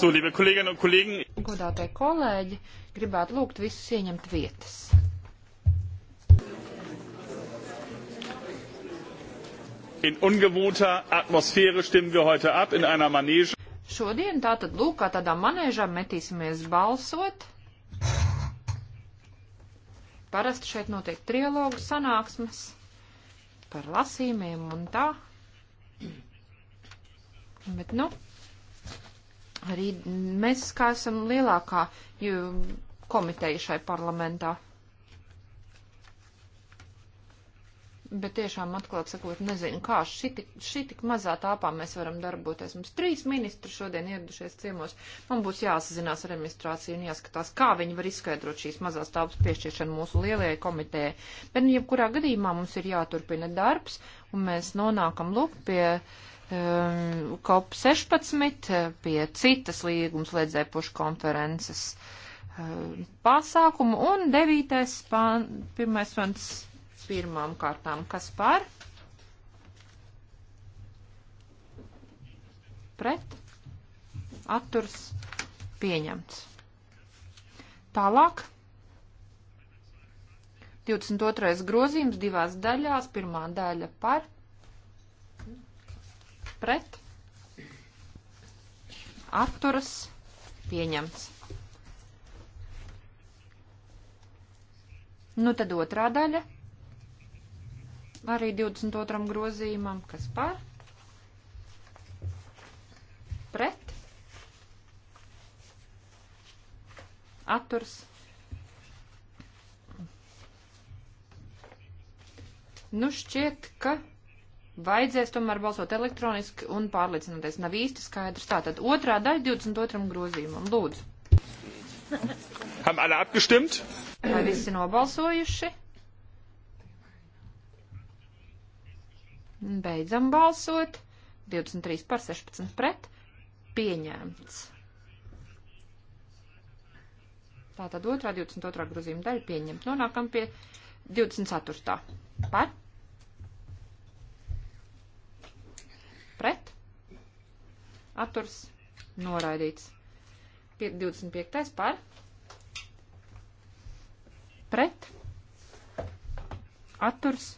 So, liebe Kolleginnen un Kollegen. Godātie kolēģi, gribētu lūgt visus ieņemt vietas. In ungewohnter Atmosphäre stimmen wir heute ab in einer Manege. Šodien tātad lūk, kā tādā manēžā metīsimies balsot. Parasti šeit notiek trilogu sanāksmes par lasījumiem un tā. Bet, nu, Arī mēs kā esam lielākā komiteja šai parlamentā. Bet tiešām atklāt sakot, nezinu, kā šitik, šitik mazā tāpā mēs varam darboties. Mums trīs ministri šodien ieradušies ciemos. Man būs jāsazinās ar administrāciju un jāskatās, kā viņi var izskaidrot šīs mazās tāpas piešķiršanu mūsu lielajai komitejai. Bet, nu, jebkurā gadījumā mums ir jāturpina darbs, un mēs nonākam lūk pie uh, COP16 um, uh, pie citas līgums ledzēpušu konferences uh, pasākumu un 9. Pan, pirmais pants pirmām kārtām, kas par? Pret? Atturs pieņemts. Tālāk. 22. grozījums divās daļās. Pirmā daļa par pret, atturas, pieņemts. Nu tad otrā daļa, arī 22. grozījumam, kas par, pret, atturas, pieņemts. Nu, šķiet, ka Vajadzēs tomēr balsot elektroniski un pārliecināties. Nav īsti skaidrs. Tātad otrā daļa 22. grozījumam. Lūdzu. Haben alle abgestimmt? Vai visi nobalsojuši? Beidzam balsot. 23 par 16 pret. Pieņēmts. Tātad otrā 22. grozījuma daļa pieņemta. Nonākam pie 24. par pret, atturs noraidīts. 25. par, pret, atturs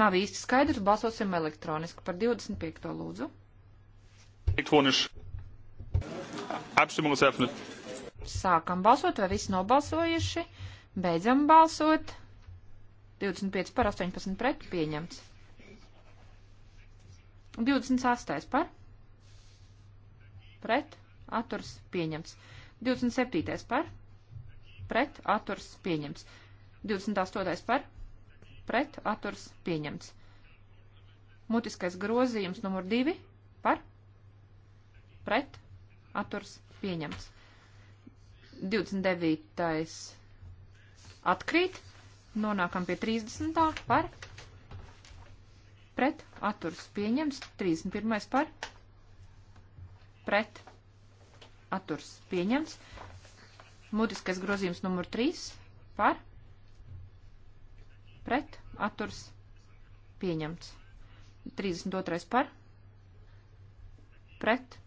nav īsti skaidrs, balsosim elektroniski par 25. lūdzu. Elektroniski. Apstimmung ist eröffnet. Sākam balsot, vai visi nobalsojuši? Beidzam balsot. 25 par 18 pret pieņemts. 28. par? Pret? Atturs pieņems. 27. par? Pret? Atturs pieņems. 28. par? Pret? Atturs pieņems. Mutiskais grozījums numur 2 par? Pret? Atturs pieņems. 29. atkrīt. Nonākam pie 30. par? pret, atturs pieņems, 31. par, pret, atturs pieņems, mutiskais grozījums numur 3 par, pret, atturs pieņemts, 32. par, pret,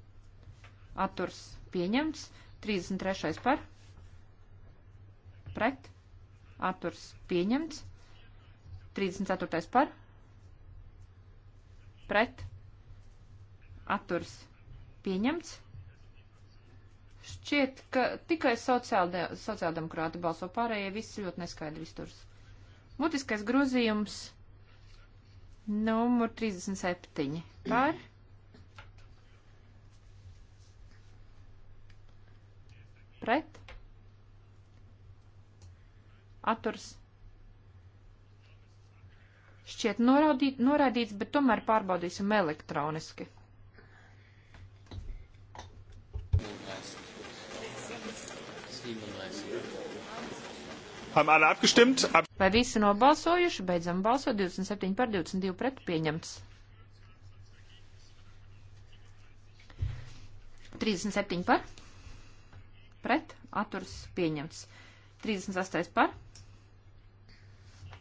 atturs pieņemts, 33. par, pret, atturs pieņemts, 34. par, pret atturs pieņemts. Šķiet, ka tikai sociālde, sociāldemokrāti balso pārējie, viss ļoti neskaidri izturs. Mutiskais grozījums numur 37 par. Pret. Atturs Šķiet norādīt, norādīts, bet tomēr pārbaudīsim elektroniski. Vai visi nobalsojuši? Beidzam balsot 27 par 22 pret pieņemts. 37 par. Pret. Atturs pieņemts. 38 par.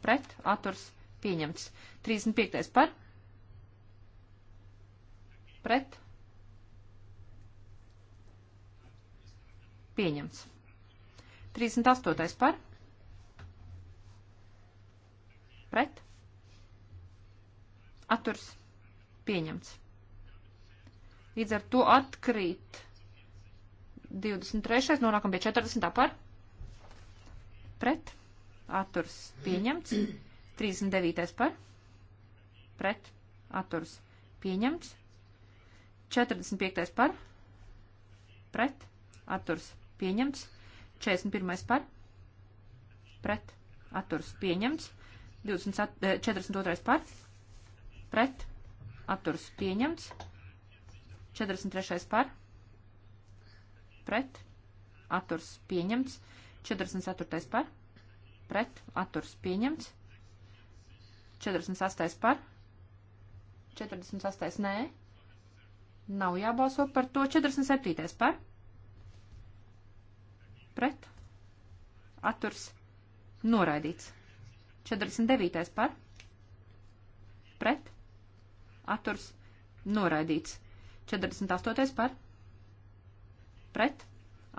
Pret. Atturs Pieņemts. 35. par. Pret. Pieņemts. 38. par. Pret. Atturs. Pieņemts. Līdz ar to atkrīt 23. nonākam pie 40. par. Pret. Atturs. Pieņemts. 39. par, pret, atturs, pieņemts. 45. par, pret, atturs, pieņemts. 41. par, pret, atturs, pieņemts. 42. Eh, par, pret, atturs, pieņemts. 43. par, pret, atturs, pieņemts. 44. par, pret, atturs, pieņemts. 48. par. 48. nē. Nav jābalso par to. 47. par. Pret. Atturs. Noraidīts. 49. par. Pret. Atturs. Noraidīts. 48. par. Pret.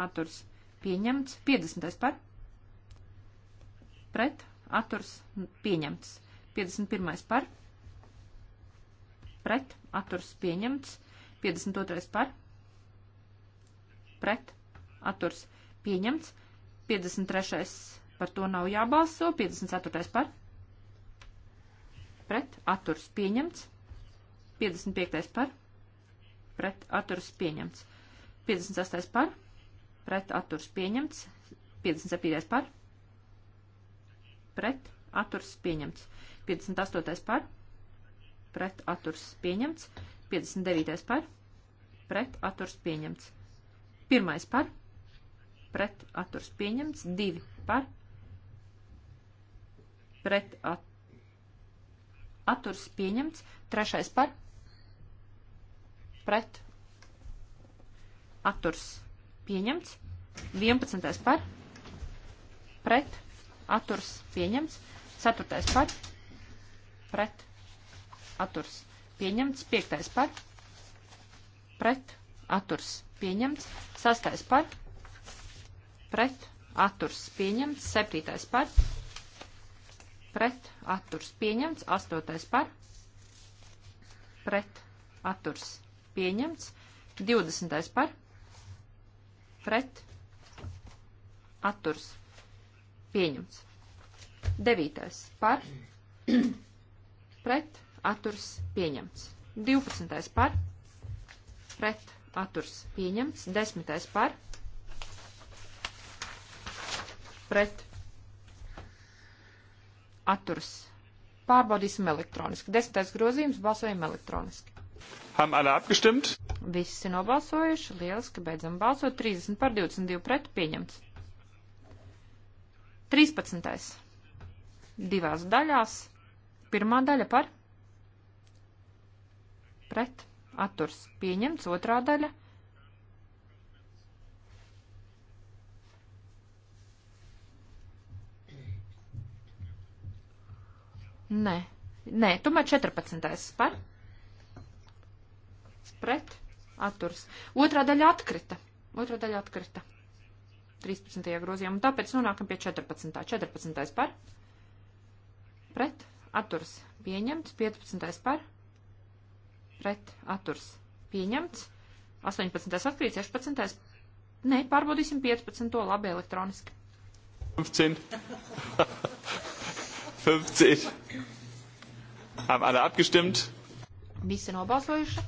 Atturs. Pieņemts. 50. par. Pret. Atturs. Pieņemts. 51. par, pret, atturs pieņemts, 52. par, pret, atturs pieņemts, 53. par to nav jābalso, 54. par, pret, atturs pieņemts, 55. par, pret, atturs pieņemts, 58. par, pret, atturs pieņemts, 57. par, pret, atturs pieņemts, 58. par, pret atturs pieņemts, 59. par, pret atturs pieņemts, 1. par, pret atturs pieņemts, 2. par, pret at, atturs pieņemts, 3. par, pret atturs pieņemts, 11. par, pret atturs pieņemts, 4. par, pret, atturs, pieņemts. Piektais par, pret, atturs, pieņemts. Sastais par, pret, atturs, pieņemts. Septītais par, pret, atturs, pieņemts. Astotais par, pret, atturs, pieņemts. Divdesmitais par, pret, atturs, pieņemts. Devītais par, pret atturs pieņemts. 12. par pret atturs pieņemts. 10. par pret atturs. Pārbaudīsim elektroniski. Desmitais grozījums balsojam elektroniski. Ham alle abgestimmt? Visi nobalsojuši. Lieliski, beidzam balsot. 30 par 22 pret pieņemts. 13. Divās daļās. Pirmā daļa par pret atturs pieņemts, otrā daļa Nē, nē, tomēr 14. par pret atturs. Otrā daļa atkrita. Otrā daļa atkrita. 13. grozījumā, un tāpēc nonākam pie 14. 14. par pret atturs pieņemts, 15. par, pret, atturs pieņemts, 18. atkrīt, 16. Nē, pārbaudīsim 15. labi elektroniski. 15. 50. Haben alle abgestimmt? Visi nobalsojuši.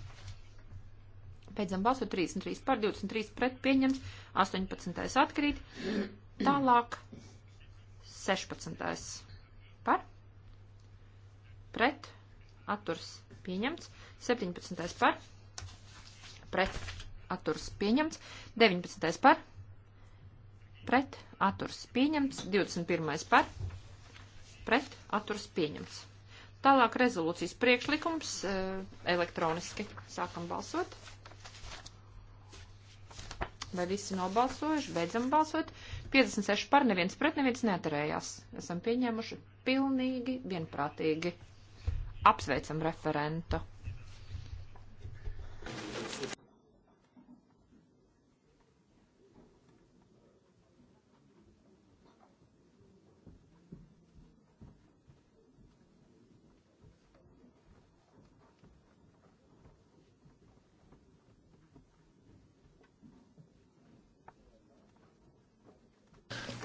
Beidzam balsot 33 par, 23 pret pieņems, 18. atkrīt. Tālāk 16 pret, atturs pieņemts, 17. par, pret, atturs pieņemts, 19. par, pret, atturs pieņemts, 21. par, pret, atturs pieņemts. Tālāk rezolūcijas priekšlikums eh, elektroniski. Sākam balsot. Vai visi nobalsojuši? Beidzam balsot. 56 par, neviens pret, neviens neatarējās. Esam pieņēmuši pilnīgi vienprātīgi. Apsveicam referentu.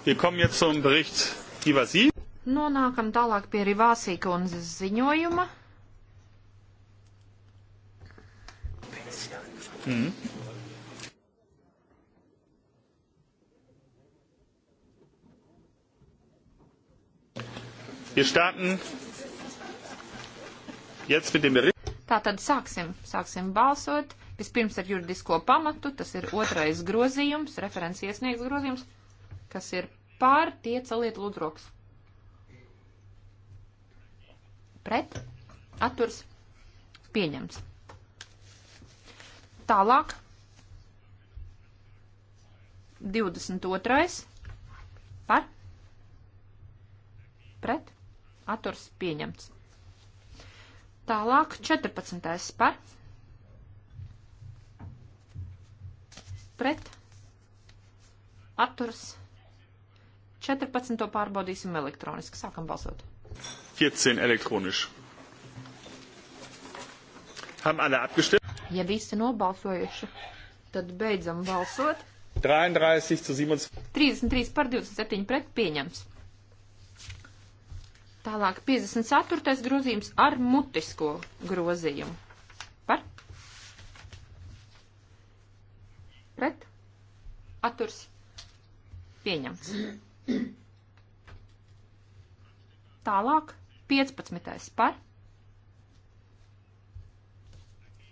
Wir kommen jetzt zum Bericht Ivasi. Nonākam tālāk pie Rivāsīkundzes ziņojuma. Mm. Wir starten jetzt mit dem Bericht. Tātad sāksim, sāksim balsot. Vispirms ar juridisko pamatu, tas ir otrais grozījums, referents iesniegs grozījums, kas ir pār tie celiet lūdroks. pret, atturs, pieņemts. Tālāk, 22. par, pret, atturs, pieņemts. Tālāk, 14. par, pret, atturs, 14. pārbaudīsim elektroniski. Sākam balsot. 14 elektronisch. Haben alle abgestimmt? Ja visi nobalsojuši, tad beidzam balsot. 33 zu 27. 33 par 27 pret pieņems. Tālāk 54. grozījums ar mutisko grozījumu. Par? Pret? Aturs? Pieņemts. Tālāk 15. par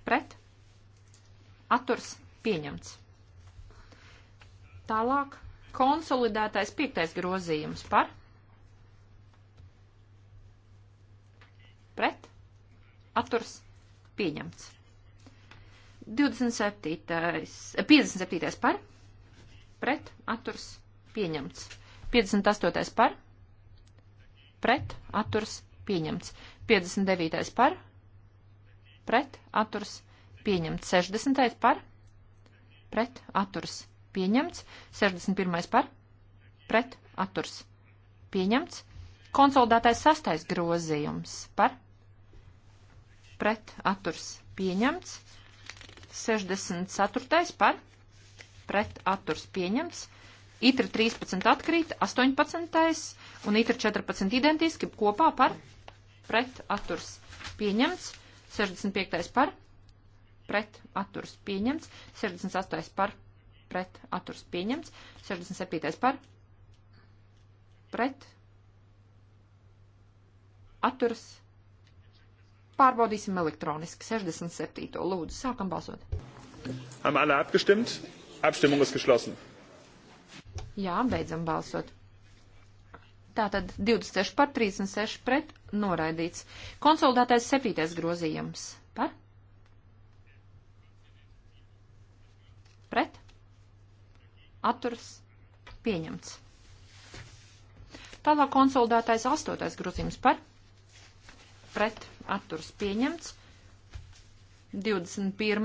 pret atturs pieņemts. Tālāk konsolidētais 5. grozījums par pret atturs pieņemts. 27. 57. par pret atturs pieņemts. 58. par pret, atturs, pieņemts. 59. par, pret, atturs, pieņemts. 60. par, pret, atturs, pieņemts. 61. par, pret, atturs, pieņemts. Konsolidētais sastais grozījums par, pret, atturs, pieņemts. 64. par, pret, atturs, pieņemts. Itra 13 atkrīt, 18 un itra 14 identiski kopā par pret atturs pieņemts, 65. par pret atturs pieņemts, 68. par pret atturs pieņemts, 67. par pret atturs pārbaudīsim elektroniski, 67. lūdzu, sākam balsot. Haben alle abgestimmt? Abstimmung ist geschlossen. Jā, beidzam balsot. Tātad 26 par 36 pret noraidīts. Konsolidētais septītais grozījums par pret atturs pieņemts. Tālāk konsolidētais astotais grozījums par pret atturs pieņemts. 21.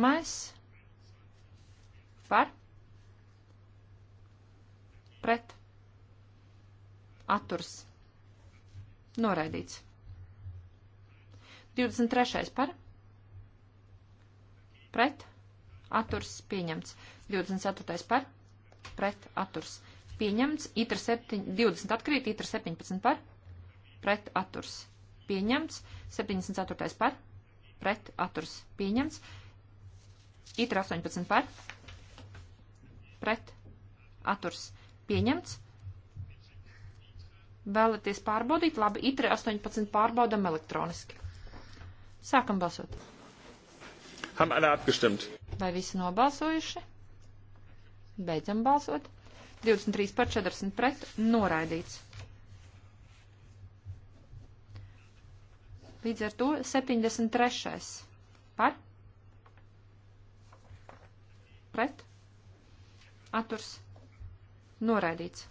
par pret atturs noraidīts. 23. par pret atturs pieņemts. 24. par pret atturs pieņemts. Itra 7, 20 atkrīt, itra 17 par pret atturs pieņemts. 74. par pret atturs pieņemts. Itra 18 par pret atturs pieņemts. Vēlaties pārbaudīt? Labi, itri 18 pārbaudam elektroniski. Sākam balsot. Ham alle abgestimmt. Vai visi nobalsojuši? Beidzam balsot. 23 par 40 pret noraidīts. Līdz ar to 73. Par? Pret? Aturs. Noraidīts.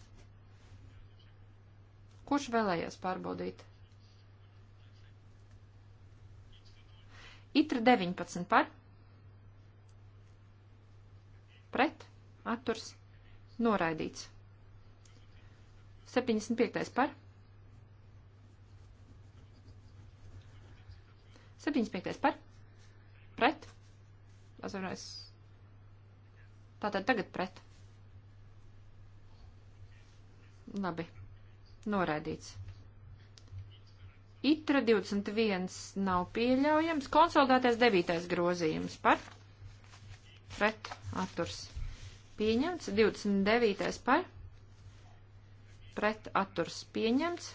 Kurš vēlējās pārbaudīt? Itra 19 par. Pret. Atturs. Noraidīts. 75 par. 75 par. Pret. Atvainojos. Tātad tagad pret. Labi. Noraidīts. Itra 21 nav pieļaujams. Konsolidētais 9. grozījums par pret atturs. Pieņemts. 29. par pret atturs. Pieņemts.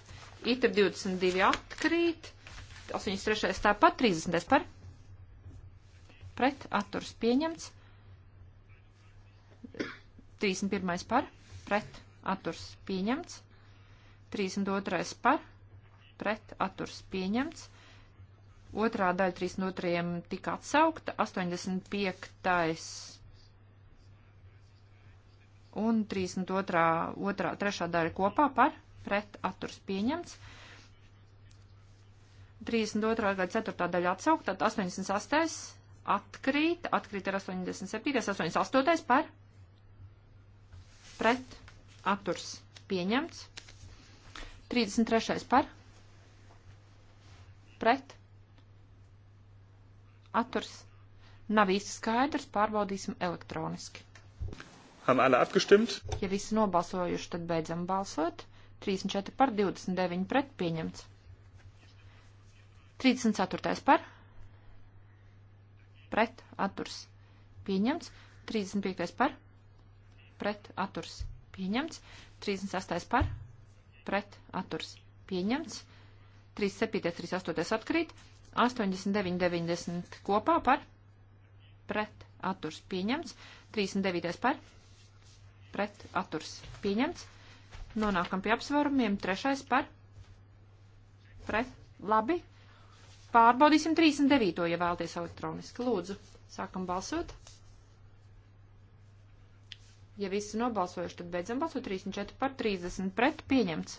Itra 22 atkrīt. 83. tāpat 30. par pret atturs. Pieņemts. 31. par pret atturs. Pieņemts. 32. par, pret, atturs pieņemts. Otrā daļa 32. tika atsaukta, 85. un 32. Otrā, trešā daļa kopā par, pret, atturs pieņemts. 32. gada 4. daļa atsaukta, tad 88. atkrīt, atkrīt ar 87. 88. par, pret, atturs pieņemts. 33. par, pret, atturs, nav īsti skaidrs, pārbaudīsim elektroniski. Haben alle abgestimmt? Ja visi nobalsojuši, tad beidzam balsot. 34 par, 29 pret, pieņemts. 34. par, pret, atturs, pieņemts. 35. par, pret, atturs, pieņemts. 36. par, pret, atturs, pieņemts pret atturs pieņemts. 37, 38 atkrīt. 89, 90 kopā par pret atturs pieņemts. 39 par pret atturs pieņemts. Nonākam pie apsvarumiem. Trešais par pret. Labi. Pārbaudīsim 39, ja vēlties elektroniski. Lūdzu, sākam balsot. Ja visi nobalsojuši, tad beidzam balsot 34 par 30 pret pieņemts.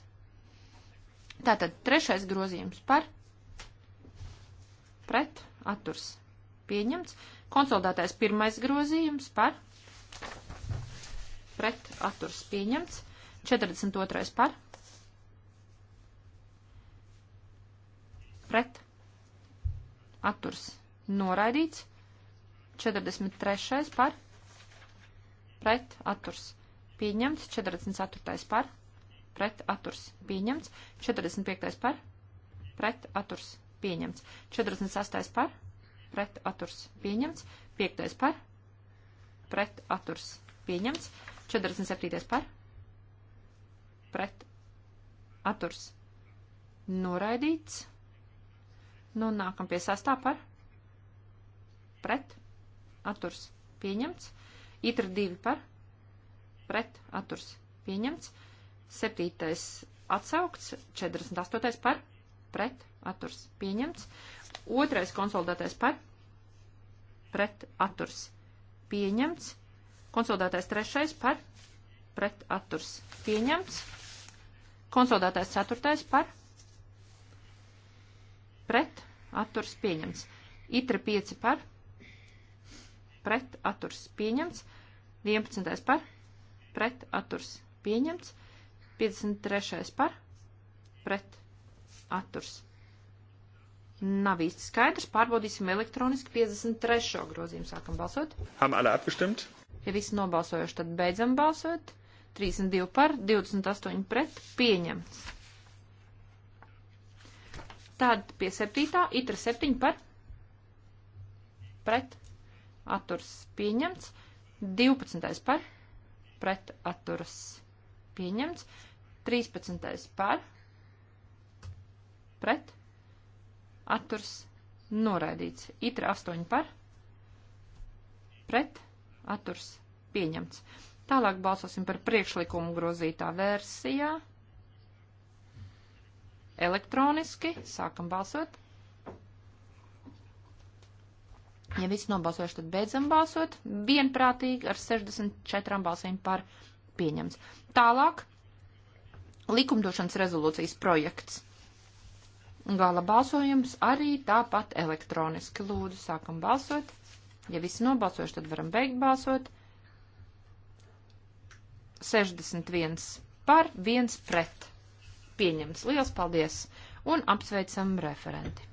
Tātad trešais grozījums par pret atturs pieņemts. Konsolidētais pirmais grozījums par pret atturs pieņemts. 42 par pret atturs noraidīts. 43 par pret pret atturs pieņemts, 44. par pret atturs pieņemts, 45. par pret atturs pieņemts, 46. par pret atturs pieņemts, 5. par pret atturs pieņemts, 47. par pret atturs noraidīts. Nu, nākam pie sastā par pret atturs pieņemts. Itra 2 par, pret, atturs pieņemts. 7. atsaukts, 48. par, pret, atturs pieņemts. 2. konsolidētais par, pret, atturs pieņemts. Konsolidētais 3. par, pret, atturs pieņemts. Konsolidētais 4. par, pret, atturs pieņemts. Itra 5 par, pret, pret atturs pieņemts, 11. par pret atturs pieņemts, 53. par pret atturs. Nav īsti skaidrs, pārbaudīsim elektroniski 53. grozījumu, sākam balsot. Ham alle abgestimt? Ja visi nobalsojuši, tad beidzam balsot. 32 par, 28 pret, pieņemts. Tad pie septītā, itra septiņi par, pret, atturas pieņemts, 12. par pret atturas pieņemts, 13. par pret atturas noraidīts, itra 8 par pret atturas pieņemts. Tālāk balsosim par priekšlikumu grozītā versijā. Elektroniski sākam balsot. Ja visi nobalsojuši, tad beidzam balsot. Vienprātīgi ar 64 balsīm par pieņems. Tālāk likumdošanas rezolūcijas projekts. Gala balsojums arī tāpat elektroniski. Lūdzu, sākam balsot. Ja visi nobalsojuši, tad varam beigt balsot. 61 par, 1 pret. Pieņemts. Liels paldies! Un apsveicam referenti!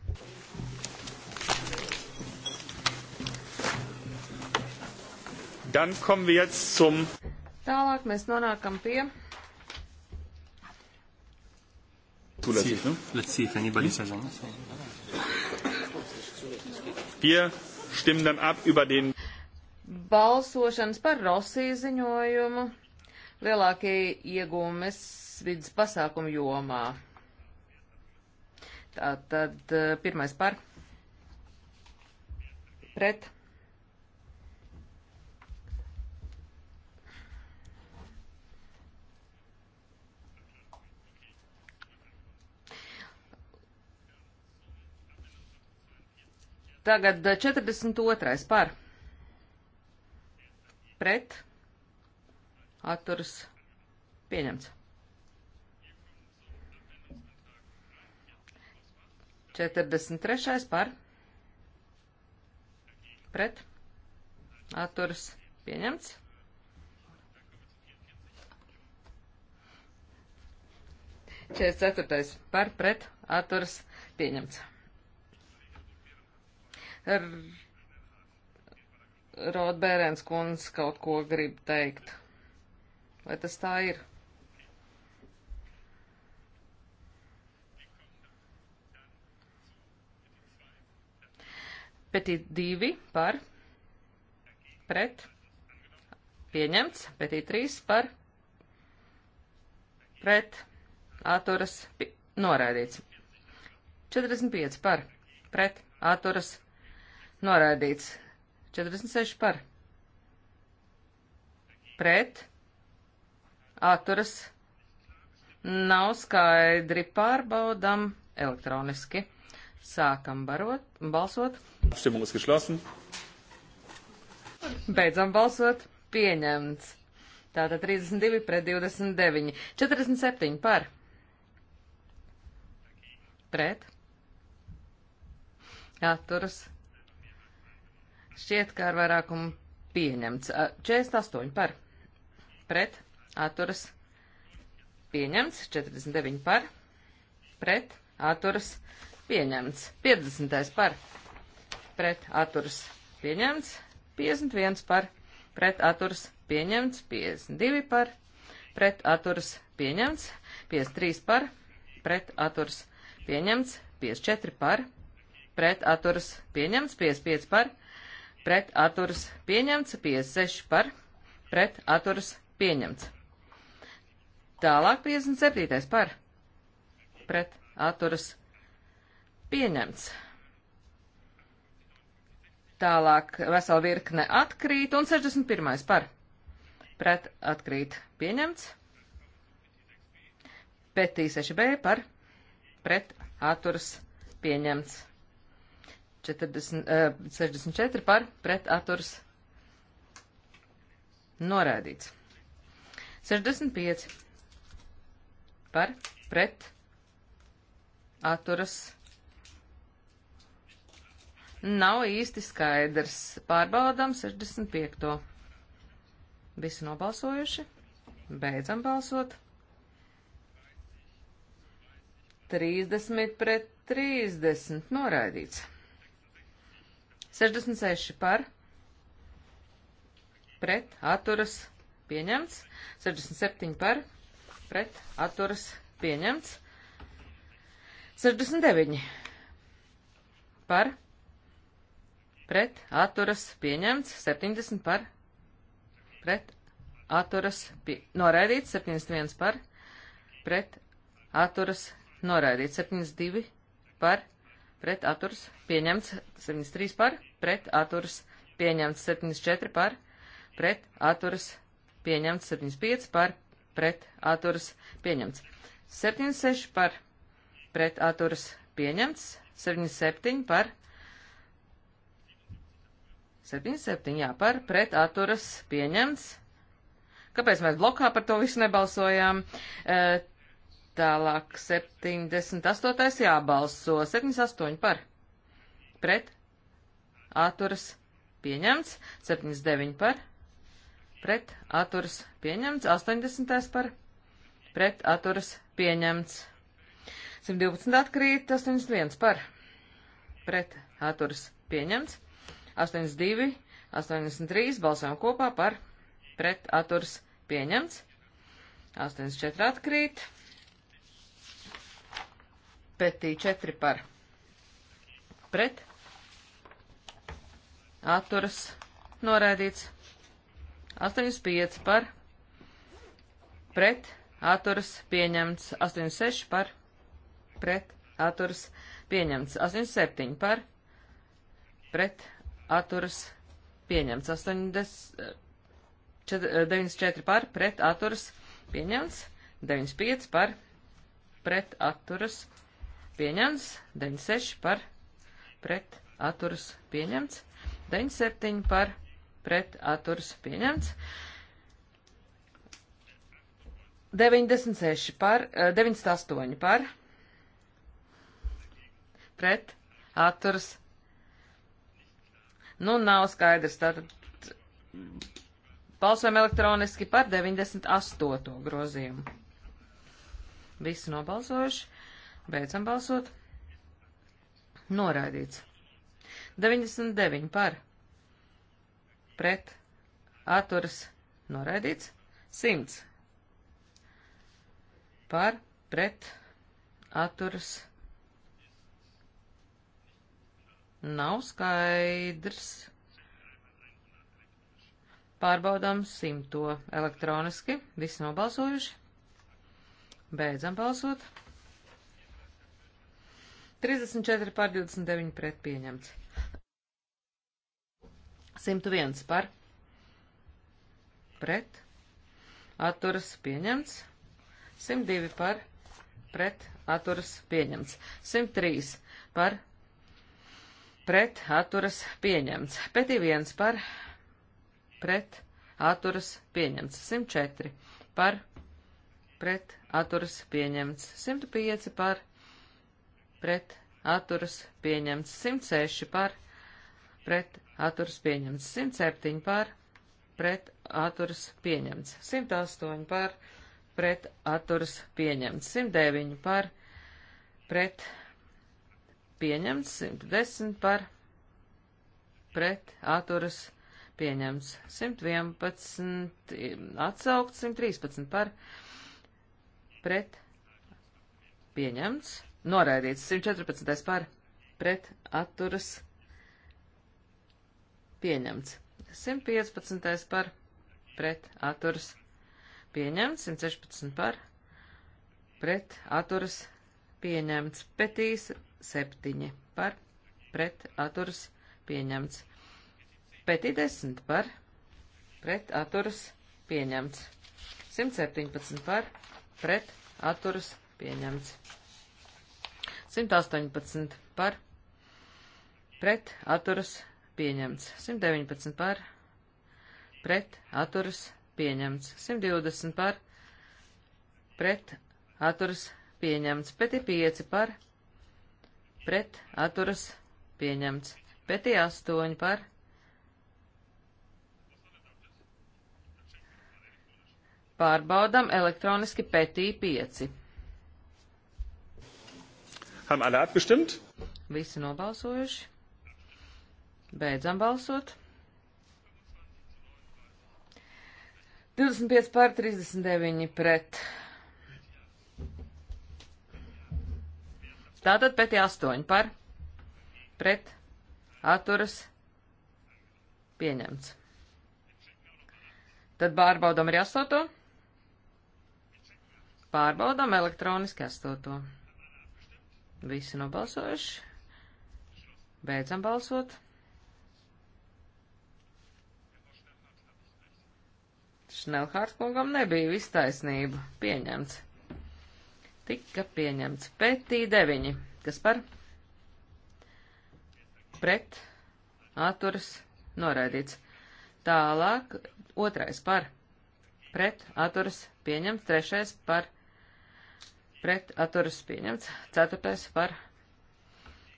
Dann kommen wir jetzt zum. Tālāk mēs nonākam pie. Zulässig, ne? Let's see if anybody says anything. Wir stimmen dann ab über den. Balsošanas par Rosiju ziņojumu lielākie iegūmes vidas pasākumu jomā. Tātad eh, pirmais par. Pret. Tagad 42. Eh, par pret atturas pieņemts. 43. par pret atturas pieņemts. Četrdesmit ceturtais par pret atturas pieņemts. Rodbērens kundze kaut ko grib teikt. Vai tas tā ir? Petit divi par, pret, pieņemts, petit trīs par, pret, atturas, noraidīts. 45 par, pret, atturas, Noraidīts. 46 par. Pret. Atturas. Nav skaidri. Pārbaudam elektroniski. Sākam barot, balsot. Abstimmung ist geschlossen. Beidzam balsot. Pieņemts. Tātad 32 pret 29. 47 par. Pret. Atturas. Šķiet, kā ar vairākumu pieņemts. 48 par. Pret. Atturas. Pieņemts. 49 par. Pret. Atturas. Pieņemts. 50 par. Pret. Atturas. Pieņemts. 51 par. Pret. Atturas. Pieņemts. 52 par. Pret. Atturas. Pieņemts. 53 par. Pret. Atturas. Pieņemts. 54 par. Pret. Atturas. Pieņemts. 55 par pret atturas pieņemts, 56 par pret atturas pieņemts. Tālāk 57 par pret atturas pieņemts. Tālāk vesela virkne atkrīt un 61 par pret atkrīt pieņemts. Petī 6b par pret atturas pieņemts. 40, uh, 64 par pret atturs norādīts. 65 par pret atturas nav īsti skaidrs. Pārbaudām 65. To. Visi nobalsojuši. Beidzam balsot. 30 pret 30 noraidīts. 66 par, pret, atturas, pieņemts. 67 par, pret, atturas, pieņemts. 69 par, pret, atturas, pieņemts. 70 par, pret, atturas, pie, noraidīts. 71 par, pret, atturas, noraidīts. 72 par, pret atturs pieņemts 73 par, pret atturs pieņemts 74 par, pret atturs pieņemts 75 par, pret atturs pieņemts 76 par, pret atturs pieņemts 77 par, 77 jā, par, pret atturs pieņemts. Kāpēc mēs blokā par to visu nebalsojām? E, Tālāk 78. jābalso. 78 par. Pret. Atturas pieņemts. 79 par. Pret. Atturas pieņemts. 80. par. Pret. Atturas pieņemts. 112 atkrīt. 81 par. Pret. Atturas pieņemts. 82. 83 balsojam kopā par. Pret. Atturas pieņemts. 84 atkrīt pētī 4 par pret, atturas noraidīts, 85 par pret, atturas pieņemts, 86 par pret, atturas pieņemts, 87 par pret, atturas pieņemts, 80. 94 eh, par pret atturas pieņemts, 95 par pret atturas pieņemts, 96 par pret atturas pieņemts, 97 par pret atturas pieņemts, 96 par, 98 eh, par pret atturas. Nu, nav skaidrs, tātad balsojam elektroniski par 98. grozījumu. Visi nobalsojuši. Beidzam balsot. Noraidīts. 99 par. Pret. Atturas. Noraidīts. 100. Par. Pret. Atturas. Nav skaidrs. Pārbaudām simto elektroniski. Visi nobalsojuši. Beidzam balsot. 34 pār 29 pret pieņemts. 101 par pret atturas pieņemts. 102 par pret atturas pieņemts. 103 par pret atturas pieņemts. Pētī 1 par pret atturas pieņemts. 104 par pret atturas pieņemts. 105 par pret pret atturas pieņemts 106 par, pret atturas pieņemts 107 par, pret atturas pieņemts 108 par, pret atturas pieņemts 109 par, pret pieņemts 110 par, pret atturas pieņemts 111, atsaukt 113 par, pret pieņemts noraidīts. 114. par pret atturas pieņemts. 115. par pret atturas pieņemts. 116. par pret atturas pieņemts. Petīs 7 par pret atturas pieņemts. Petī 10 par pret atturas pieņemts. 117 par pret atturas pieņemts. 118 par pret atturas pieņemts. 119 par pret atturas pieņemts. 120 par pret atturas pieņemts. Peti 5 par pret atturas pieņemts. Peti 8 par pārbaudam elektroniski petī 5. Haben alle abgestimmt? Visi nobalsojuši. Beidzam balsot. 25 pār 39 pret. Tātad pētī 8 par pret atturas pieņemts. Tad pārbaudam arī 8. Pārbaudam elektroniski 8. Visi nobalsojuši. Beidzam balsot. Šnelhārts kungam nebija vistaisnība. Pieņemts. Tika pieņemts. Pētī deviņi. Kas par? Pret. Atturas. Noraidīts. Tālāk. Otrais par. Pret. Atturas. Pieņemts. Trešais par. Pret pret atturas pieņemts, ceturtais par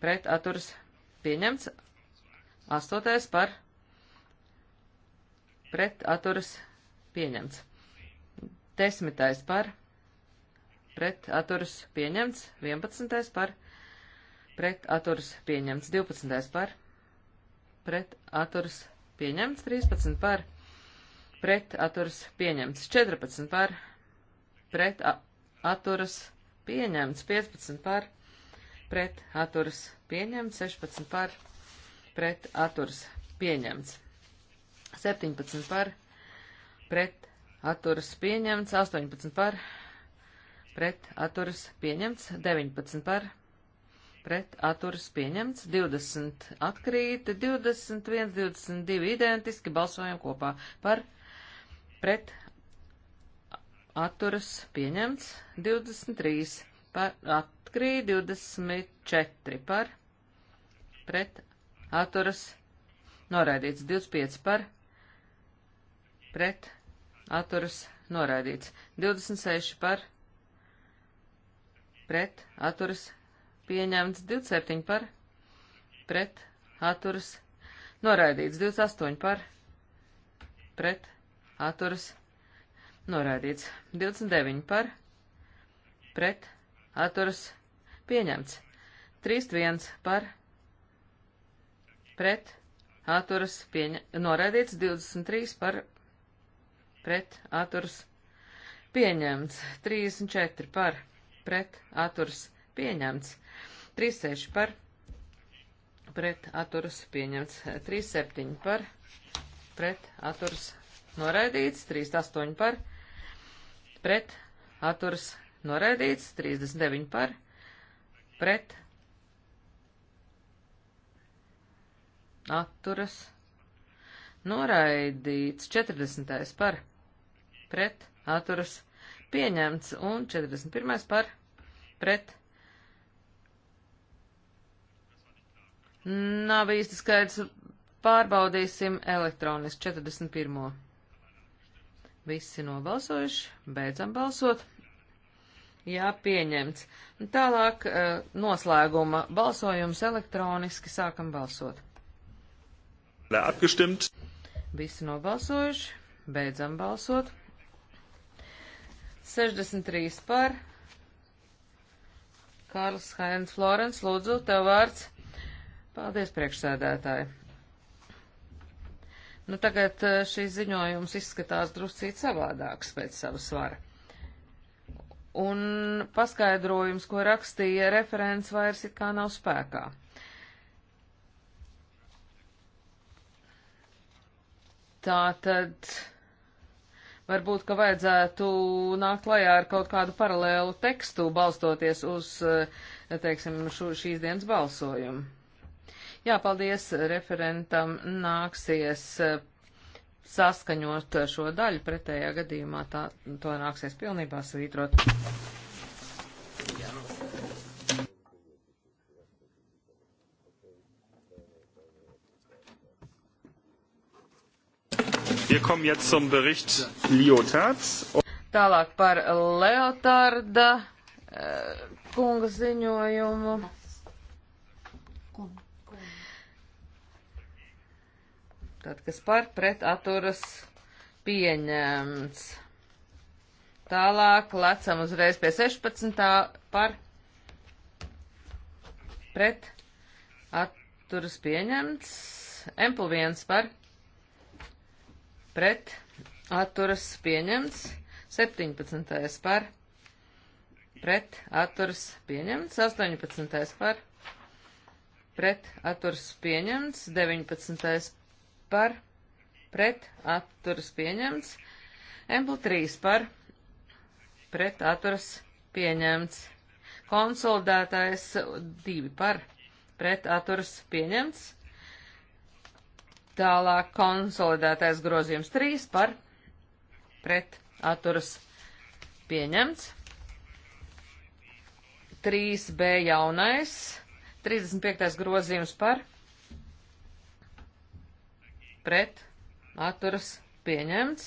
pret atturas pieņemts, astotais par pret atturas pieņemts, desmitais par pret atturas pieņemts, vienpadsmitais par pret atturas pieņemts, divpadsmitais par pret atturas pieņemts, trīspadsmit par pret atturas pieņemts, četrpadsmit par pret atturas pieņemts pieņemts, 15 par, pret atturas pieņemts, 16 par, pret atturas pieņemts, 17 par, pret atturas pieņemts, 18 par, pret atturas pieņemts, 19 par, pret atturas pieņemts, 20 atkrīt, 21, 22 identiski balsojam kopā par, pret atturas pieņemts 23 par atkrīt 24 par pret atturas noraidīts 25 par pret atturas noraidīts 26 par pret atturas pieņemts 27 par pret atturas noraidīts 28 par pret atturas noraidīts Norādīts. 29 par. Pret. Atturas. Pieņemts. 31 par. Pret. Atturas. Pieņa... Norādīts. 23 par. Pret. Atturas. Pieņemts. 34 par. Pret. Atturas. Pieņemts. 36 par. Pret. Atturas. Pieņemts. 37 par. Pret. Atturas. Noraidīts. 38 par pret, atturas noraidīts, 39 par, pret, atturas noraidīts, 40 par, pret, atturas pieņemts un 41 par, pret, atturas. Nav īsti skaidrs. Pārbaudīsim elektroniski 41. Visi nobalsojuši, beidzam balsot. Jā, pieņemts. Tālāk eh, noslēguma balsojums elektroniski sākam balsot. Lē, apgestimt. Visi nobalsojuši, beidzam balsot. 63 par. Kārls Hainz Florence, lūdzu, tev vārds. Paldies, priekšsēdētāji. Nu, tagad eh, šīs ziņojums izskatās druscīt savādāks pēc sava svara. Un paskaidrojums, ko rakstīja referents, vairs it kā nav spēkā. Tā tad varbūt, ka vajadzētu nākt lajā ar kaut kādu paralēlu tekstu, balstoties uz, eh, teiksim, šo, šīs dienas balsojumu. Jā, paldies referentam. Nāksies eh, saskaņot šo daļu, pretējā gadījumā tā, to nāksies pilnībā svītrot. Wir kommen jetzt zum Bericht Liotards. Tālāk par Leotarda eh, kunga ziņojumu. Tad, kas par pret atturas pieņemts. Tālāk lecam uzreiz pie 16. par pret atturas pieņemts. Empul 1 par pret atturas pieņemts. 17. par pret atturas pieņemts. 18. par pret atturas pieņemts. 19. par par pret atturas pieņemts. Empl 3 par pret atturas pieņemts. Konsolidētājs 2 par pret atturas pieņemts. Tālāk konsolidētais grozījums 3 par pret atturas pieņemts. 3B jaunais, 35. grozījums par pret, atturas pieņemts.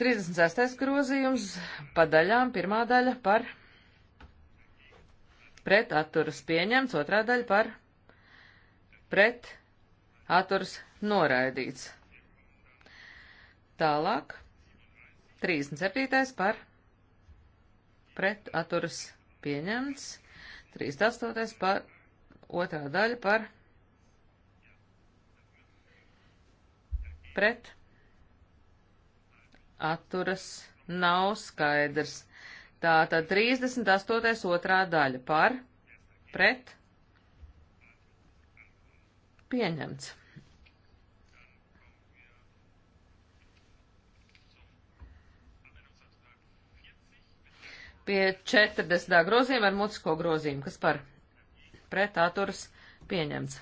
36. grozījums pa daļām, pirmā daļa par pret, atturas pieņemts, otrā daļa par pret, atturas noraidīts. Tālāk, 37. par pret, atturas pieņemts, 38. par otrā daļa par pret pret atturas nav skaidrs. Tātad 38. otrā daļa par pret pieņemts. Pie 40. grozījuma ar mutisko grozījumu, kas par pret atturas pieņemts.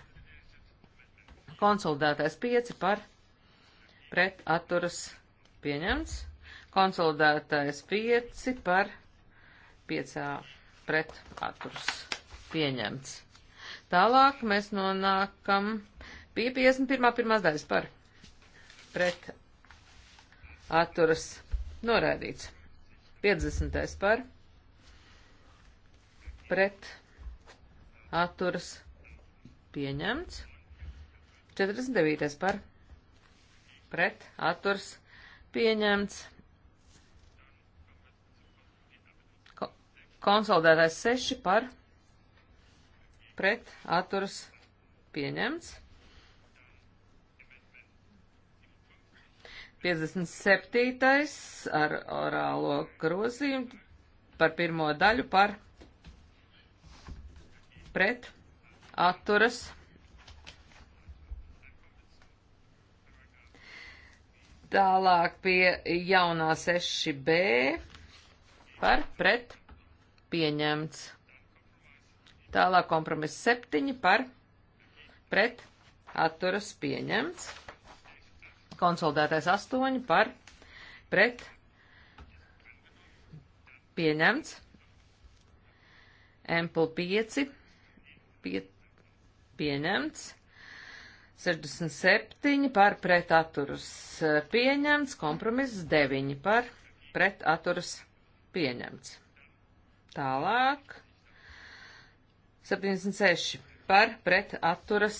Konsolidētais 5 par pret atturas pieņemts. Konsolidētais 5 par 5 pret atturas pieņemts. Tālāk mēs nonākam pie 51. pirmās daļas par pret atturas norādīts. 50. par pret atturas pieņemts. 49. par pret pret atturs pieņemts. Ko, konsolidētais 6 par pret atturs pieņemts. 57. ar orālo grozījumu par pirmo daļu par pret atturas pieņemts Tālāk pie jaunā 6B par pret pieņemts. Tālāk kompromiss 7 par pret atturas pieņemts. Konsolidētais 8 par pret pieņemts. Ample 5 pie, pieņemts. 67 par pretaturas e, pieņemts, kompromiss 9 par pretaturas pieņemts. Tālāk 76 par pretaturas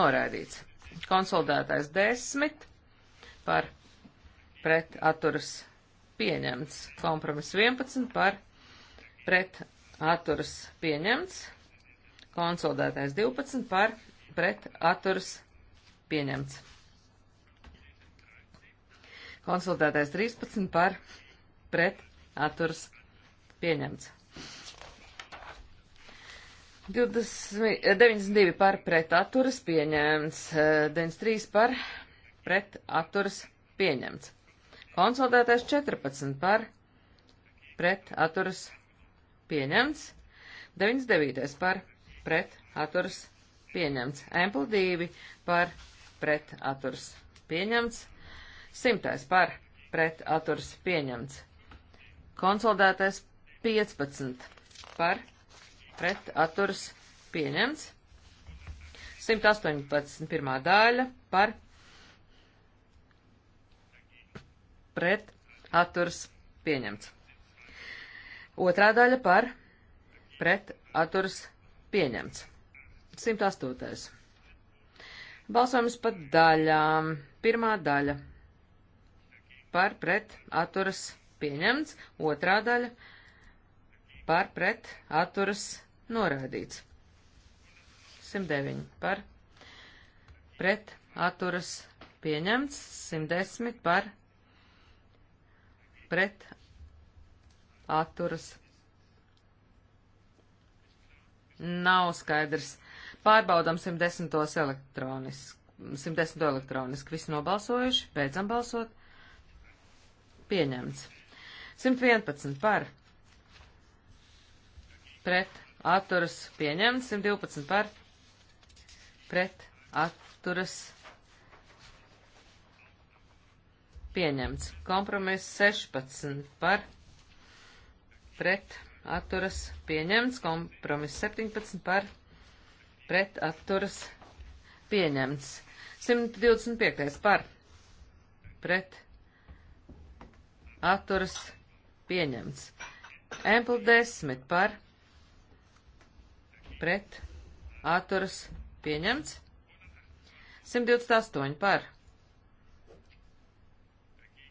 noraidīts. Konsolidētais 10 par pretaturas pieņemts. Kompromiss 11 par pretaturas pieņemts. Konsolidētais 12 par pretaturas pieņemts pret atturs pieņemts. Konsultētais 13 par pret atturs pieņemts. 20, 92 eh, par pret atturas pieņemts, 93 eh, par pret atturas pieņemts. Konsultētais 14 par pret atturas pieņemts, 99 par pret atturas pieņemts pieņemts. Ample 2 par pret atturs pieņemts. Simtais par pret atturs pieņemts. Konsolidētais 15 par pret atturs pieņemts. 118. pirmā daļa par pret atturs pieņemts. Otrā daļa par pret atturs pieņemts. 108. Balsojums par daļām. Pirmā daļa par pret atturas pieņemts, otrā daļa par pret atturas noraidīts. 109 par pret atturas pieņemts, 110 par pret atturas nav skaidrs. Pārbaudam 110. elektroniski. 110. elektroniski. Visi nobalsojuši. Beidzam balsot. Pieņemts. 111 par. Pret. Atturas. Pieņemts. 112 par. Pret. Atturas. Pieņemts. Kompromiss 16 par. Pret. Atturas. Pieņemts. Kompromiss 17 par pret atturas pieņemts. 125. par pret atturas pieņemts. Ample 10 par pret atturas pieņemts. 128 par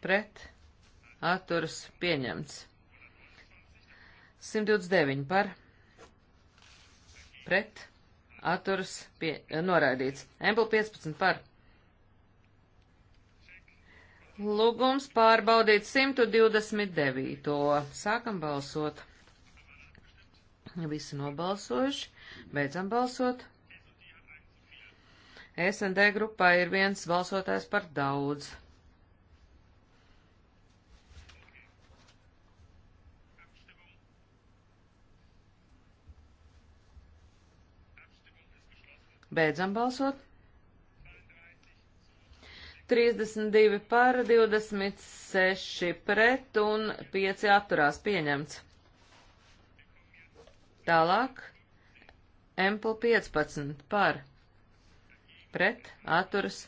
pret atturas pieņemts. 129 par pret atturas pie, eh, noraidīts. Empel 15 par. Lūgums pārbaudīt 129. Sākam balsot. Visi nobalsojuši. Beidzam balsot. SND grupā ir viens balsotājs par daudz. Beidzam balsot. 32 par 26 pret un 5 atturās pieņemts. Tālāk. Empl 15 par pret atturas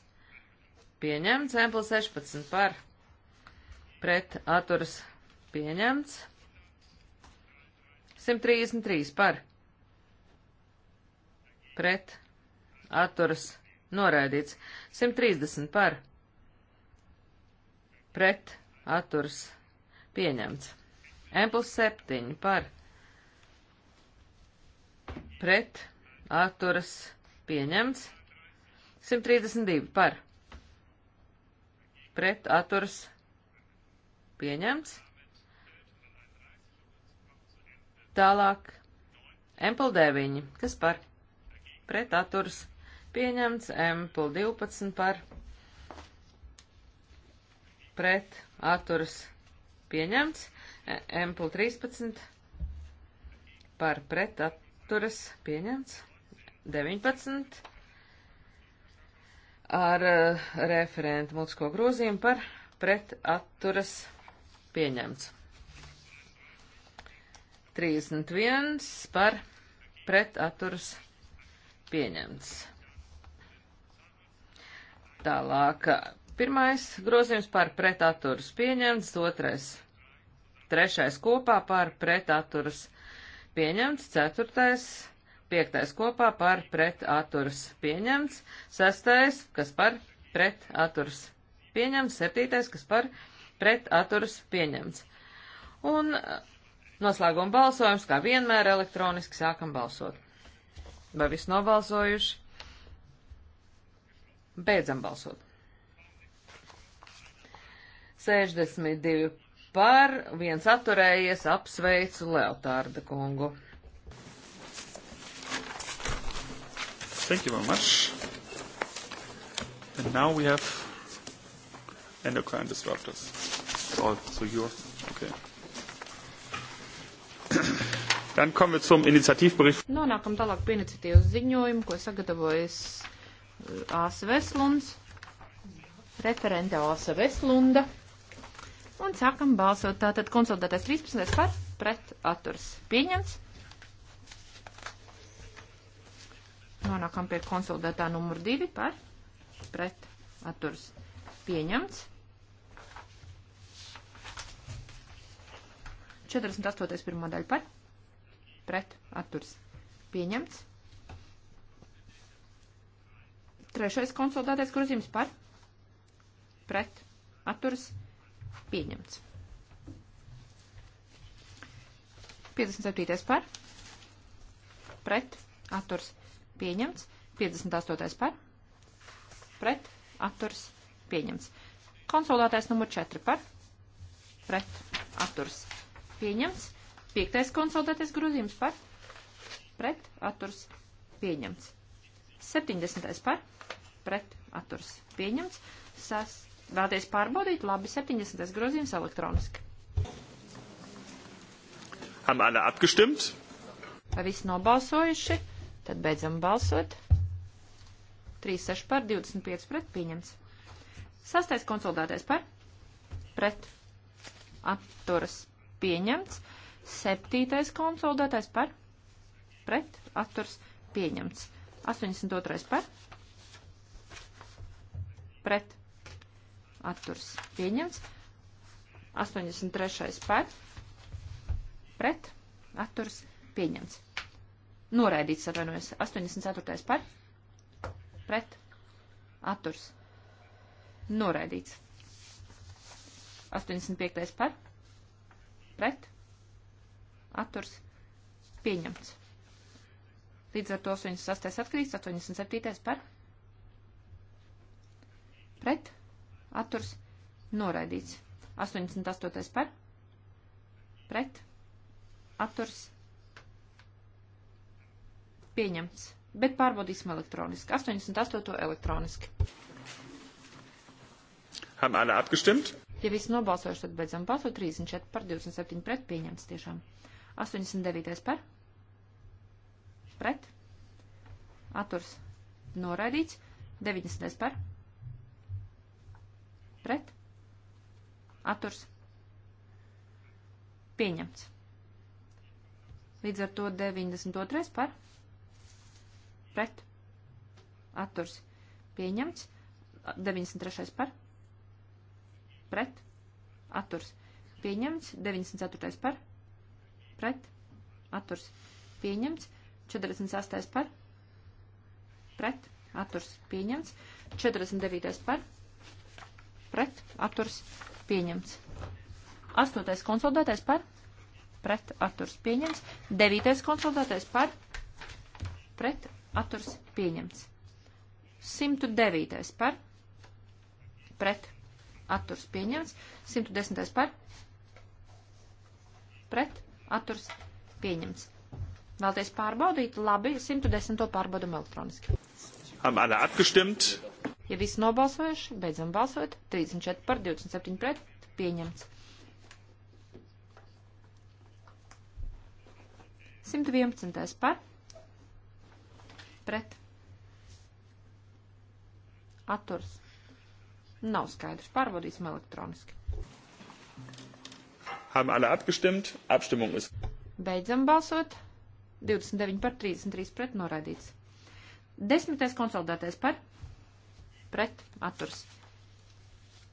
pieņemts. Empl 16 par pret atturas pieņemts. 133 par pret atturas noraidīts. 130 par pret atturas pieņemts. M plus 7 par pret atturas pieņemts. 132 par pret atturas pieņemts. Tālāk, MPL 9, kas par pret atturas pieņemts pieņemts, Empul 12 par pret atturas pieņemts, Empul 13 par pret atturas pieņemts, 19 ar uh, referentu mutisko grozījumu par pret atturas pieņemts. 31 par pret atturas pieņemts. Tālāk. Pirmais grozījums par pretaturas pieņemts, otrais, trešais kopā par pretaturas pieņemts, ceturtais, piektais kopā par pretaturas pieņemts, sestais, kas par pretaturas pieņemts, septītais, kas par pretaturas pieņemts. Un eh, noslēguma balsojums, kā vienmēr, elektroniski sākam balsot. Vai viss nobalsojuši? Beidzam balsot. 62 par, viens atturējies, apsveicu Leotārda kungu. Thank you very much. And now we have endocrine disruptors. Oh, so you're okay. Dann kommen wir zum Initiativbericht. Nonākam tālāk pie iniciatīvas ziņojumu, ko sagatavojas Āsa Veslunds, referente Āsa Veslunda. Un sākam balsot. Tātad konsultētais 13. par pret atturs pieņemts. Nonākam pie konsultētā numur 2 par pret atturs pieņemts. 48. pirmā daļa par pret atturs pieņemts. Trešais konsolidētais grozījums par pret atturas pieņemts. 57. par pret atturs pieņemts. 58. par pret atturs pieņemts. Konsolidētais numur 4 par pret atturs pieņemts. 5. konsolidētais grozījums par pret atturs pieņemts. 70. par pret pret atturs pieņemts. Sas, vēlties pārbaudīt, labi, 70. grozījums elektroniski. Haben alle abgestimmt? Vai visi nobalsojuši? Tad beidzam balsot. 36 par, 25 pret pieņemts. Sastais konsultētais par, pret, atturas pieņemts. Septītais konsolidētais par, pret, atturs, pieņemts. 82. par, pret atturs pieņemts. 83. par pret atturs pieņemts. Noraidīts, atvainojos. 84. par pret atturs noraidīts. 85. par pret atturs pieņemts. Līdz ar to 86. atkrīts, 87. par pret pret, atturs, noraidīts. 88. par, pret, atturs, pieņemts. Bet pārbaudīsim elektroniski. 88. elektroniski. Haben alle abgestimmt? Ja visi nobalsojuši, tad beidzam balsot 34 par 27 pret pieņemts tiešām. 89. par. Pret. Atturs noraidīts. 90. par pret, atturs, pieņemts. Līdz ar to 92. par, pret, atturs, pieņemts. 93. par, pret, atturs, pieņemts. 94. par, pret, atturs, pieņemts. 48. par, pret, atturs, pieņemts. 49. par, pret, pret atturs pieņemts. Astotais konsolidētais par pret atturs pieņemts. Devītais konsolidētais par pret atturs pieņemts. 109. par pret atturs pieņemts. 110. par pret atturs pieņemts. Vēlties pārbaudīt? Labi, 110. pārbaudam elektroniski. Haben alle abgestimmt? Ja visi nobalsojuši, beidzam balsot. 34 par, 27 pret, pieņemts. 111. par, pret, atturs. Nav skaidrs, pārbaudīsim elektroniski. Haben alle abgestimmt? Abstimmung ist. Beidzam balsot. 29 par 33 pret noraidīts. Desmitais konsolidētais par pret atturs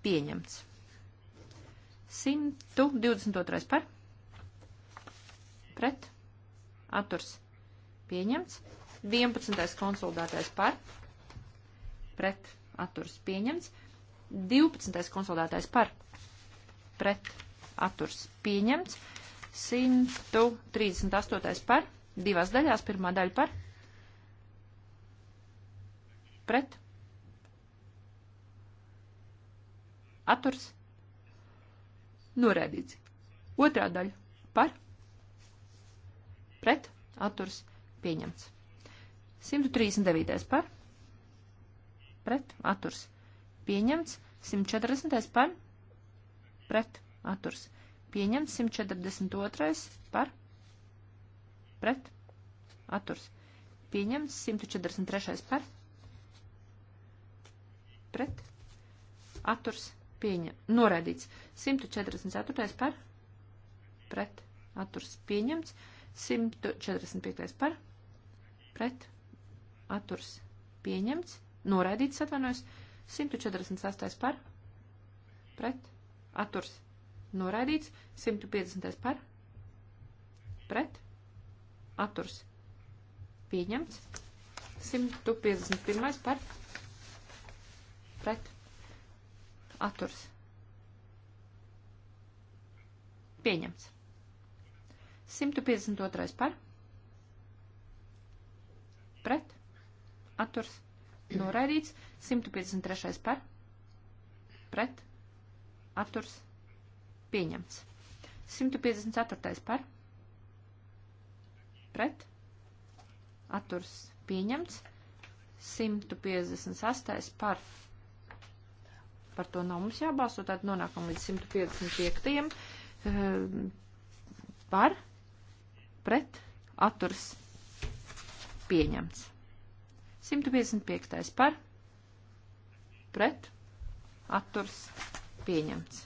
pieņemts. 122. par pret atturs pieņemts. 11. konsolidētais par pret atturs pieņemts. 12. konsolidētais par pret atturs pieņemts. 138. par divās daļās. Pirmā daļa par pret Atturs. Norēdīts. Otrā daļa par. Pret. Atturs. Pieņemts. 139. par. Pret. Atturs. Pieņemts. 140. par. Pret. Atturs. Pieņemts. 142. par. Pret. Atturs. Pieņemts. 143. par. Pret. Atturs pieņem, noraidīts. 144. par, pret, atturs pieņemts. 145. par, pret, atturs pieņemts. Noraidīts, atvainojos. 148. par, pret, atturs noraidīts. 150. par, pret, atturs pieņemts. 151. par, pret, Atturs. Pieņemts. 152. par. Pret. Atturs. Noraidīts. 153. par. Pret. Atturs. Pieņemts. 154. par. Pret. Atturs. Pieņemts. 158. par par to nav mums jābalso, tad nonākam līdz 155. Eh, par, pret, atturs, pieņemts. 155. par, pret, atturs, pieņemts.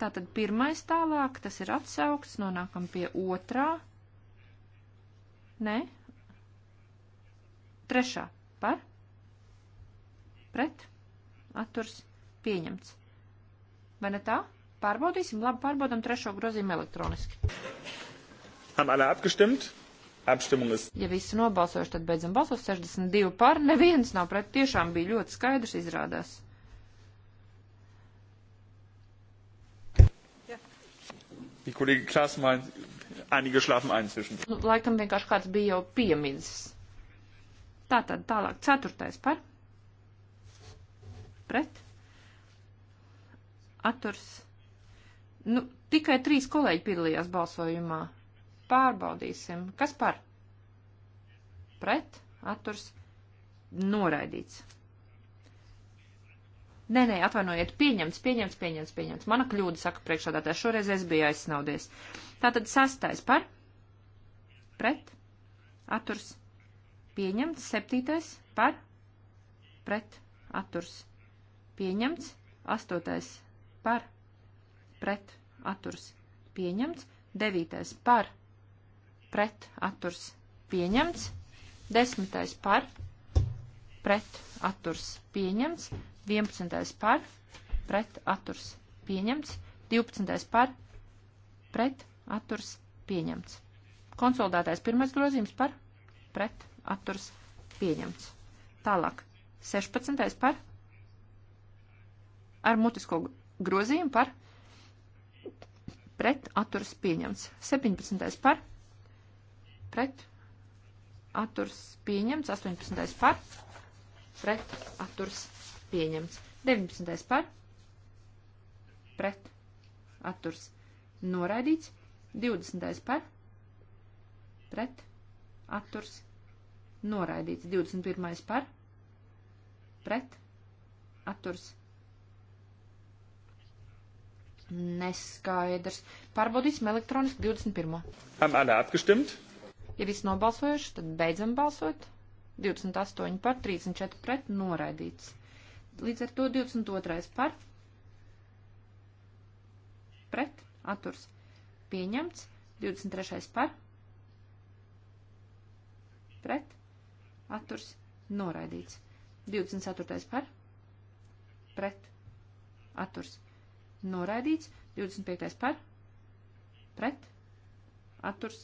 Tātad pirmais tālāk, tas ir atsaukts, nonākam pie otrā. Nē. Trešā par, pret, atturs pieņemts. Vai ne tā? Pārbaudīsim, labi, pārbaudam trešo grozījumu elektroniski. Haben alle abgestimmt? Abstimmung ist. Ja visi nobalsojuši, tad beidzam balsot 62 par, neviens nav pret, tiešām bija ļoti skaidrs izrādās. Die Kollege Klaas meint, einige schlafen ein zwischen. Nu, laikam vienkārši kāds bija jau piemidzis. Tātad tālāk, ceturtais par pret atturs. Nu, tikai trīs kolēģi piedalījās balsojumā. Pārbaudīsim. Kas par? Pret atturs noraidīts. Nē, nē, atvainojiet, pieņemts, pieņemts, pieņemts, pieņemts. Mana kļūda, saka priekšādātājs, šoreiz es biju aizsnaudies. Tātad sastais par, pret, atturs, pieņemts, septītais par, pret, atturs, pieņemts, 8. par, pret, atturs, pieņemts, 9. par, pret, atturs, pieņemts, 10. par, pret, atturs, pieņemts, 11. par, pret, atturs, pieņemts, 12. par, pret, atturs, pieņemts. Konsolidētais pirmais grozījums par, pret, atturs, pieņemts. Tālāk, 16. par, pret, ar mutisko grozījumu par pret atturas pieņemts. 17. par pret atturas pieņemts. 18. par pret atturas pieņemts. 19. par pret atturas noraidīts. 20. par pret atturas noraidīts. 21. par pret atturas noraidīts neskaidrs. Pārbaudīsim elektroniski 21. Haben alle abgestimmt? Ja viss nobalsojuši, tad beidzam balsot. 28 par, 34 pret, noraidīts. Līdz ar to 22 par, pret, atturs, pieņemts, 23 par, pret, atturs, noraidīts. 24 par, pret, atturs, noraidīts, 25. par, pret, atturs,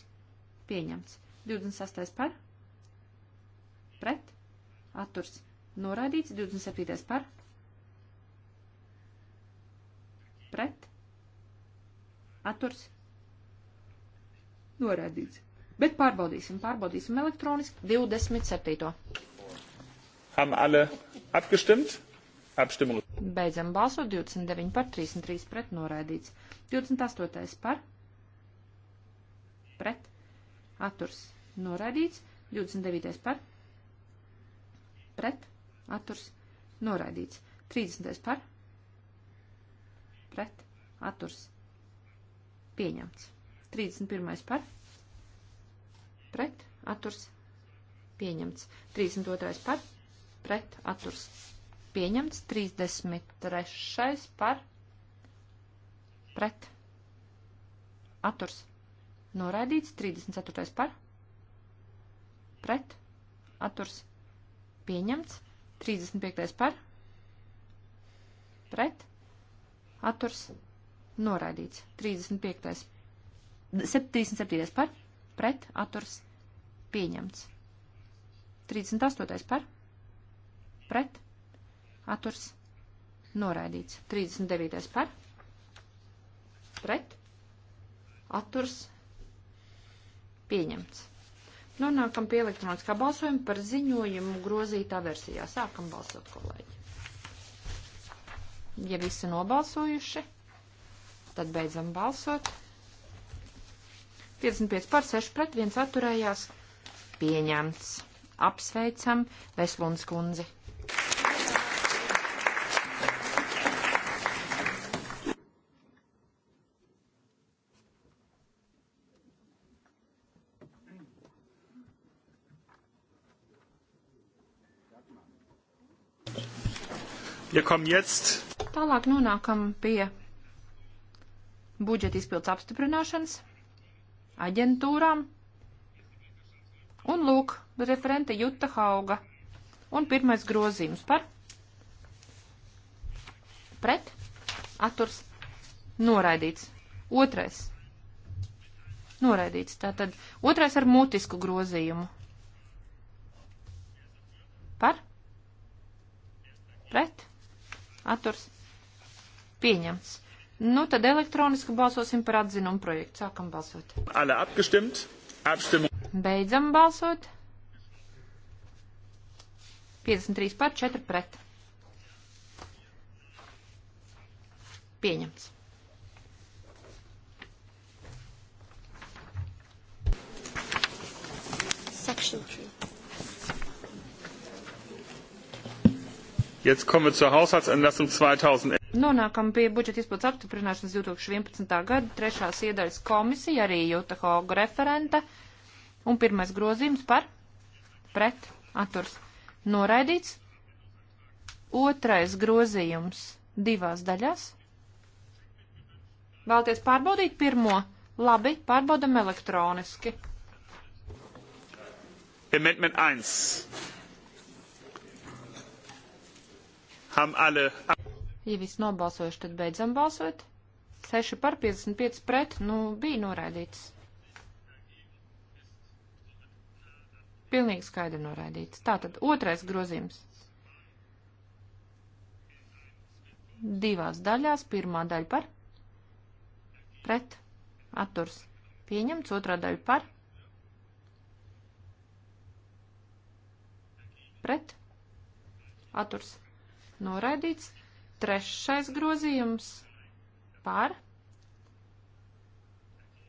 pieņemts, 26. par, pret, atturs, noraidīts, 27. par, pret, atturs, noraidīts. Bet pārbaudīsim, pārbaudīsim elektroniski 27. Haben alle abgestimmt? Abstimmung. Beidzam balsot 29 par 33 pret noraidīts. 28. par pret atturs noraidīts. 29. par pret atturs noraidīts. 30. par pret atturs pieņemts. 31. par pret atturs pieņemts. 32. par pret atturs pieņemts pieņemts 33. par pret atturs noraidīts 34. par pret atturs pieņemts 35. par pret atturs noraidīts 35. 37. par pret atturs pieņemts 38. par pret atturs atturs noraidīts. 39. par pret atturs pieņemts. Nonākam pie elektroniskā balsojuma par ziņojumu grozītā versijā. Sākam balsot, kolēģi. Ja visi nobalsojuši, tad beidzam balsot. 55 par 6 pret 1 atturējās. Pieņemts. Apsveicam Veslunds kundzi. Wir kommen jetzt. Tālāk nonākam pie budžeta izpildes apstiprināšanas, aģentūrām. Un lūk, referente Juta Hauga. Un pirmais grozījums par pret atturs noraidīts. Otrais. Noraidīts. Tātad otrais ar mutisku grozījumu. Par? Pret? atturs pieņemts. Nu, tad elektroniski balsosim par atzinumu projektu. Sākam balsot. Alle apgestimt. Abstimmung. Beidzam balsot. 53 par 4 pret. Pieņemts. Section 3. Jetzt kommen wir zur Haushaltsanlassung 2011. Nonākam pie budžeta izpildes apstiprināšanas 2011. gada trešās iedaļas komisija, arī Jūta Hauga referente. Un pirmais grozījums par pret atturs noraidīts. Otrais grozījums divās daļās. Vēlties pārbaudīt pirmo? Labi, pārbaudam elektroniski. Amendment 1. Ja viss nobalsojuši, tad beidzam balsot. 6 par 55 pret, nu, bija noraidīts. Pilnīgi skaidri noraidīts. Tātad otrais grozījums. Divās daļās. Pirmā daļa par. Pret. Atturs. Pieņemts. Otrā daļa par. Pret. Atturs noraidīts. Trešais grozījums par,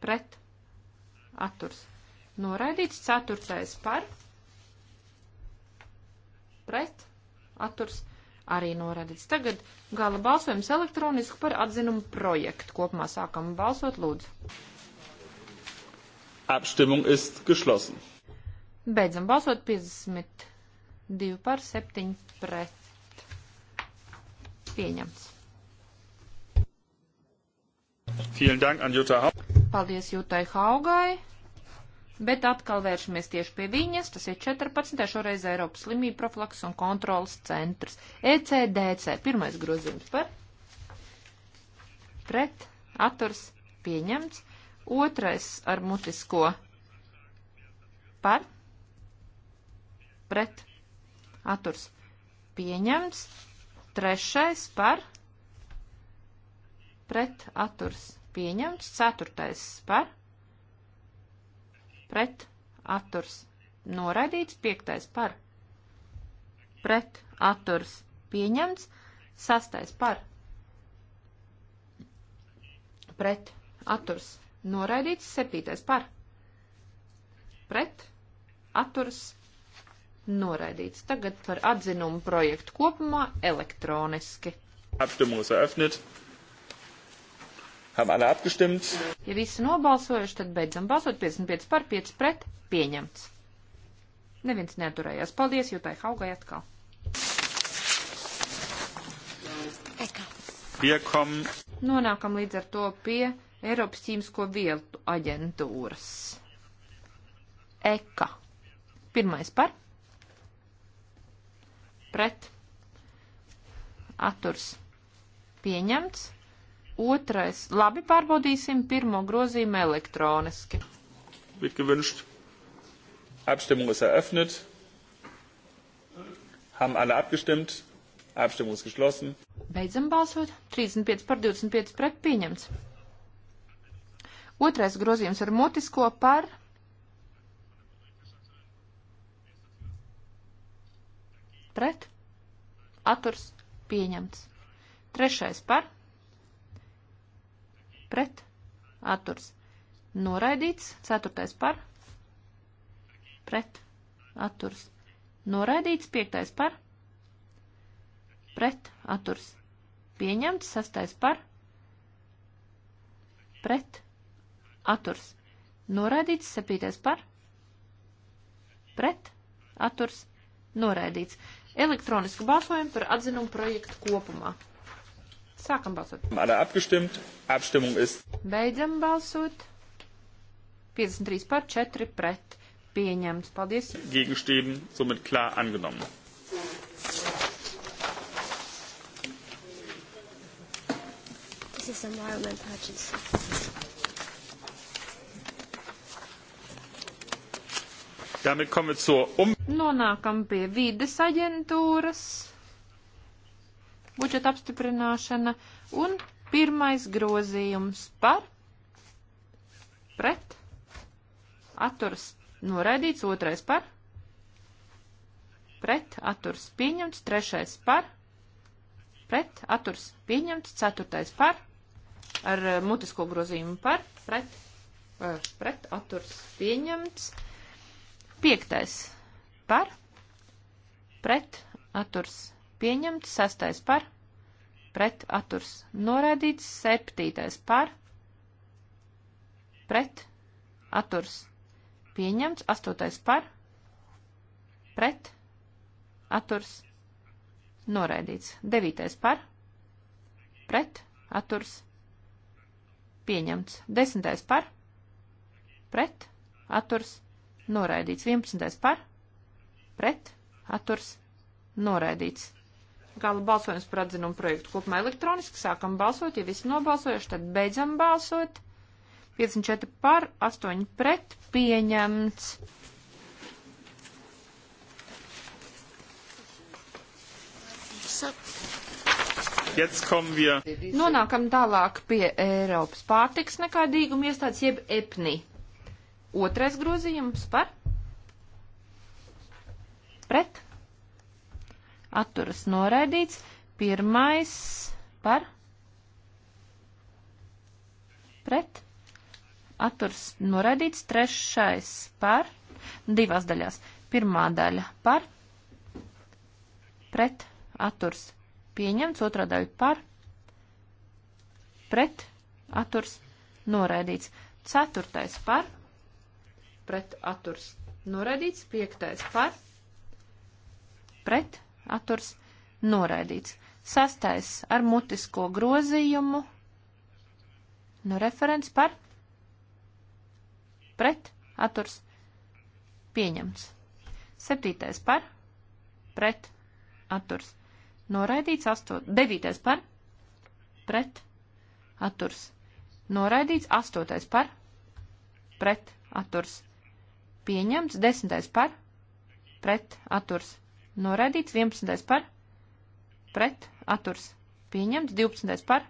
pret, atturs. Noraidīts ceturtais par, pret, atturs. Arī noraidīts. Tagad gala balsojums elektroniski par atzinumu projektu. Kopumā sākam balsot lūdzu. Abstimmung ist geschlossen. Beidzam balsot 52 par 7 pret pieņemts. Paldies Jūtai Haugai, bet atkal vēršamies tieši pie viņas. Tas ir 14. šoreiz Eiropas slimību profilaks un kontrolas centrs. ECDC, pirmais grozījums par pret, atturs, pieņemts. Otrais ar mutisko par, pret, atturs, pieņemts. Trešais par pret atturs pieņemts. Ceturtais par pret atturs noraidīts. Piektais par pret atturs pieņemts. Sastais par pret atturs noraidīts. Septītais par pret atturs pieņemts noraidīts. Tagad par atzinumu projektu kopumā elektroniski. Apstimmung eröffnet. Haben alle abgestimmt? Ja visi nobalsojuši, tad beidzam balsot 55 par 5 pret pieņemts. Neviens neaturējās. Paldies, Jūtai Haugai atkal. Piekam. Nonākam līdz ar to pie Eiropas ķīmisko vielu aģentūras. EKA. Pirmais par pret atturs pieņemts. Otrais. Labi, pārbaudīsim pirmo grozījumu elektroniski. Wird gewünscht. Abstimmung ist eröffnet. Haben alle abgestimmt. Abstimmung ist geschlossen. Beidzam balsot. 35 par 25 pret pieņemts. Otrais grozījums ar mutisko par pret, atturs pieņemts. Trešais par, pret, atturs noraidīts. Ceturtais par, pret, atturs noraidīts. Piektais par, pret, atturs pieņemts. Sastais par, pret, atturs noraidīts. Septītais par, pret, atturs noraidīts. Elektroniski balsojam par atzinumu projektu kopumā. Sākam balsot. Alle abgestimmt. Abstimmung ist. Beidzam balsot. 53 par 4 pret. Pieņemts. Paldies. Gegenstimmen somit klar angenommen. This is environment purchase. Um- Nonākam pie vides aģentūras, budžeta apstiprināšana un pirmais grozījums par, pret, atturas noraidīts, otrais par, pret, atturas pieņemts, trešais par, pret, atturas pieņemts, ceturtais par, ar eh, mutisko grozījumu par, pret, eh, pret, atturas pieņemts. Piektais par, pret, atturs pieņemts, sastais par, pret, atturs noraidīts, septītais par, pret, atturs pieņemts, astotais par, pret, atturs noraidīts, devītais par, pret, atturs pieņemts, desmitais par, pret, atturs pieņemts noraidīts. 11. par, pret, atturs, noraidīts. Gala balsojums par atzinumu projektu kopumā elektroniski. Sākam balsot, ja visi nobalsojuši, tad beidzam balsot. 54 par, 8 pret, pieņemts. Nonākam tālāk pie Eiropas pārtiks nekādīguma iestādes, jeb EPNI. Otrais grozījums par pret atturas noraidīts. Pirmais par pret atturas noraidīts. Trešais par divās daļās. Pirmā daļa par pret atturas pieņemts. Otrā daļa par pret atturas noraidīts. Ceturtais par pret pret atturs noraidīts, piektais par pret atturs noraidīts. Sastais ar mutisko grozījumu no referents par pret atturs pieņemts. Septītais par pret atturs noraidīts. Asto, devītais par pret atturs noraidīts. Astotais par pret atturs pieņemts, 10. par, pret, atturs, noraidīts, 11. par, pret, atturs, pieņemts, 12. par,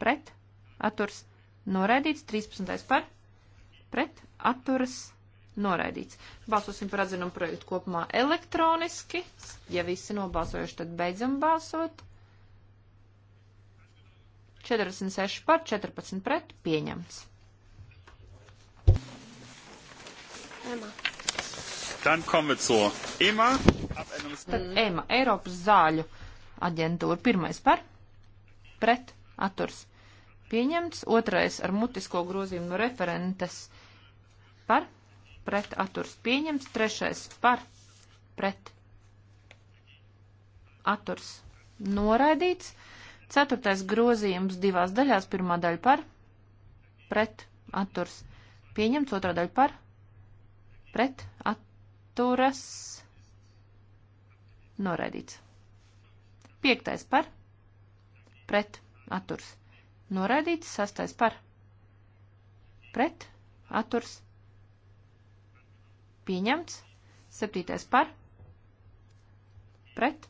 pret, atturs, noraidīts, 13. par, pret, atturs, noraidīts. Balsosim par atzinumu projektu kopumā elektroniski. Ja visi nobalsojuši, tad beidzam balsot. 46 par, 14 pret, pieņemts. EMA. Dann kommen wir zur EMA. Tad EMA, Eiropas zāļu aģentūra. Pirmais par, pret, atturs. Pieņemts. Otrais ar mutisko grozījumu no referentes par, pret, atturs. Pieņemts. Trešais par, pret, atturs. Noraidīts. Ceturtais grozījums divās daļās. Pirmā daļa par, pret, atturs. Pieņemts. Otrā daļa par, pret atturas noraidīts. Piektais par pret atturs noraidīts. Sastais par pret atturs pieņemts. Septītais par pret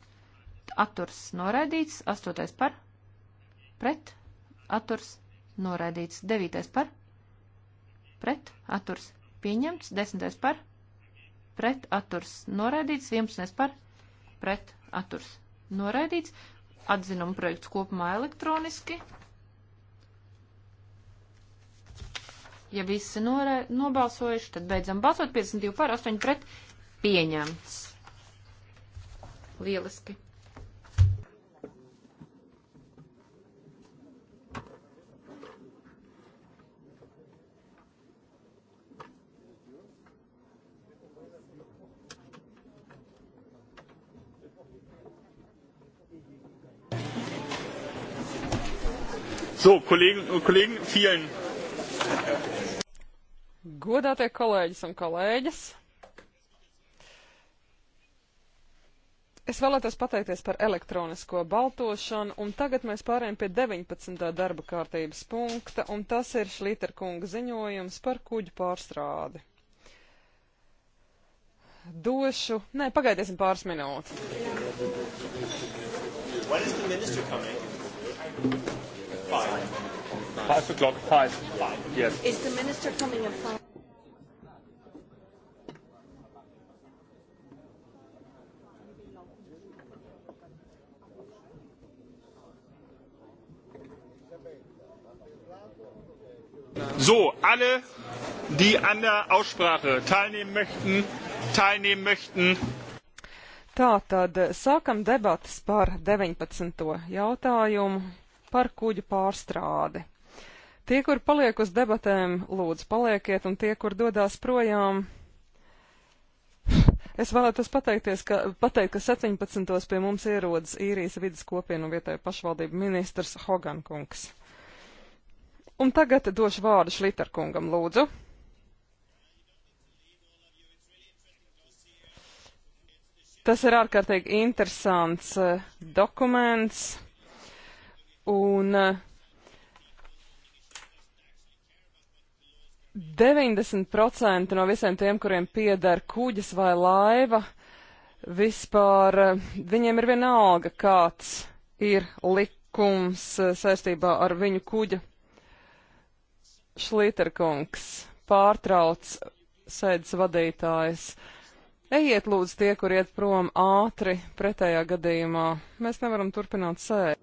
atturs noraidīts. Astotais par pret atturs noraidīts. Devītais par pret atturs noraidīts pieņemts, 10. par, pret atturs noraidīts, 11. par, pret atturs noraidīts, atzinuma projekts kopumā elektroniski. Ja visi norē, nobalsojuši, tad beidzam balsot 52 par 8 pret pieņemts. Lieliski. So, Kolleginnen und Kollegen, vielen. Godātie kolēģis un kolēģis, es vēlētos pateikties par elektronisko baltošanu, un tagad mēs pārējām pie 19. darba kārtības punkta, un tas ir Šlīterkunga ziņojums par kuģu pārstrādi došu. Nē, pagaidiesim pāris minūtes. When is the minister coming? Five. Five o'clock. Five. Five. Yes. Is the minister coming at five? So, alle, die an der Aussprache teilnehmen möchten, teilnehmen möchten. Tātad sākam debatas par 19. jautājumu par kuģu pārstrādi. Tie, kur paliek uz debatēm, lūdzu palieciet, un tie, kur dodās projām, es vēlētos pateikties, ka, pateikt, ka 17. pie mums ierodas īrijas vidas kopienu vietēja pašvaldība ministrs Hogankungs. Un tagad došu vārdu Šliterkungam, lūdzu. Tas ir ārkārtīgi interesants eh, dokuments Un 90% eh, no visiem tiem, kuriem pieder kuģis vai laiva, vispār eh, viņiem ir vienalga, kāds ir likums eh, saistībā ar viņu kuģa. Šlīterkungs pārtrauc sēdes vadītājs. Ejiet lūdzu tie, kur iet prom ātri, pretējā gadījumā mēs nevaram turpināt sēdi.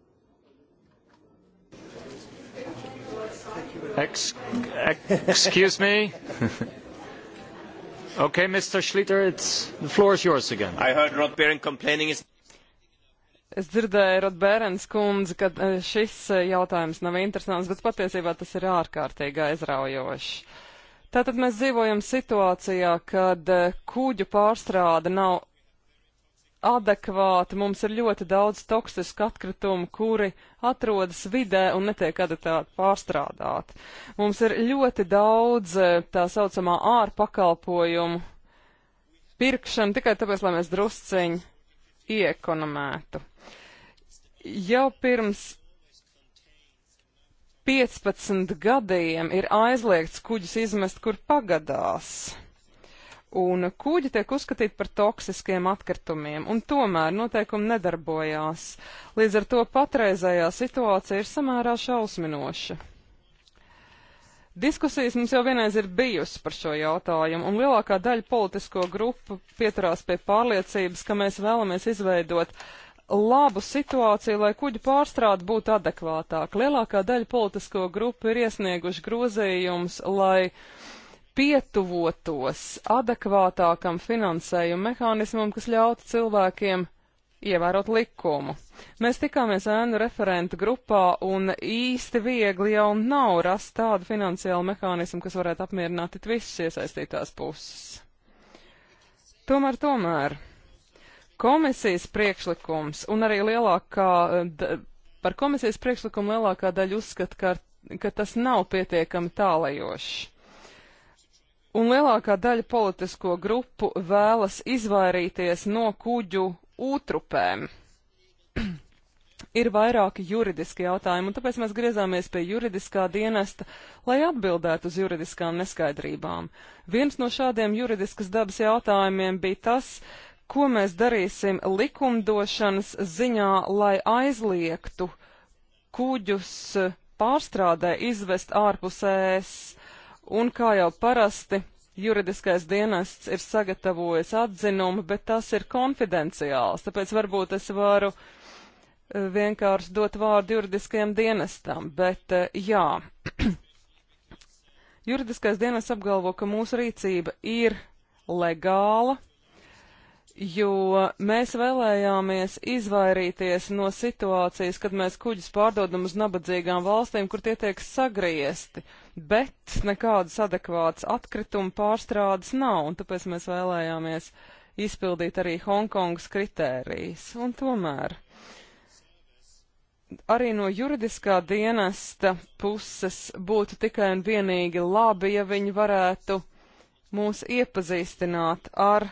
Ex excuse me? okay, Mr. Schlitter, it's, the floor is yours again. I heard Rod Beren complaining. Is... Es dzirdēju Rodbērens kundzi, ka eh, šis eh, jautājums nav interesants, bet patiesībā tas ir ārkārtīgi aizraujošs. Tātad mēs dzīvojam situācijā, kad eh, kuģu pārstrāde nav adekvāti. Mums ir ļoti daudz toksisku atkritumu, kuri atrodas vidē un netiek adekvāti pārstrādāti. Mums ir ļoti daudz eh, tā saucamā ārpakalpojumu pirkšana tikai tāpēc, lai mēs drusciņi iekonomētu. Jau pirms 15 gadiem ir aizliegts kuģus izmest, kur pagadās un kuģi tiek uzskatīti par toksiskiem atkritumiem, un tomēr noteikumi nedarbojās. Līdz ar to patreizējā situācija ir samērā šausminoša. Diskusijas mums jau vienreiz ir bijusi par šo jautājumu, un lielākā daļa politisko grupu pieturās pie pārliecības, ka mēs vēlamies izveidot labu situāciju, lai kuģu pārstrāde būtu adekvātāka. Lielākā daļa politisko grupu ir iesnieguši grozījumus, lai uh, pietuvotos adekvātākam finansējuma mehānismam, kas ļautu cilvēkiem ievērot likumu. Mēs tikāmies ēnu referentu grupā un īsti viegli jau nav rast tādu finansiālu mehānismu, kas varētu apmierināt it visas iesaistītās puses. Tomēr, tomēr, komisijas priekšlikums un arī lielākā, par komisijas priekšlikumu lielākā daļa uzskata, ka, ka tas nav pietiekami tālajošs un lielākā daļa politisko grupu vēlas izvairīties no kuģu ūtrupēm. ir vairāki juridiski jautājumi, un tāpēc mēs griezāmies pie juridiskā dienesta, lai atbildētu uz juridiskām neskaidrībām. Viens no šādiem juridiskas dabas jautājumiem bija tas, ko mēs darīsim likumdošanas ziņā, lai aizliegtu kuģus pārstrādē izvest ārpus ēs un kā jau parasti, juridiskais dienests ir sagatavojis atzinumu, bet tas ir konfidenciāls, tāpēc varbūt es varu eh, vienkārši dot vārdu juridiskajam dienestam, bet eh, jā. Juridiskais dienas apgalvo, ka mūsu rīcība ir legāla, jo mēs vēlējāmies izvairīties no situācijas, kad mēs kuģus pārdodam uz nabadzīgām valstīm, kur tie tiek sagriezti bet nekādas adekvātas atkrituma pārstrādes nav, un tāpēc mēs vēlējāmies izpildīt arī Hongkongas kritērijas. Un tomēr arī no juridiskā dienesta puses būtu tikai un vienīgi labi, ja viņi varētu mūs iepazīstināt ar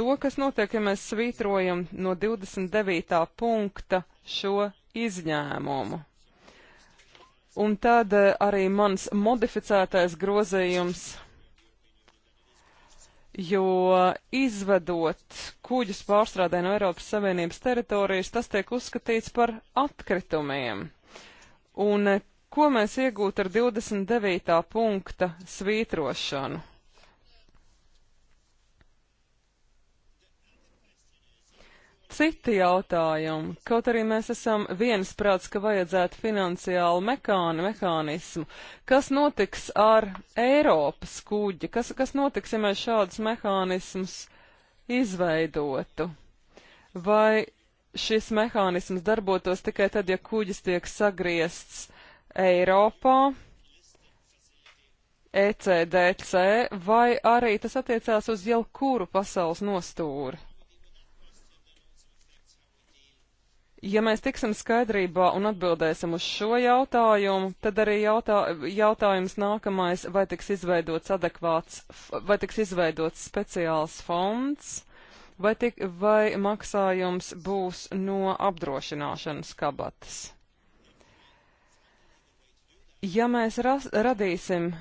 to, kas notiek, ja mēs svītrojam no 29. punkta šo izņēmumu. Un tad eh, arī mans modificētais grozījums, jo izvedot kuģus pārstrādē no Eiropas Savienības teritorijas, tas tiek uzskatīts par atkritumiem. Un eh, ko mēs iegūtu ar 29. punkta svītrošanu? citi jautājumi. Kaut arī mēs esam viensprāts, ka vajadzētu finansiālu mekāni, mehānismu. Kas notiks ar Eiropas kuģi? Kas, kas notiks, ja mēs šādus mehānismus izveidotu? Vai šis mehānisms darbotos tikai tad, ja kuģis tiek sagriezts Eiropā? ECDC, vai arī tas attiecās uz jau kuru pasaules nostūri? Ja mēs tiksim skaidrībā un atbildēsim uz šo jautājumu, tad arī jautā, jautājums nākamais, vai tiks izveidots adekvāts, vai tiks izveidots speciāls fonds, vai, tik, vai maksājums būs no apdrošināšanas kabatas. Ja mēs ras, radīsim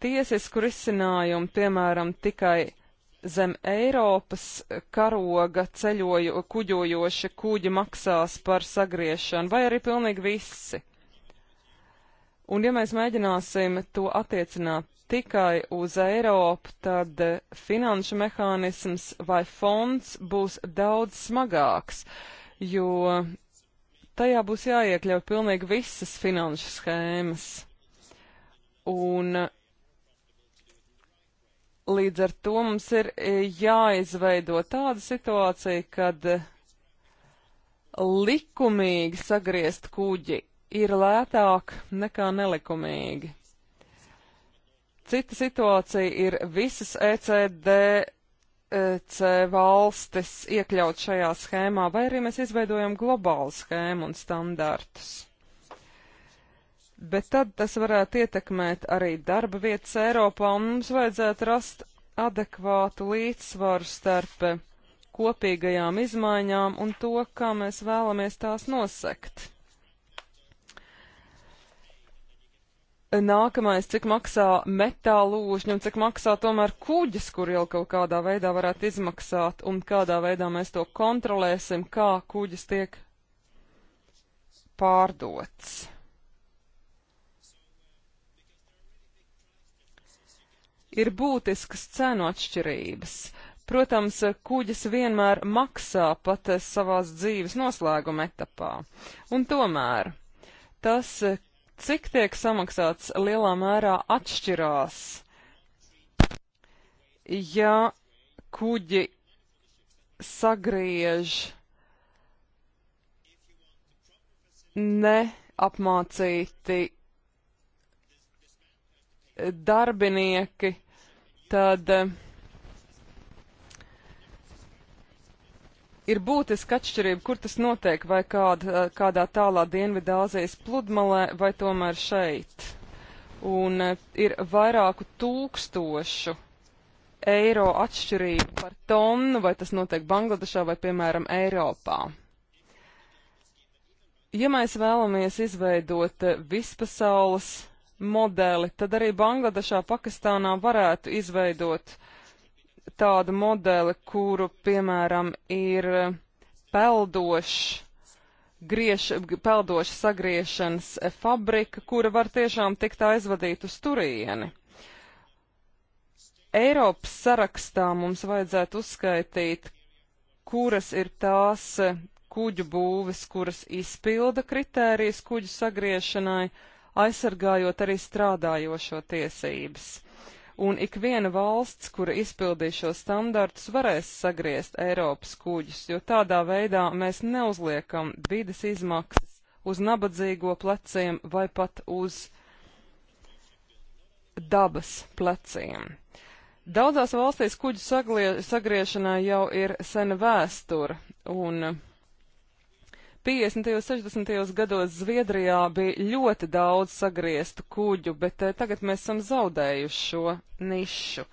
tiesisku risinājumu, piemēram, tikai zem Eiropas karoga ceļojo, kuģojoši kuģi maksās par sagriešanu, vai arī pilnīgi visi. Un ja mēs mēģināsim to attiecināt tikai uz Eiropu, tad finanšu mehānisms vai fonds būs daudz smagāks, jo tajā būs jāiekļauj pilnīgi visas finanšu schēmas. Un Līdz ar to mums ir e, jāizveido tāda situācija, kad e, likumīgi sagriezt kuģi ir lētāk nekā nelikumīgi. Cita situācija ir visas ECDC e, valstis iekļaut šajā schēmā, vai arī mēs izveidojam globālu schēmu un standartus bet tad tas varētu ietekmēt arī darba vietas Eiropā, un mums vajadzētu rast adekvātu līdzsvaru starp kopīgajām izmaiņām un to, kā mēs vēlamies tās nosekt. Nākamais, cik maksā metālūžņi un cik maksā tomēr kuģis, kur jau kaut kādā veidā varētu izmaksāt un kādā veidā mēs to kontrolēsim, kā kuģis tiek pārdots. ir būtiskas cenu atšķirības. Protams, kuģis vienmēr maksā pat savās dzīves noslēguma etapā. Un tomēr tas, cik tiek samaksāts, lielā mērā atšķirās. Ja kuģi sagriež neapmācīti darbinieki, tad eh, ir būtiska atšķirība, kur tas notiek, vai kāda, eh, kādā tālā Dienvidāzijas pludmalē, vai tomēr šeit. Un eh, ir vairāku tūkstošu eiro atšķirība par tonu, vai tas notiek Bangladešā vai, piemēram, Eiropā. Ja mēs vēlamies izveidot vispasaules modeli, tad arī Bangladešā, Pakistānā varētu izveidot tādu modeli, kuru, piemēram, ir eh, peldošs griež, peldoša sagriešanas eh, fabrika, kura var tiešām tikt aizvadīt uz turieni. Eiropas sarakstā mums vajadzētu uzskaitīt, kuras ir tās eh, kuģu būves, kuras izpilda kritērijas kuģu sagriešanai, aizsargājot arī strādājošo tiesības. Un ikviena valsts, kura izpildīs šo standartus, varēs sagriezt Eiropas kuģus, jo tādā veidā mēs neuzliekam vides izmaksas uz nabadzīgo pleciem vai pat uz dabas pleciem. Daudzās valstīs kuģu saglie, sagriešanai jau ir sena vēstura, un 50. un 60. gados Zviedrijā bija ļoti daudz sagrieztu kuģu, bet eh, tagad mēs esam zaudējuši šo nišu.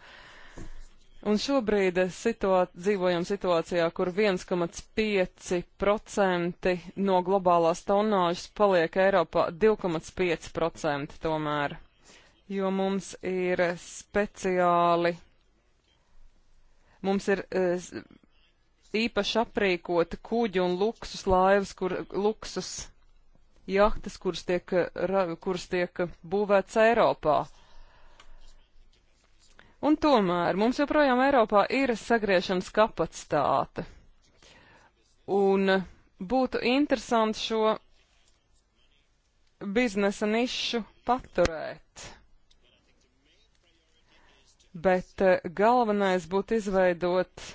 Un šobrīd eh, situā dzīvojam situācijā, kur 1,5% no globālās tonāžas paliek Eiropā 2,5% tomēr, jo mums ir speciāli, mums ir eh, īpaši aprīkoti kuģi un luksus laivas, kur luksus jahtas, kuras tiek, kuras tiek būvētas Eiropā. Un tomēr mums joprojām Eiropā ir sagriešanas kapacitāte. Un būtu interesanti šo biznesa nišu paturēt. Bet eh, galvenais būtu izveidot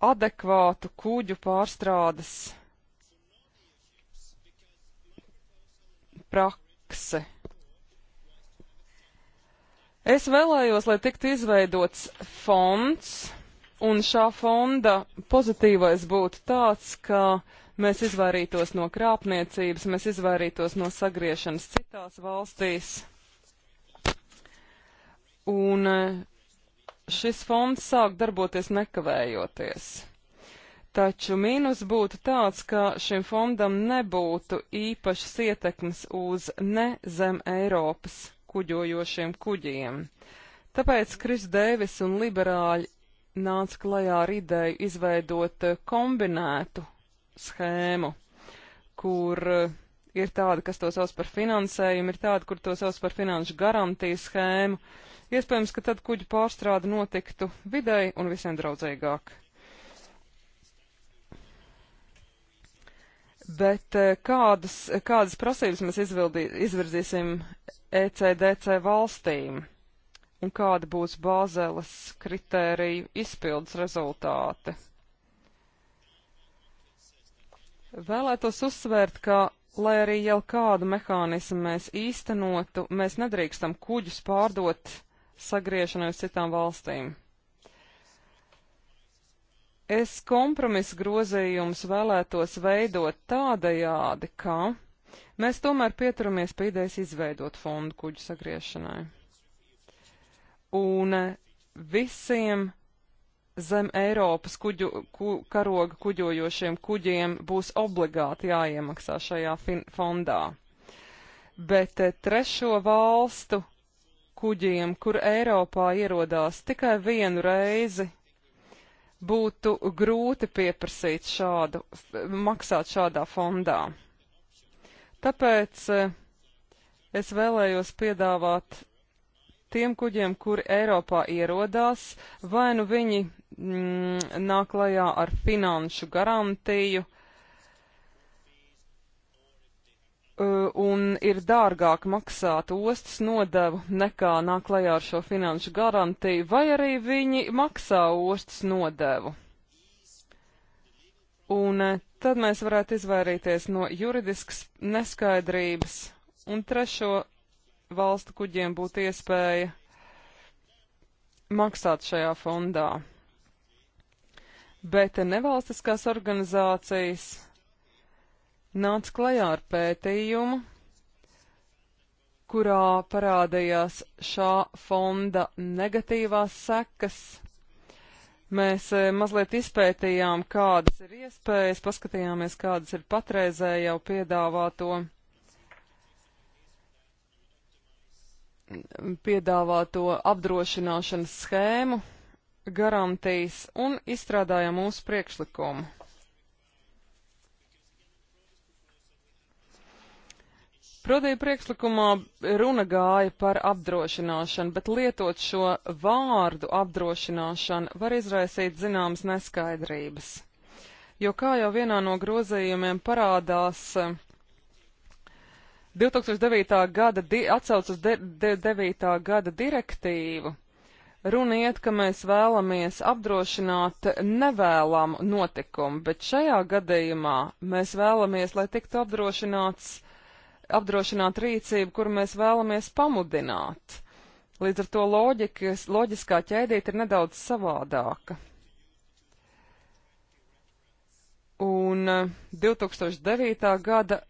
adekvātu kuģu pārstrādes prakse. Es vēlējos, lai tiktu izveidots fonds, un šā fonda pozitīvais būtu tāds, ka mēs izvairītos no krāpniecības, mēs izvairītos no sagriešanas citās valstīs. Un šis fonds sāk darboties nekavējoties. Taču mīnus būtu tāds, ka šim fondam nebūtu īpašas ietekmes uz ne zem Eiropas kuģojošiem kuģiem. Tāpēc Kris Dēvis un liberāļi nāca klajā ar ideju izveidot eh, kombinētu schēmu, kur eh, ir tāda, kas to sauc par finansējumu, ir tāda, kur to sauc par finanšu garantiju schēmu, Iespējams, ka tad kuģu pārstrāde notiktu videi un visiem draudzīgāk. Bet eh, kādas, kādas prasības mēs izvildī, izvirzīsim ECDC valstīm? Un kāda būs bāzeles kritēriju izpildes rezultāti? Vēlētos uzsvērt, ka, lai arī jau kādu mehānismu mēs īstenotu, mēs nedrīkstam kuģus pārdot sagriešanai uz citām valstīm. Es kompromisu grozījumus vēlētos veidot tādajādi, ka mēs tomēr pieturamies pie idejas izveidot fondu kuģu sagriešanai. Un visiem zem Eiropas kuģu, ku, karoga kuģojošiem kuģiem būs obligāti jāiemaksā šajā fin, fondā. Bet eh, trešo valstu kuģiem, kur Eiropā ierodās tikai vienu reizi, būtu grūti pieprasīt šādu, maksāt šādā fondā. Tāpēc eh, es vēlējos piedāvāt tiem kuģiem, kuri Eiropā ierodās, vai nu viņi mm, nāk lajā ar finanšu garantiju, uh, Uh, un ir dārgāk maksāt ostas nodevu nekā nāk klajā ar šo finanšu garantiju, vai arī viņi maksā ostas nodevu. Un uh, tad mēs varētu izvairīties no juridiskas neskaidrības, un trešo valstu kuģiem būtu iespēja maksāt šajā fondā. Bet nevalstiskās organizācijas nāca klajā ar pētījumu, kurā parādījās šā fonda negatīvās sekas. Mēs eh, mazliet izpētījām, kādas ir iespējas, paskatījāmies, kādas ir patreizē jau piedāvāto, piedāvāto apdrošināšanas schēmu, garantijas un izstrādājām mūsu priekšlikumu. Prodīja priekšlikumā runa gāja par apdrošināšanu, bet lietot šo vārdu apdrošināšana var izraisīt zināmas neskaidrības. Jo kā jau vienā no grozījumiem parādās, 2009. Eh, gada, atsauc uz 9. gada direktīvu, runa iet, ka mēs vēlamies apdrošināt nevēlamu notikumu, bet šajā gadījumā mēs vēlamies, lai tiktu apdrošināts apdrošināt rīcību, kuru mēs vēlamies pamudināt. Līdz ar to loģikas, loģiskā ķēdīte ir nedaudz savādāka. Un 2009. Eh, gada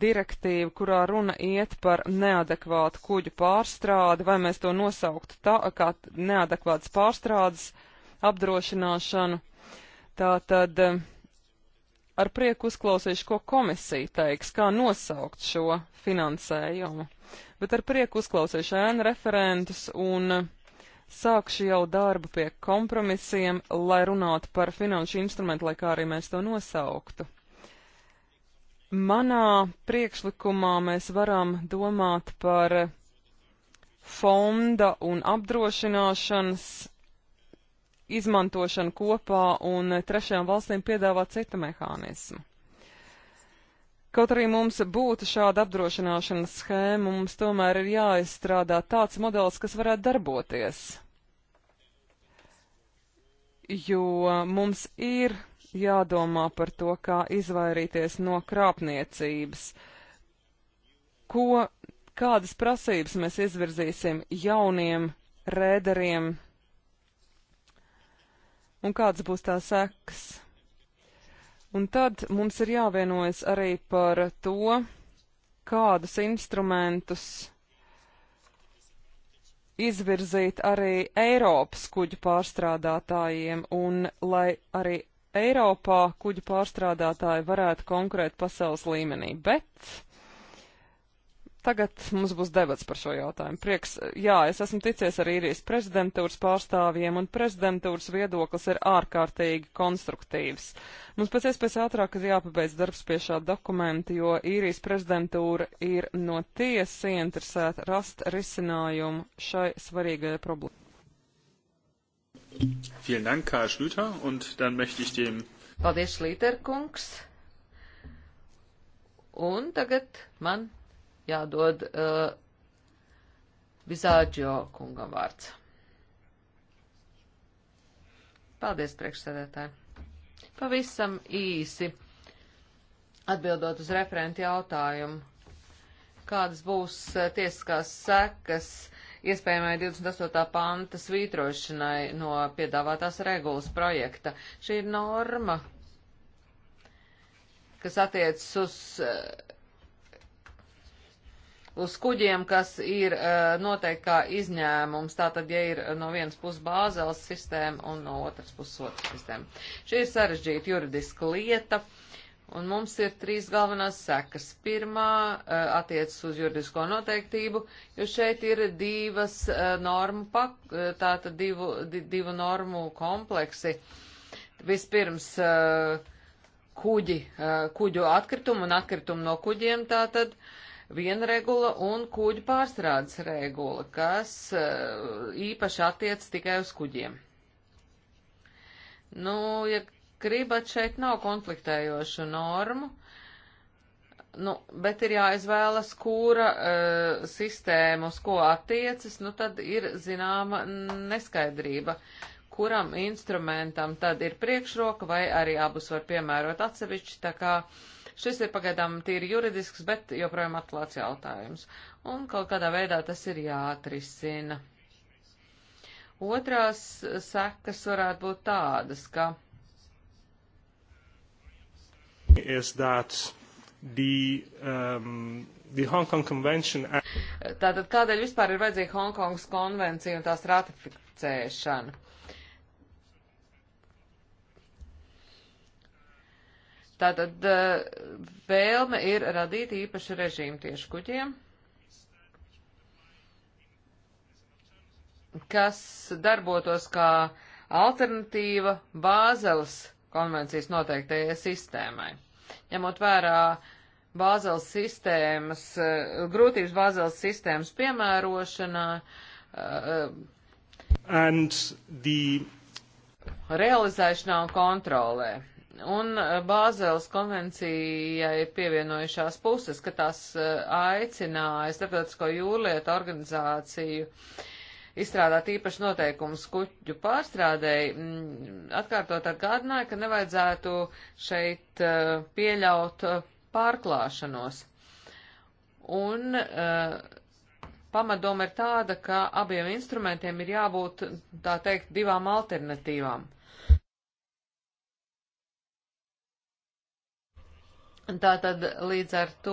direktīva, kurā runa iet par neadekvātu kuģu pārstrādi, vai mēs to nosauktu tā, kā neadekvātas pārstrādes apdrošināšanu. Tā tad eh, ar prieku uzklausīšu, ko komisija teiks, kā nosaukt šo finansējumu, bet ar prieku uzklausīšu ēnu referentus un sākšu jau darbu pie kompromisiem, lai runātu par finanšu instrumentu, lai kā arī mēs to nosauktu. Manā priekšlikumā mēs varam domāt par fonda un apdrošināšanas izmantošanu kopā un trešajām valstīm piedāvāt citu mehānismu. Kaut arī mums būtu šāda apdrošināšanas schēma, mums tomēr ir jāizstrādā tāds modelis, kas varētu darboties. Jo mums ir jādomā par to, kā izvairīties no krāpniecības. Ko, kādas prasības mēs izvirzīsim jauniem rēderiem un kādas būs tās sekas. Un tad mums ir jāvienojas arī par to, kādus instrumentus izvirzīt arī Eiropas kuģu pārstrādātājiem, un lai arī Eiropā kuģu pārstrādātāji varētu konkurēt pasaules līmenī. Bet Tagad mums būs debats par šo jautājumu. Prieks, jā, es esmu ticies ar īrijas prezidentūras pārstāvjiem, un prezidentūras viedoklis ir ārkārtīgi konstruktīvs. Mums pēc iespējas ātrāk ir jāpabeidz darbs pie šā dokumenta, jo īrijas prezidentūra ir no tiesas ieinteresēta rast risinājumu šai svarīgajai problēmai. Vielen Dank, Karl Schlüter, und dann möchte ich dem. Paldies, Schlīterkungs. Un tagad man jādod uh, Bizāģio kungam vārds. Paldies, priekšsēdētāji. Pavisam īsi atbildot uz referentu jautājumu. Kādas būs uh, tiesiskās sekas iespējamai 28. panta svītrošanai no piedāvātās regulas projekta? Šī ir norma, kas attiecas uz uh, uz kuģiem, kas ir eh, noteikti kā izņēmums. Tātad, ja ir no vienas puses bāzēlas sistēma un no otras puses otras sistēma. Šī ir sarežģīta juridiska lieta. Un mums ir trīs galvenās sekas. Pirmā eh, attiecas uz juridisko noteiktību, jo šeit ir divas eh, normu, pak, tātad divu, divu normu kompleksi. Vispirms kuģi, kuģu atkritumu un atkritumu no kuģiem tātad. Uh, viena regula un kuģu pārstrādes regula, kas eh, īpaši attiec tikai uz kuģiem. Nu, ja gribat, šeit nav konfliktējošu normu, nu, bet ir jāizvēlas, kura uh, sistēma uz ko attiecas, nu tad ir zināma neskaidrība, kuram instrumentam tad ir priekšroka vai arī abus var piemērot atsevišķi, tā kā uh, Šis ir pagaidām tīri juridisks, bet joprojām atklāts jautājums. Un kaut kādā veidā tas ir jāatrisina. Otrās sekas varētu būt tādas, ka. The, um, the Convention... Tātad kādēļ vispār ir vajadzīga Hongkongas konvencija un tās ratificēšana? Tātad eh, vēlme ir radīt īpašu režīmu tieši kuģiem, kas darbotos kā alternatīva Bāzeles konvencijas noteiktajai sistēmai. Ņemot vērā Bāzeles sistēmas, eh, grūtības Bāzeles sistēmas piemērošanā, eh, And the... realizēšanā un kontrolē un uh, Bāzeles konvencijai pievienojušās puses, ka tās uh, aicināja Starptautisko jūrlietu organizāciju izstrādāt īpaši noteikumus kuģu pārstrādēji, mm, atkārtot atgādināja, ka nevajadzētu šeit uh, pieļaut pārklāšanos. Un uh, pamatdoma ir tāda, ka abiem instrumentiem ir jābūt, tā teikt, divām alternatīvām. Tātad līdz ar to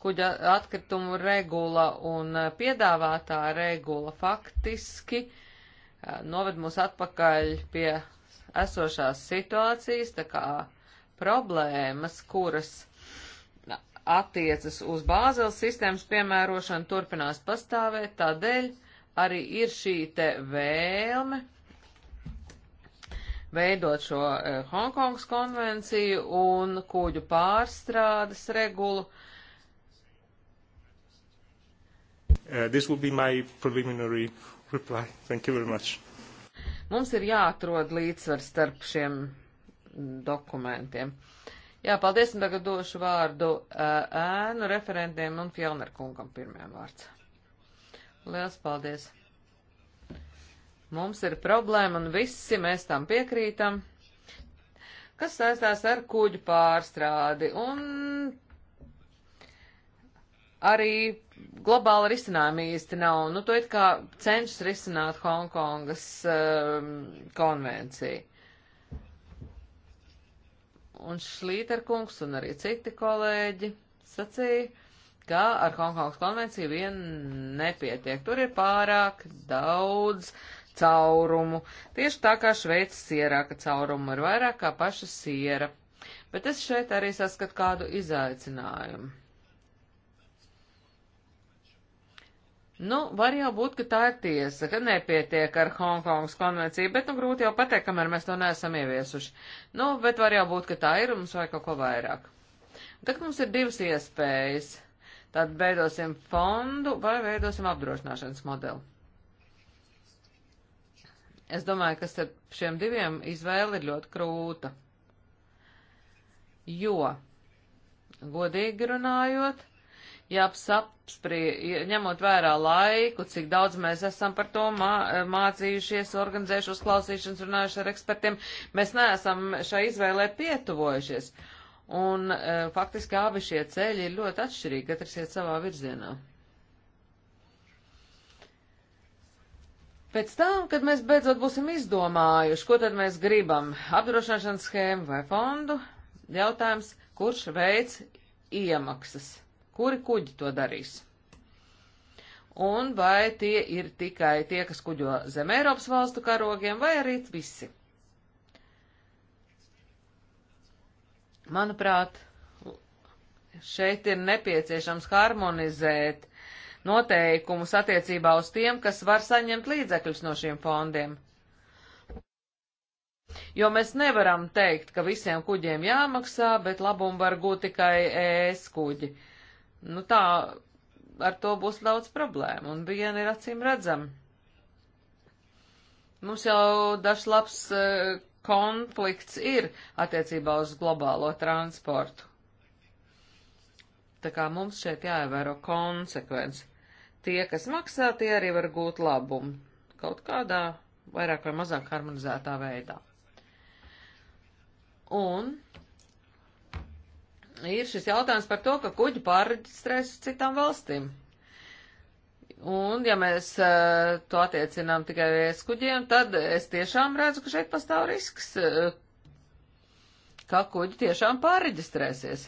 kuģa atkritumu regula un piedāvātā regula faktiski noved mūs atpakaļ pie esošās situācijas, tā kā problēmas, kuras attiecas uz bāzeles sistēmas piemērošanu, turpinās pastāvēt, tādēļ arī ir šī te vēlme veidot šo eh, Hongkongas konvenciju un kuģu pārstrādes regulu. Uh, this will be my preliminary reply. Thank you very much. Mums ir jāatrod līdzsvars starp šiem dokumentiem. Jā, paldies, un tagad došu vārdu eh, ēnu referentiem un Fjellner kungam pirmajam vārds. Liels paldies! Mums ir problēma un visi mēs tam piekrītam, kas saistās ar kuģu pārstrādi un arī globāla risinājuma īsti nav. Nu, to it kā cenšas risināt Hongkongas um, ehm, konvencija. Un Šlīterkungs un arī citi kolēģi sacīja, ka ar Hongkongas konvenciju vien nepietiek. Tur ir pārāk daudz caurumu, tieši tā kā Šveices sierā, ka caurumu ir vairāk kā paša siera. Bet es šeit arī saskatu kādu izaicinājumu. Nu, var jau būt, ka tā ir tiesa, ka nepietiek ar Hongkongas konvenciju, bet, nu, grūti jau pateikt, kamēr mēs to neesam ieviesuši. Nu, bet var jau būt, ka tā ir un mums vajag kaut ko vairāk. Tagad mums ir divas iespējas. Tad veidosim fondu vai veidosim apdrošināšanas modeli. Es domāju, ka starp šiem diviem izvēle ir ļoti krūta. Jo, godīgi runājot, jāapsprie, ņemot vērā laiku, cik daudz mēs esam par to mā, mācījušies, organizējuši uzklausīšanas, runājuši ar ekspertiem, mēs neesam šai izvēlē pietuvojušies. Un e, faktiski abi šie ceļi ir ļoti atšķirīgi, katrs iet savā virzienā. Pēc tam, kad mēs beidzot būsim izdomājuši, ko tad mēs gribam - apdrošināšanas schēmu vai fondu, jautājums, kurš veids iemaksas, kuri kuģi to darīs. Un vai tie ir tikai tie, kas kuģo zem Eiropas valstu karogiem, vai arī visi. Manuprāt, šeit ir nepieciešams harmonizēt noteikumus attiecībā uz tiem, kas var saņemt līdzekļus no šiem fondiem. Jo mēs nevaram teikt, ka visiem kuģiem jāmaksā, bet labumu var gūt tikai ES kuģi. Nu tā, ar to būs daudz problēmu, un viena ir acīm redzama. Mums jau dažs labs uh, konflikts ir attiecībā uz globālo transportu. Tā kā mums šeit jāievēro konsekvenci tie, kas maksā, tie arī var gūt labumu kaut kādā vairāk vai mazāk harmonizētā veidā. Un ir šis jautājums par to, ka kuģi pārreģistrēs uz citām valstīm. Un, ja mēs uh, to attiecinām tikai uz kuģiem, tad es tiešām redzu, ka šeit pastāv risks, uh, ka kuģi tiešām pārreģistrēsies.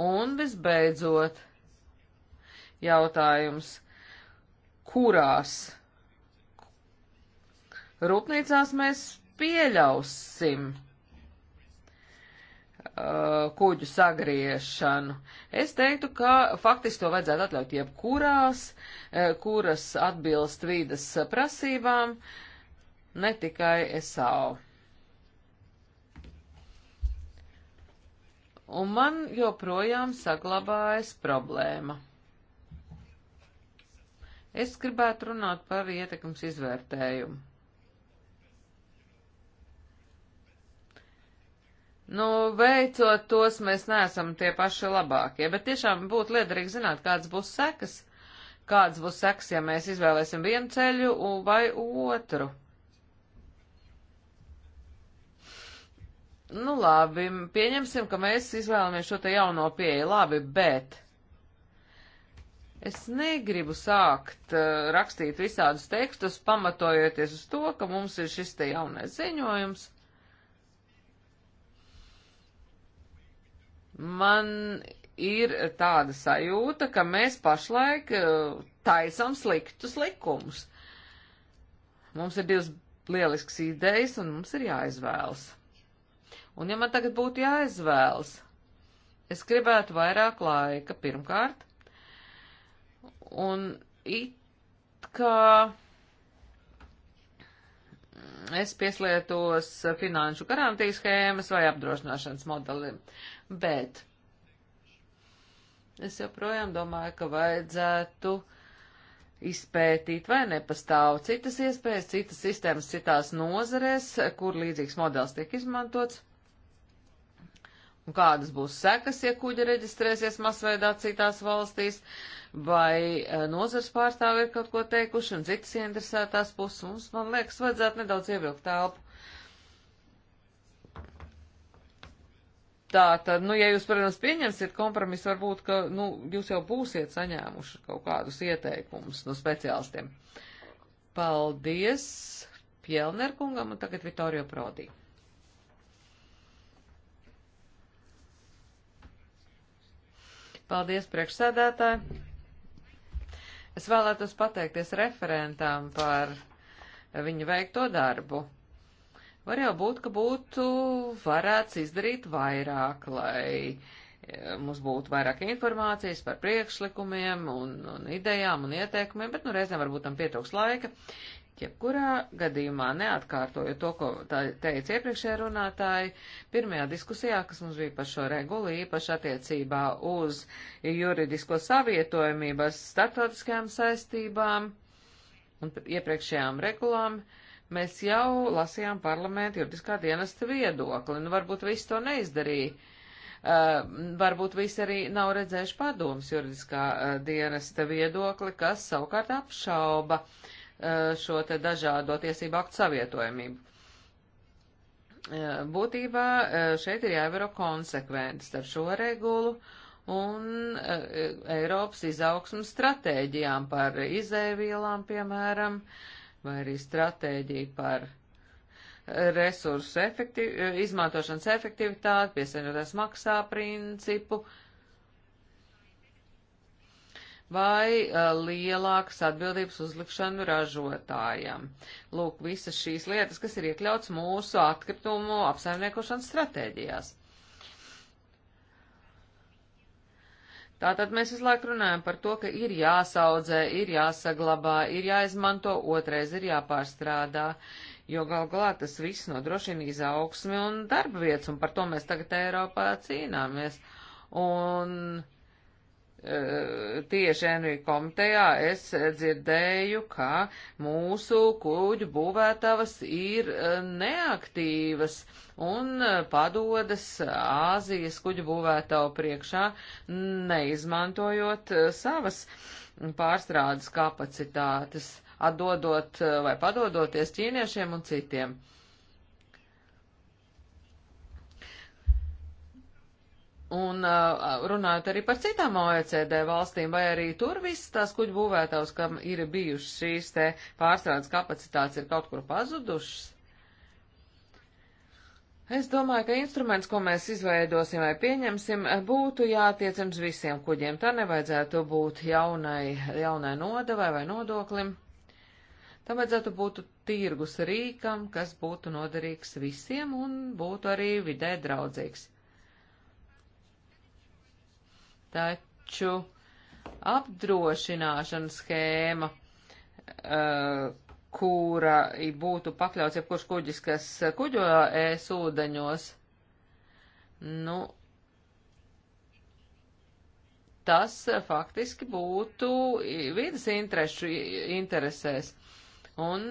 Un visbeidzot, uh, jautājums, kurās rūpnīcās mēs pieļausim uh, kuģu sagriešanu. Es teiktu, ka faktiski to vajadzētu atļaut jebkurās, uh, kuras atbilst vīdas prasībām, ne tikai SAO. Un man joprojām saglabājas problēma. Es gribētu runāt par ietekmes izvērtējumu. Nu, veicot tos, mēs neesam tie paši labākie, bet tiešām būtu liederīgi zināt, kādas būs sekas, kādas būs sekas, ja mēs izvēlēsim vienu ceļu vai otru. Nu, labi, pieņemsim, ka mēs izvēlamies šo te jauno pieeju, labi, bet Es negribu sākt uh, rakstīt visādus tekstus, pamatojoties uz to, ka mums ir šis te jaunais ziņojums. Man ir tāda sajūta, ka mēs pašlaik uh, taisam sliktus likumus. Mums ir divas lielisks idejas, un mums ir jāizvēlas. Un ja man tagad būtu jāizvēlas, es gribētu vairāk laika pirmkārt Un it kā es pieslietos finanšu garantijas schēmas vai apdrošināšanas modelim, bet es joprojām domāju, ka vajadzētu izpētīt, vai nepastāv citas iespējas, citas sistēmas, citās nozarēs, kur līdzīgs modelis tiek izmantots Un kādas būs sekas, ja kuģi reģistrēsies masveidā citās valstīs, vai eh, nozars pārstāvi ir kaut ko teikuši un citas ieinteresētās puses. Mums, man liekas, vajadzētu nedaudz ievilkt telpu. Tā tad, nu, ja jūs, protams, pieņemsiet kompromisu, varbūt, ka, nu, jūs jau būsiet saņēmuši kaut kādus ieteikumus no speciālistiem. Paldies Pjelner kungam un tagad Vitorio Prodī. Paldies, priekšsēdētāji! Es vēlētos pateikties referentām par viņu veikto darbu. Var jau būt, ka būtu varēts izdarīt vairāk, lai e, mums būtu vairāk informācijas par priekšlikumiem un, un idejām un ieteikumiem, bet nu reizēm varbūt tam pietrūks laika. Jebkurā gadījumā, neatkārtojot to, ko teica iepriekšējā runātāji, pirmajā diskusijā, kas mums bija par šo regulu, īpaši attiecībā uz juridisko savietojumību ar startautiskajām saistībām un iepriekšējām regulām, mēs jau lasījām parlamentu juridiskā dienesta viedokli, un nu, varbūt viss to neizdarīja. Uh, varbūt visi arī nav redzējuši padomus juridiskā uh, dienesta viedokli, kas savukārt apšauba uh, Eh, šo te dažādo tiesību aktu savietojamību. Eh, būtībā eh, šeit ir jāievēro konsekventi starp šo regulu un Eiropas izaugsmas stratēģijām par izēvielām, piemēram, vai arī stratēģiju par resursu efektiv, izmantošanas efektivitāti, piesaistotās maksā principu, uh, vai uh, lielākas atbildības uzlikšanu ražotājam. Lūk, visas šīs lietas, kas ir iekļauts mūsu atkritumu apsaimniekošanas stratēģijās. Tātad mēs visu laiku runājam par to, ka ir jāsaudzē, ir jāsaglabā, ir jāizmanto, otrais ir jāpārstrādā, jo gal galā tas viss nodrošina izaugsmi un darba vietas, un par to mēs tagad Eiropā cīnāmies. Un Eh, tieši Enviju komitejā es dzirdēju, ka mūsu kuģu būvētavas ir eh, neaktīvas un eh, padodas Āzijas kuģu būvētavu priekšā, neizmantojot savas pārstrādes kapacitātes, atdodot vai padodoties ķīniešiem un citiem. Un runājot arī par citām OECD valstīm, vai arī tur visas tās kuģu būvētājs, kam ir bijušas šīs te pārstrādes kapacitātes, ir kaut kur pazudušas? Es domāju, ka instruments, ko mēs izveidosim vai pieņemsim, būtu jātiecams visiem kuģiem. Tā nevajadzētu būt jaunai, jaunai nodevai vai nodoklim. Tam vajadzētu būt tirgus rīkam, kas būtu noderīgs visiem un būtu arī vidē draudzīgs. Taču apdrošināšanas schēma, eh, kura būtu pakļauts jebkurš kuģis, kas kuģo ēs ūdeņos, nu, tas faktiski būtu vidas interešu interesēs. Un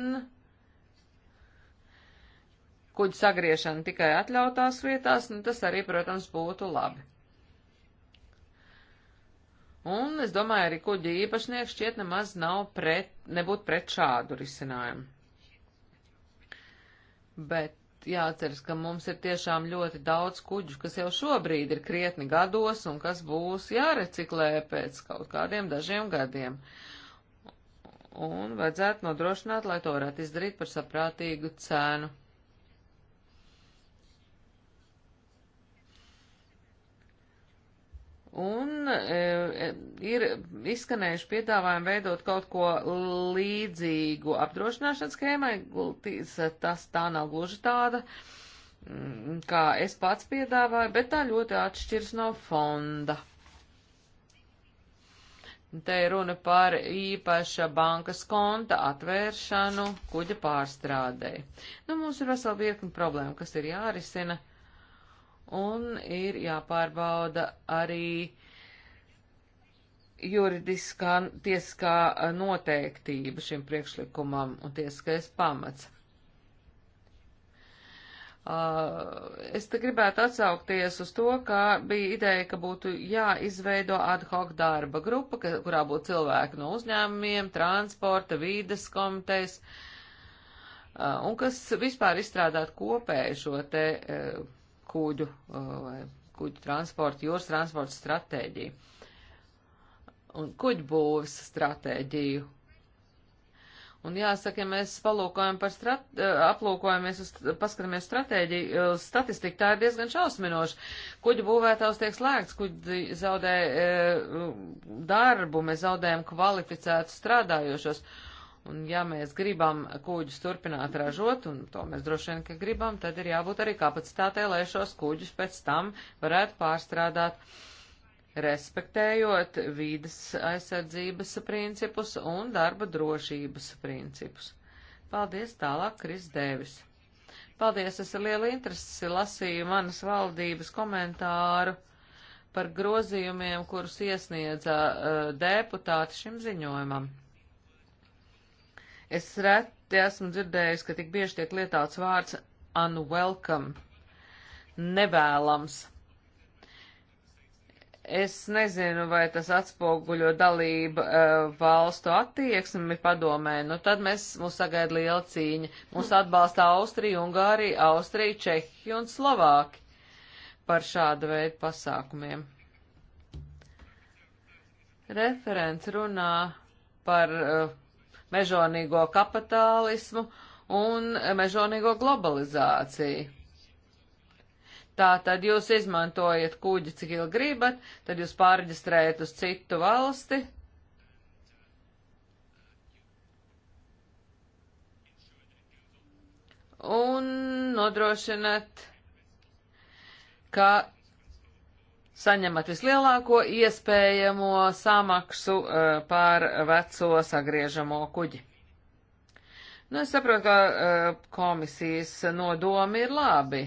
kuģu sagriešana tikai atļautās vietās, nu, tas arī, protams, būtu labi. Un es domāju, arī kuģi īpašnieks šķiet nemaz nav pret, nebūt pret šādu risinājumu. Bet jāatceras, ka mums ir tiešām ļoti daudz kuģu, kas jau šobrīd ir krietni gados un kas būs jāreciklē pēc kaut kādiem dažiem gadiem. Un vajadzētu nodrošināt, lai to varētu izdarīt par saprātīgu cēnu. Un e, e, ir izskanējuši piedāvājumi veidot kaut ko līdzīgu apdrošināšanas schēmai, tas tā nav gluži tāda, mm, kā es pats piedāvāju, bet tā ļoti atšķirs no fonda. Te ir runa par īpaša bankas konta atvēršanu kuģa pārstrādē. Nu, mums ir vesela virkni problēma, kas ir jārisina. Uh, un ir jāpārbauda arī juridiskā tiesiskā noteiktība šim priekšlikumam un tiesiskais pamats. Uh, es te gribētu atsaukties uz to, ka bija ideja, ka būtu jāizveido ad hoc darba grupa, ka, kurā būtu cilvēki no uzņēmumiem, transporta, vīdes komitejas, uh, un kas vispār izstrādāt kopēju šo te uh, kuģu vai kuģu transportu, jūras transportu stratēģiju un kuģu būvas stratēģiju. Un jāsaka, ja mēs palūkojam par strat, eh, aplūkojamies uz, paskatāmies stratēģiju, eh, statistika tā ir diezgan šausminoša. Kuģu būvētājs tiek slēgts, kuģi zaudē e, darbu, mēs zaudējam kvalificētus strādājošos. Uh, Un ja mēs gribam kūģus turpināt ražot, un to mēs droši vien, ka gribam, tad ir jābūt arī kapacitātei, lai šos kūģus pēc tam varētu pārstrādāt, respektējot vīdas aizsardzības principus un darba drošības principus. Paldies tālāk, Kris Dēvis. Paldies, es ar lielu interesi lasīju manas valdības komentāru par grozījumiem, kurus iesniedza uh, deputāti šim ziņojumam. Es reti esmu dzirdējis, ka tik bieži tiek lietots vārds unwelcome, nevēlams. Es nezinu, vai tas atspoguļo dalību uh, valstu attieksmi padomē, nu tad mēs, mūs sagaida liela cīņa. Mūs atbalsta Austrija, Ungārija, Austrija, Čehija un Slovāki par šādu veidu pasākumiem. Referents runā par uh, mežonīgo kapitālismu un mežonīgo globalizāciju. Tā tad jūs izmantojat kuģi, cik ilgi gribat, tad jūs pārģistrējat uz citu valsti. Un nodrošinat, ka saņemat vislielāko iespējamo samaksu uh, par veco sagriežamo kuģi. Nu, es saprotu, ka uh, komisijas nodomi ir labi.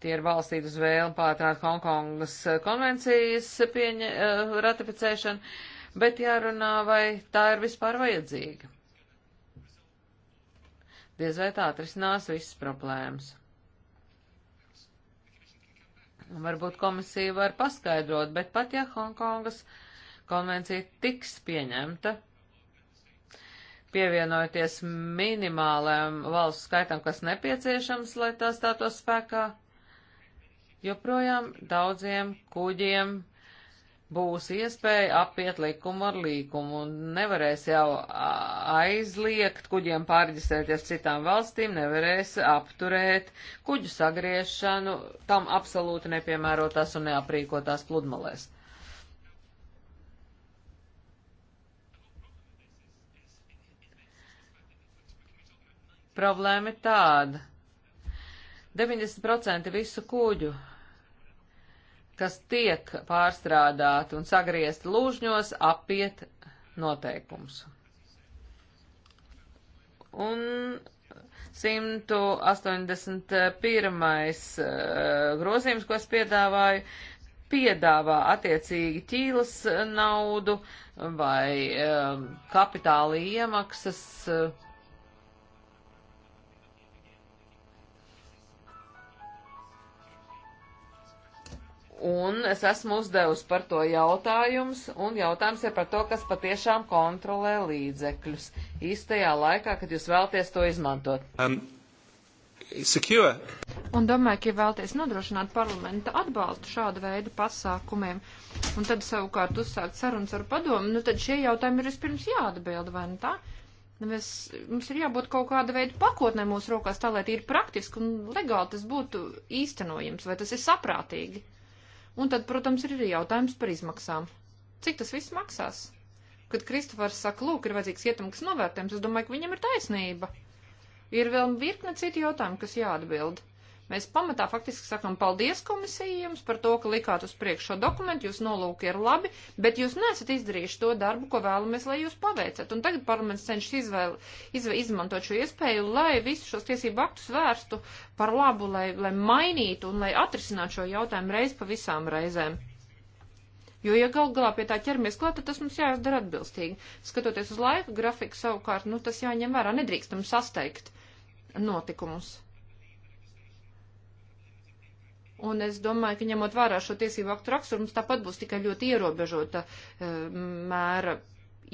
Tie ir balstīti uz vēlu pātrināt Hongkongas konvencijas pieņa, uh, ratificēšanu, bet jārunā, vai tā ir vispār vajadzīga. Diez vai tā atrisinās visas problēmas. Varbūt komisija var paskaidrot, bet pat ja Hongkongas konvencija tiks pieņemta, pievienojoties minimālajam valsts skaitam, kas nepieciešams, lai tā stātos spēkā, joprojām daudziem kuģiem būs iespēja apiet likumu ar līkumu un nevarēs jau aizliegt kuģiem pārģisēties citām valstīm, nevarēs apturēt kuģu sagriešanu tam absolūti nepiemērotās un neaprīkotās pludmalēs. Problēma ir tāda. 90% visu kuģu kas tiek pārstrādāti un sagriezti lūžņos, apiet noteikums. Un 181. Eh, grozījums, ko es piedāvāju, piedāvā attiecīgi ķīlas naudu vai eh, kapitāla iemaksas eh, un es esmu uzdevusi par to jautājums, un jautājums ir par to, kas patiešām kontrolē līdzekļus īstajā laikā, kad jūs vēlties to izmantot. Um. Secure. Un domāju, ka ja vēlties nodrošināt parlamenta atbalstu šāda veida pasākumiem, un tad savukārt uzsākt sarunas ar padomu, nu tad šie jautājumi ir vispirms jāatbild, vai ne nu tā? Nu, mēs, mums ir jābūt kaut kāda veida pakotnē mūsu rokās, tā lai ir praktiski un legāli tas būtu īstenojams, vai tas ir saprātīgi. Un tad, protams, ir arī jautājums par izmaksām. Cik tas viss maksās? Kad Kristofers saka, lūk, ir vajadzīgs ietekmes novērtējums, es domāju, ka viņam ir taisnība. Ir vēl virkne citu jautājumu, kas jāatbild. Mēs pamatā faktiski sakam paldies komisijai jums par to, ka likāt uz priekšu šo dokumentu, jūs nolūki ir labi, bet jūs nesat izdarījuši to darbu, ko vēlamies, lai jūs paveicat. Un tagad parlaments cenšas izvēl, izvēl, izmantot šo iespēju, lai visus šos tiesību aktus vērstu par labu, lai, lai mainītu un lai atrisinātu šo jautājumu reiz pa visām reizēm. Jo, ja gal galā pie tā ķeramies klāt, tad tas mums jāizdara atbilstīgi. Skatoties uz laika grafiku savukārt, nu tas jāņem vērā, nedrīkstam sasteigt notikumus. Un es domāju, ka ņemot vērā šo tiesību aktu raksturu, mums tāpat būs tikai ļoti ierobežota eh, mēra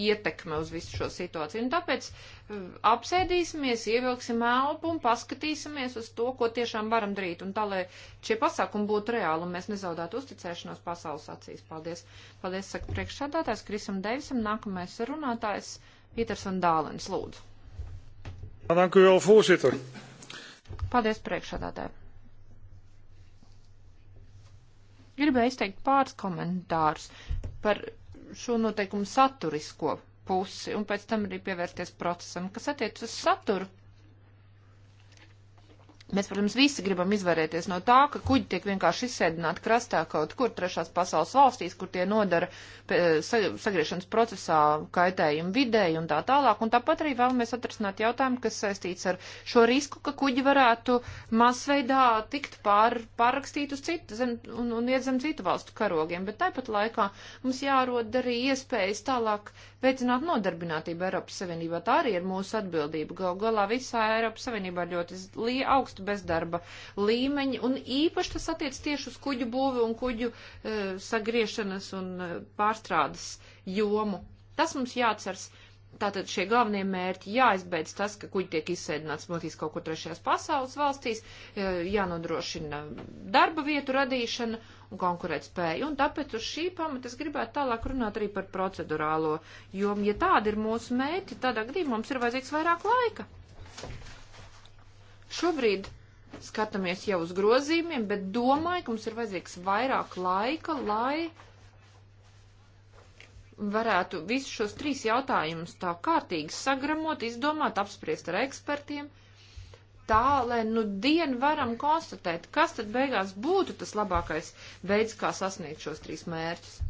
ietekme uz visu šo situāciju. Un tāpēc eh, apsēdīsimies, ievilksim elpu un paskatīsimies uz to, ko tiešām varam darīt. Un tā, lai šie pasākumi būtu reāli un mēs nezaudētu uzticēšanos pasaules acīs. Paldies. Paldies, saka priekšsādātājs Krisam Deivisam. Nākamais runātājs Pīters un Dālins. Lūdzu. Dank u wel, voorzitter. Paldies, priekšsādātāji. Gribēju izteikt pāris komentārus par šo noteikumu saturisko pusi un pēc tam arī pievērsties procesam, kas attiec uz saturu. Mēs, protams, visi gribam izvairīties no tā, ka kuģi tiek vienkārši izsēdināti krastā kaut kur trešās pasaules valstīs, kur tie nodara sagriešanas procesā kaitējumu vidēji un tā tālāk. Un tāpat arī vēlamies atrasināt jautājumu, kas saistīts ar šo risku, ka kuģi varētu masveidā tikt pār, pārrakstīt uz citu zem un, un iet zem citu valstu karogiem. Bet tāpat laikā mums jārod arī iespējas tālāk veicināt nodarbinātību Eiropas Savienībā. Tā arī ir mūsu atbildība. Gal galā visā Eiropas Savienībā ļoti augsts augstu bezdarba līmeņi, un īpaši tas attiec tieši uz kuģu būvi un kuģu e, sagriešanas un e, pārstrādes jomu. Tas mums jāatceras. Tātad šie galvenie mērķi jāizbeidz tas, ka kuģi tiek izsēdināts motīs kaut kur trešajās pasaules valstīs, e, jānodrošina darba vietu radīšana un konkurētspēju. Un tāpēc uz šī pamata es gribētu tālāk runāt arī par procedurālo, jo, ja tāda ir mūsu mērķi, tādā gadījumā mums ir vajadzīgs vairāk laika. Šobrīd skatāmies jau uz grozījumiem, bet domāju, ka mums ir vajadzīgs vairāk laika, lai varētu visus šos trīs jautājumus tā kārtīgi sagramot, izdomāt, apspriest ar ekspertiem, tā, lai nu dienu varam konstatēt, kas tad beigās būtu tas labākais veids, kā sasniegt šos trīs mērķus.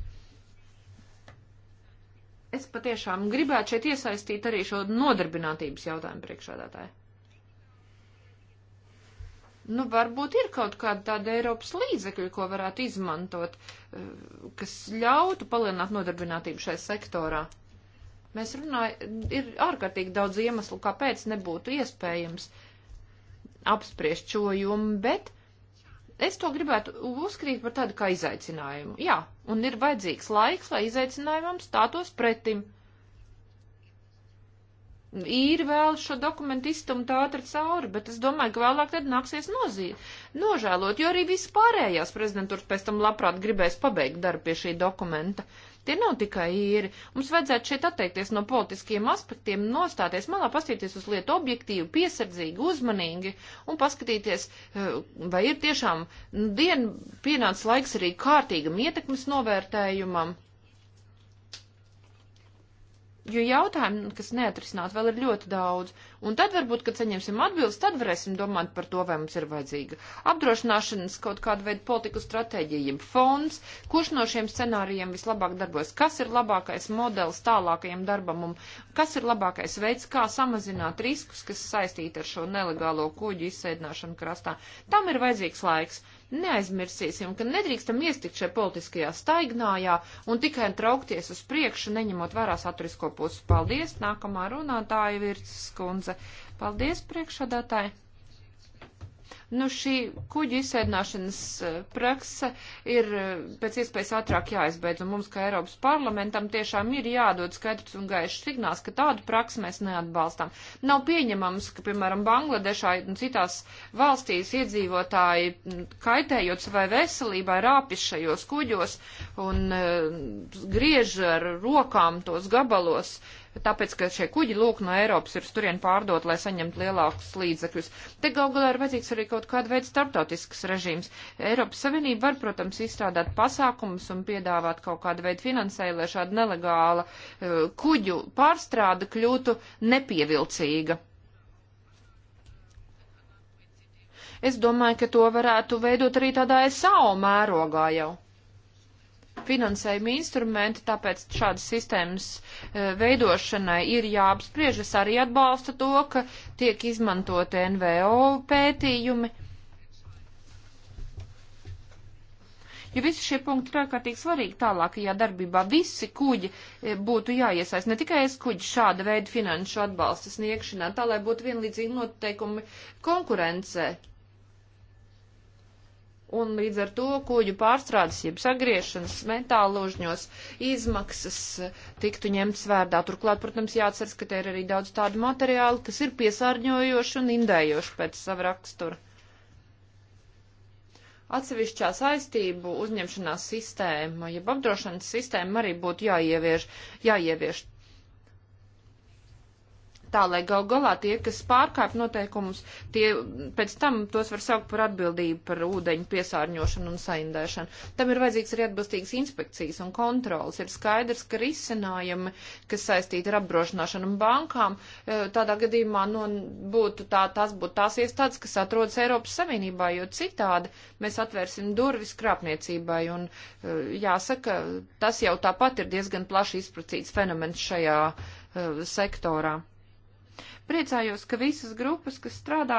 Es patiešām gribētu šeit iesaistīt arī šo nodarbinātības jautājumu priekšādātāju. Nu, varbūt ir kaut kāda tāda Eiropas līdzekļa, ko varētu izmantot, eh, kas ļautu palielināt nodarbinātību šai sektorā. Mēs runājam, ir ārkārtīgi daudz iemeslu, kāpēc nebūtu iespējams apspriest šo jomu, bet es to gribētu uzskrīt par tādu kā izaicinājumu. Jā, un ir vajadzīgs laiks, lai izaicinājumam stātos pretim ir vēl šo dokumentu izstumt ātri cauri, bet es domāju, ka vēlāk tad nāksies nozī, nožēlot, jo arī viss pārējās prezidentūras pēc tam labprāt gribēs pabeigt darbu pie šī dokumenta. Tie nav tikai īri. Mums vajadzētu šeit atteikties no politiskiem aspektiem, nostāties malā, paskatīties uz lietu objektīvi, piesardzīgi, uzmanīgi un paskatīties, eh, vai ir tiešām dienu pienācis laiks arī kārtīgam ietekmes novērtējumam Jo jautājumu, kas neatrisināt, vēl ir ļoti daudz. Un tad varbūt, kad saņemsim atbildes, tad varēsim domāt par to, vai mums ir vajadzīga apdrošināšanas kaut kāda veida politiku stratēģijiem, fonds, kurš no šiem scenārijiem vislabāk darbojas, kas ir labākais modelis tālākajam darbam un kas ir labākais veids, kā samazināt riskus, kas saistīti ar šo nelegālo kuģu izsēdināšanu krastā. Tam ir vajadzīgs laiks. Neaizmirsīsim, ka nedrīkstam iestikt šajā politiskajā staignājā un tikai traukties uz priekšu, neņemot vērā saturisko pusi. Paldies! Nākamā runātāja ir skundze. Paldies, priekšādātāji! Nu, šī kuģa izsēdināšanas eh, prakse ir eh, pēc iespējas ātrāk jāizbeidz, un mums, kā Eiropas parlamentam, tiešām ir jādod skaidrs un gaišs signāls, ka tādu praksi mēs neatbalstām. Nav pieņemams, ka, piemēram, Bangladešā un citās valstīs iedzīvotāji kaitējot savai veselībai rāpjas šajos kuģos un uh, griež ar rokām tos gabalos. Uh, tāpēc, ka šie kuģi lūk no Eiropas ir turien pārdot, lai saņemtu lielākus līdzekļus. Te gal galā ir vajadzīgs arī kaut kāda veida starptautisks režīms. Eiropas Savienība var, protams, izstrādāt pasākumus un piedāvāt kaut kādu veidu finansēju, lai šāda nelegāla uh, kuģu pārstrāde kļūtu nepievilcīga. Es domāju, ka to varētu veidot arī tādā SAO mērogā jau finansējuma instrumenti, tāpēc šādas sistēmas e, veidošanai ir jāapspriež. Es arī atbalstu to, ka tiek izmantot NVO pētījumi. Jo visi šie punkti ir ārkārtīgi svarīgi tālākajā darbībā. Visi kuģi e, būtu jāiesaist, ne tikai es kuģi šāda veida finanšu atbalsta sniegšanā, tā lai būtu vienlīdzīgi noteikumi konkurencei un līdz ar to kuģu pārstrādes, jeb sagriešanas metālužņos izmaksas eh, tiktu ņemts vērdā. Turklāt, protams, jāatceras, ka te ir arī daudz tādu materiālu, kas ir piesārņojoši un indējoši pēc sava rakstura. Atsevišķā saistību uzņemšanās sistēma, jeb apdrošanas sistēma arī būtu jāievieš, jāievieš tā, lai gal galā tie, kas pārkāp noteikumus, tie pēc tam tos var saukt par atbildību par ūdeņu piesārņošanu un saindēšanu. Tam ir vajadzīgs arī atbilstīgas inspekcijas un kontrolas. Ir skaidrs, ka risinājumi, kas saistīti ar apdrošināšanu un bankām, eh, tādā gadījumā nu, būtu tā, tās būtu tās iestādes, kas atrodas Eiropas Savienībā, jo citādi mēs atvērsim durvis krāpniecībai. Un, eh, jāsaka, tas jau tāpat ir diezgan plaši izpracīts fenomens šajā eh, sektorā. Priecājos, ka visas grupas, kas strādā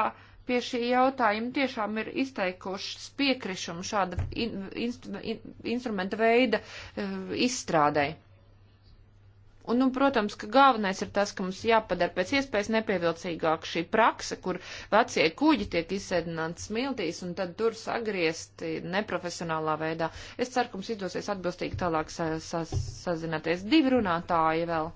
pie šī jautājuma, tiešām ir izteikušas piekrišumu šāda in, inst, in, instrumenta veida uh, e, izstrādai. Un, nu, protams, ka galvenais ir tas, ka mums jāpadara pēc iespējas nepievilcīgāk šī praksa, kur vecie kuģi tiek izsēdināti smiltīs un tad tur sagriezti neprofesionālā veidā. Es ceru, ka mums izdosies atbilstīgi tālāk sa sa sazināties. Divi runātāji vēl.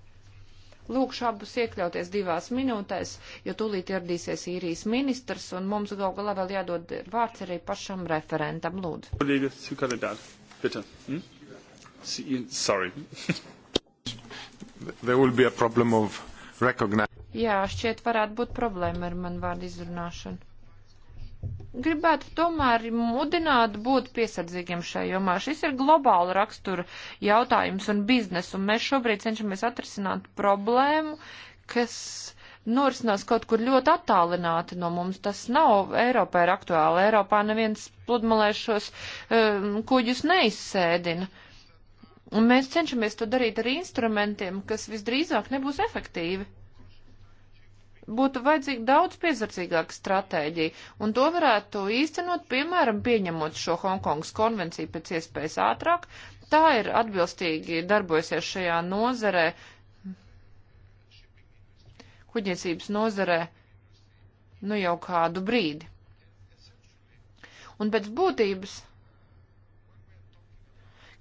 Lūkšu abus iekļauties divās minūtēs, jo tūlīt ieradīsies īrijas ministrs, un mums gal galā vēl jādod vārds arī pašam referentam. Lūdzu. Kolēģi, Sukaredār, bitte. Hmm? Sorry. There will be a problem of recognize. Jā, šķiet varētu būt problēma ar man vārdu izrunāšanu gribētu tomēr mudināt būt piesardzīgiem šajā jomā. Šis ir globāla rakstura jautājums un biznes, un mēs šobrīd cenšamies atrisināt problēmu, kas norisinās kaut kur ļoti attālināti no mums. Tas nav Eiropā ir aktuāli. Eiropā neviens pludmalēšos um, kuģus neizsēdina. Un mēs cenšamies to darīt ar instrumentiem, kas visdrīzāk nebūs efektīvi būtu vajadzīga daudz piesardzīgāka stratēģija, un to varētu īstenot, piemēram, pieņemot šo Hongkongas konvenciju pēc iespējas ātrāk. Tā ir atbilstīgi darbojusies šajā nozarē, kuģniecības nozarē, nu jau kādu brīdi. Un pēc būtības,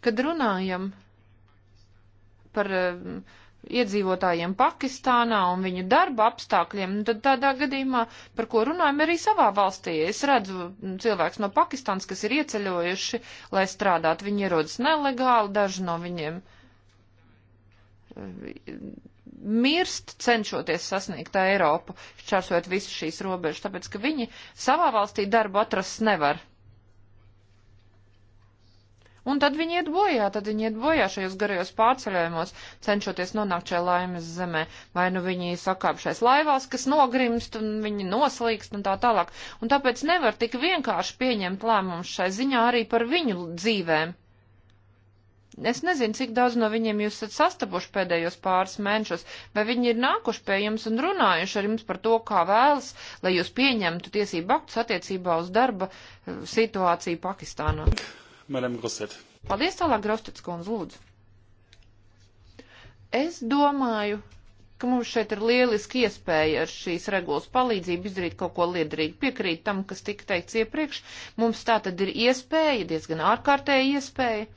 kad runājam par uh, iedzīvotājiem Pakistānā un viņu darba apstākļiem, nu, tad tādā gadījumā, par ko runājam arī savā valstī, es redzu cilvēks no Pakistānas, kas ir ieceļojuši, lai strādātu, viņi ierodas nelegāli, daži no viņiem eh, mirst, cenšoties sasniegt Eiropu, šķērsot visu šīs robežas, tāpēc, ka viņi savā valstī darbu atrast nevar. Un tad viņi iet bojā, tad viņi iet bojā šajos garajos pārceļojumos, cenšoties nonākt šajā laimes zemē. Vai nu viņi sakāpšais laivās, kas nogrimst un viņi noslīkst un tā tālāk. Un tāpēc nevar tik vienkārši pieņemt lēmumus šai ziņā arī par viņu dzīvēm. Es nezinu, cik daudz no viņiem jūs esat sastapuši pēdējos pāris mēnešus, vai viņi ir nākuši pie jums un runājuši ar jums par to, kā vēlas, lai jūs pieņemtu tiesību aktus attiecībā uz darba eh, situāciju Pakistānā. Madam Grosset. Paldies tālāk, Grostets kundze, lūdzu. Es domāju, ka mums šeit ir lieliski iespēja ar šīs regulas palīdzību izdarīt kaut ko liederīgu. Piekrīt tam, kas tika teikts iepriekš. Mums tā tad ir iespēja, diezgan ārkārtēja iespēja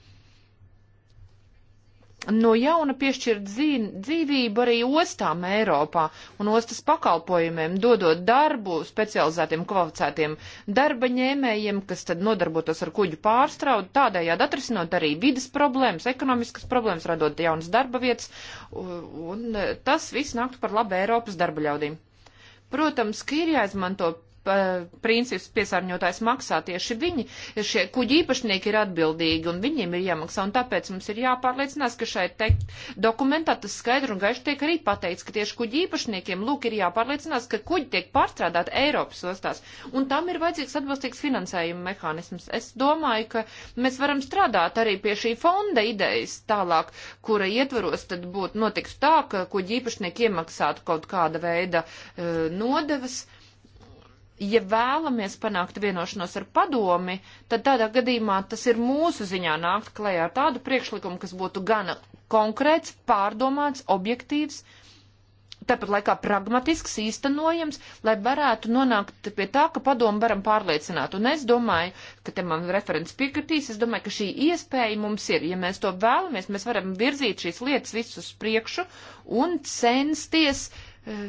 no jauna piešķirt dzīvību arī ostām Eiropā un ostas pakalpojumiem, dodot darbu specializētiem kvalificētiem darba ņēmējiem, kas tad nodarbotos ar kuģu pārstraudu, tādējādi atrisinot arī vidas problēmas, ekonomiskas problēmas, radot jaunas darba vietas, un e, tas viss nāktu par labu Eiropas darba ļaudīm. Protams, ka ir jāizmanto princips piesārņotājs maksā. Tieši viņi, šie kuģi īpašnieki ir atbildīgi un viņiem ir jāmaksā. Un tāpēc mums ir jāpārliecinās, ka šai teikt, dokumentā tas skaidri un gaiši tiek arī pateikts, ka tieši kuģi īpašniekiem, lūk, ir jāpārliecinās, ka kuģi tiek pārstrādāti Eiropas ostās. Un tam ir vajadzīgs atbilstīgs finansējuma mehānisms. Es domāju, ka mēs varam strādāt arī pie šī fonda idejas tālāk, kura ietvaros tad būtu notiks tā, ka kuģi īpašnieki iemaksātu kaut kāda veida uh, nodevas ja vēlamies panākt vienošanos ar padomi, tad tādā gadījumā tas ir mūsu ziņā nākt klajā ar tādu priekšlikumu, kas būtu gana konkrēts, pārdomāts, objektīvs, tāpat laikā pragmatisks, īstenojams, lai varētu nonākt pie tā, ka padomu varam pārliecināt. Un es domāju, ka te man referents piekritīs, es domāju, ka šī iespēja mums ir. Ja mēs to vēlamies, mēs varam virzīt šīs lietas visus priekšu un censties. Uh,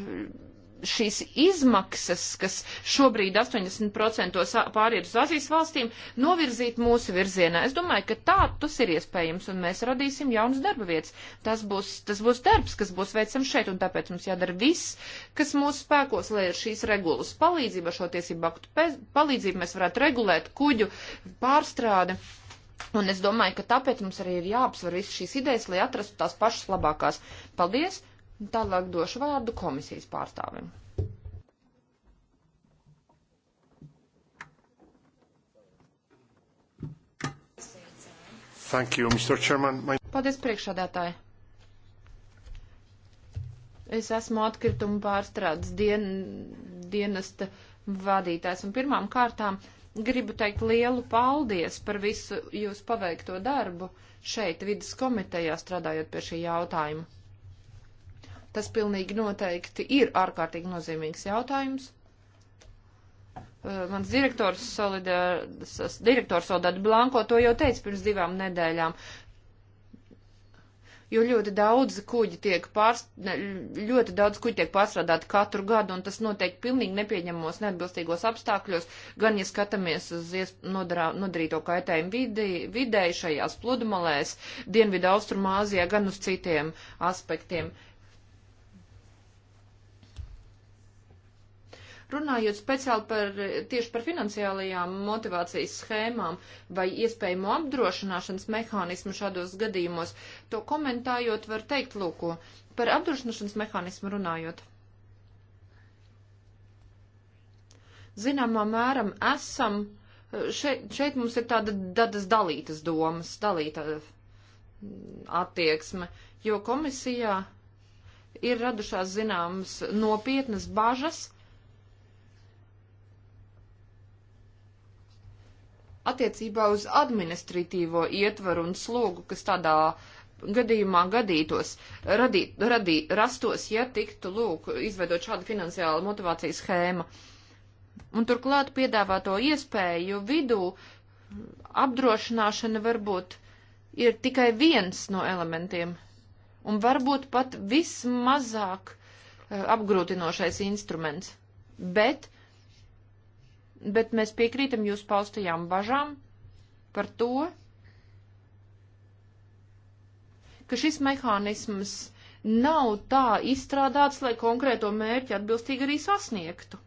šīs izmaksas, kas šobrīd 80% pāriet uz Azijas valstīm, novirzīt mūsu virzienā. Es domāju, ka tā tas ir iespējams, un mēs radīsim jaunas darba vietas. Tas būs, tas būs darbs, kas būs veicams šeit, un tāpēc mums jādara viss, kas mūsu spēkos, lai ar šīs regulas palīdzību, ar šo tiesību aktu palīdzību mēs varētu regulēt kuģu pārstrādi. Un es domāju, ka tāpēc mums arī ir jāapsver visas šīs idejas, lai atrastu tās pašas labākās. Paldies! Tālāk došu vārdu komisijas pārstāvim. Thank you, Mr. Chairman. My... Paldies, priekšādātāji. Es esmu atkrituma pārstrādes dien, dienesta vadītājs un pirmām kārtām gribu teikt lielu paldies par visu jūsu paveikto darbu šeit vidas komitejā strādājot pie šī jautājuma. Tas pilnīgi noteikti ir ārkārtīgi nozīmīgs jautājums. Uh, mans direktors, solidar, direktors Soldāta Blanko to jau teica pirms divām nedēļām jo ļoti daudz kuģi tiek, pārst, ne, ļoti daudz kuģi tiek pārstrādāti katru gadu, un tas notiek pilnīgi nepieņemos neatbilstīgos apstākļos, gan, ja skatāmies uz nodarā, nodarīto kaitējumu vidi, videi šajās pludmalēs, Dienvidu Austrumāzijā, gan uz citiem aspektiem. Runājot speciāli par, tieši par finansiālajām motivācijas schēmām vai iespējamo apdrošināšanas mehānismu šādos gadījumos, to komentējot var teikt lūko, par apdrošināšanas mehānismu runājot. Zināmā mēram esam, šeit, šeit mums ir tāda, tādas dalītas domas, dalīta attieksme, jo komisijā ir radušās zināmas nopietnas bažas attiecībā uz administratīvo ietvaru un slogu, kas tādā gadījumā gadītos, radīt, radīt, rastos, ja tiktu, lūk, izveidot šādu finansiālu motivācijas schēmu. Un turklāt piedāvāto iespēju vidū apdrošināšana varbūt ir tikai viens no elementiem, un varbūt pat vismazāk eh, apgrūtinošais instruments. Bet bet mēs piekrītam jūsu paustajām bažām par to, ka šis mehānisms nav tā izstrādāts, lai konkrēto mērķi atbilstīgi arī sasniegtu.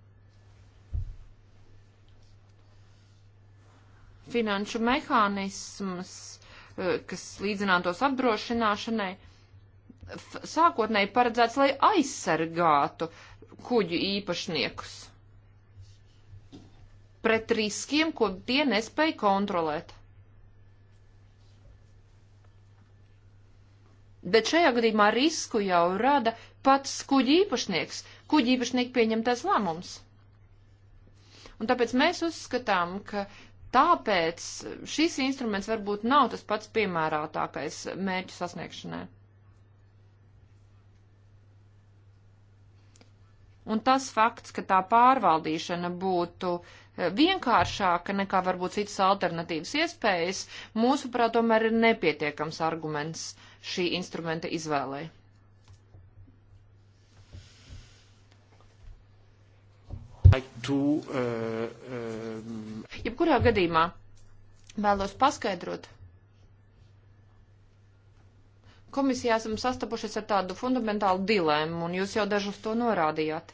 Finanšu mehānisms, eh, kas līdzinātos apdrošināšanai, sākotnēji paredzēts, lai aizsargātu kuģu īpašniekus pret riskiem, ko tie nespēja kontrolēt. Bet šajā gadījumā risku jau rada pats kuģi īpašnieks, kuģi īpašnieki pieņemtais lēmums. Un tāpēc mēs uzskatām, ka tāpēc šis instruments varbūt nav tas pats piemērotākais mērķu sasniegšanai. Un tas fakts, ka tā pārvaldīšana būtu uh, vienkāršāka nekā varbūt citas alternatīvas iespējas, mūsuprāt, tomēr ir nepietiekams arguments šī instrumenta izvēlē. Uh, um, Jebkurā gadījumā vēlos paskaidrot. Komisijā esam sastapušies ar tādu fundamentālu dilēmu, un jūs jau dažus to norādījāt.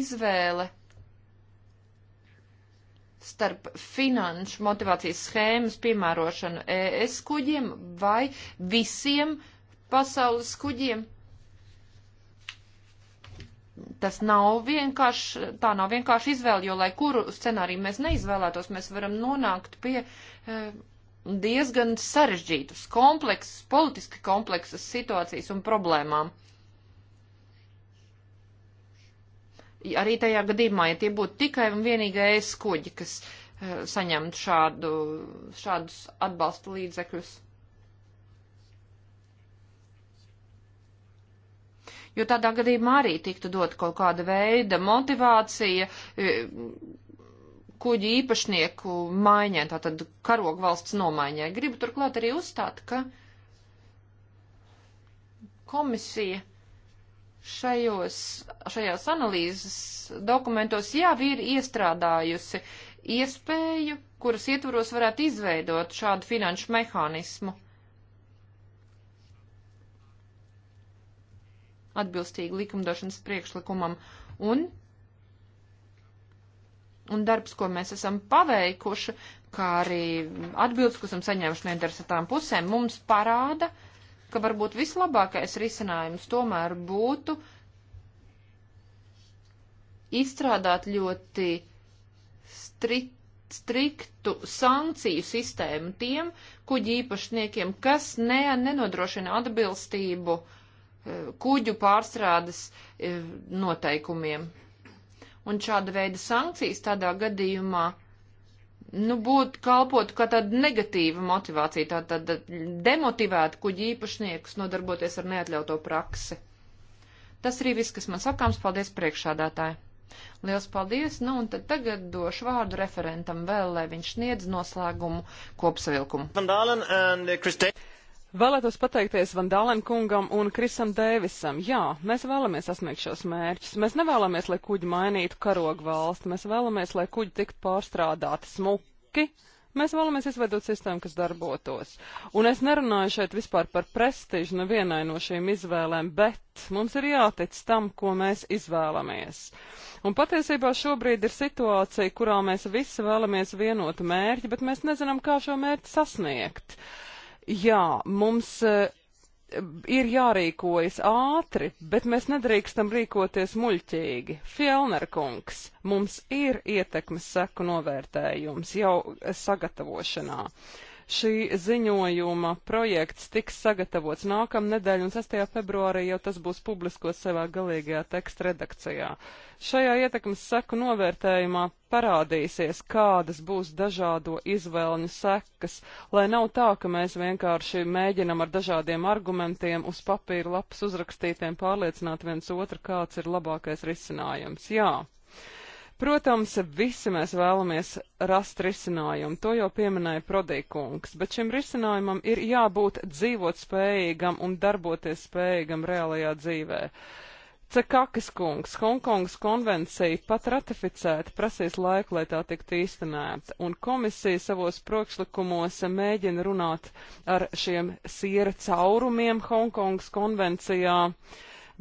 Izvēle starp finanšu motivācijas schēmas piemērošanu ES kuģiem vai visiem pasaules kuģiem. Tas nav vienkārši, tā nav vienkārši izvēle, jo lai kuru scenāriju mēs neizvēlētos, mēs varam nonākt pie eh, diezgan sarežģītas, kompleksas, politiski kompleksas situācijas un problēmām. arī tajā gadījumā, ja tie būtu tikai un vienīgi es kuģi, kas eh, saņemtu šādu, šādus atbalsta līdzekļus. Jo tādā gadījumā arī tiktu dot kaut kāda veida motivācija eh, kuģi īpašnieku maiņai, tātad karogu valsts nomaiņai. Gribu turklāt arī uzstāt, ka komisija šajos, šajās analīzes dokumentos jau ir iestrādājusi iespēju, kuras ietvaros varētu izveidot šādu finanšu mehānismu. Atbilstīgi likumdošanas priekšlikumam un, un darbs, ko mēs esam paveikuši, kā arī atbildes, ko esam saņēmuši no interesantām pusēm, mums parāda, uh, ka varbūt vislabākais risinājums tomēr būtu izstrādāt ļoti stri, striktu sankciju sistēmu tiem kuģi īpašniekiem, kas ne, nenodrošina atbilstību e, kuģu pārstrādes e, noteikumiem. Un šāda veida sankcijas tādā gadījumā nu, būtu kalpotu kā tāda negatīva motivācija, tā tad demotivētu kuģi īpašniekus nodarboties ar neatļauto praksi. Tas arī viss, kas man sakāms, paldies priekšādātāji. Liels paldies, nu un tad tagad došu vārdu referentam vēl, lai viņš sniedz noslēgumu kopsavilkumu. Van Dalen and uh, Christine. Vēlētos pateikties Vandālen kungam un Krisam Dēvisam. Jā, mēs vēlamies sasniegt šos mērķus. Mēs nevēlamies, lai kuģi mainītu karogu valsti. Mēs vēlamies, lai kuģi tiktu pārstrādāti smuki. Mēs vēlamies izveidot sistēmu, kas darbotos. Un es nerunāju šeit vispār par prestižu nevienai no šīm izvēlēm, bet mums ir jātic tam, ko mēs izvēlamies. Un patiesībā šobrīd ir situācija, kurā mēs visi vēlamies vienotu mērķi, bet mēs nezinām, kā šo mērķi sasniegt. Uh, jā, mums eh, ir jārīkojas ātri, bet mēs nedrīkstam rīkoties muļķīgi. Fjellnerkungs, mums ir ietekmes seku novērtējums jau sagatavošanā šī ziņojuma projekts tiks sagatavots nākamnedēļ, un 6. februārī jau tas būs publiskos savā galīgajā teksta redakcijā. Šajā ietekmes seku novērtējumā parādīsies, kādas būs dažādo izvēlņu sekas, lai nav tā, ka mēs vienkārši mēģinam ar dažādiem argumentiem uz papīra lapas uzrakstītiem pārliecināt viens otru, kāds ir labākais risinājums. Jā. Protams, visi mēs vēlamies rast risinājumu, to jau pieminēja Prodīkungs, bet šim risinājumam ir jābūt dzīvot spējīgam un darboties spējīgam reālajā dzīvē. Cekakis kungs, Hongkongas konvencija pat ratificēta prasīs laiku, lai tā tiktu īstenēta, un komisija savos priekšlikumos mēģina runāt ar šiem siera caurumiem Hongkongas konvencijā,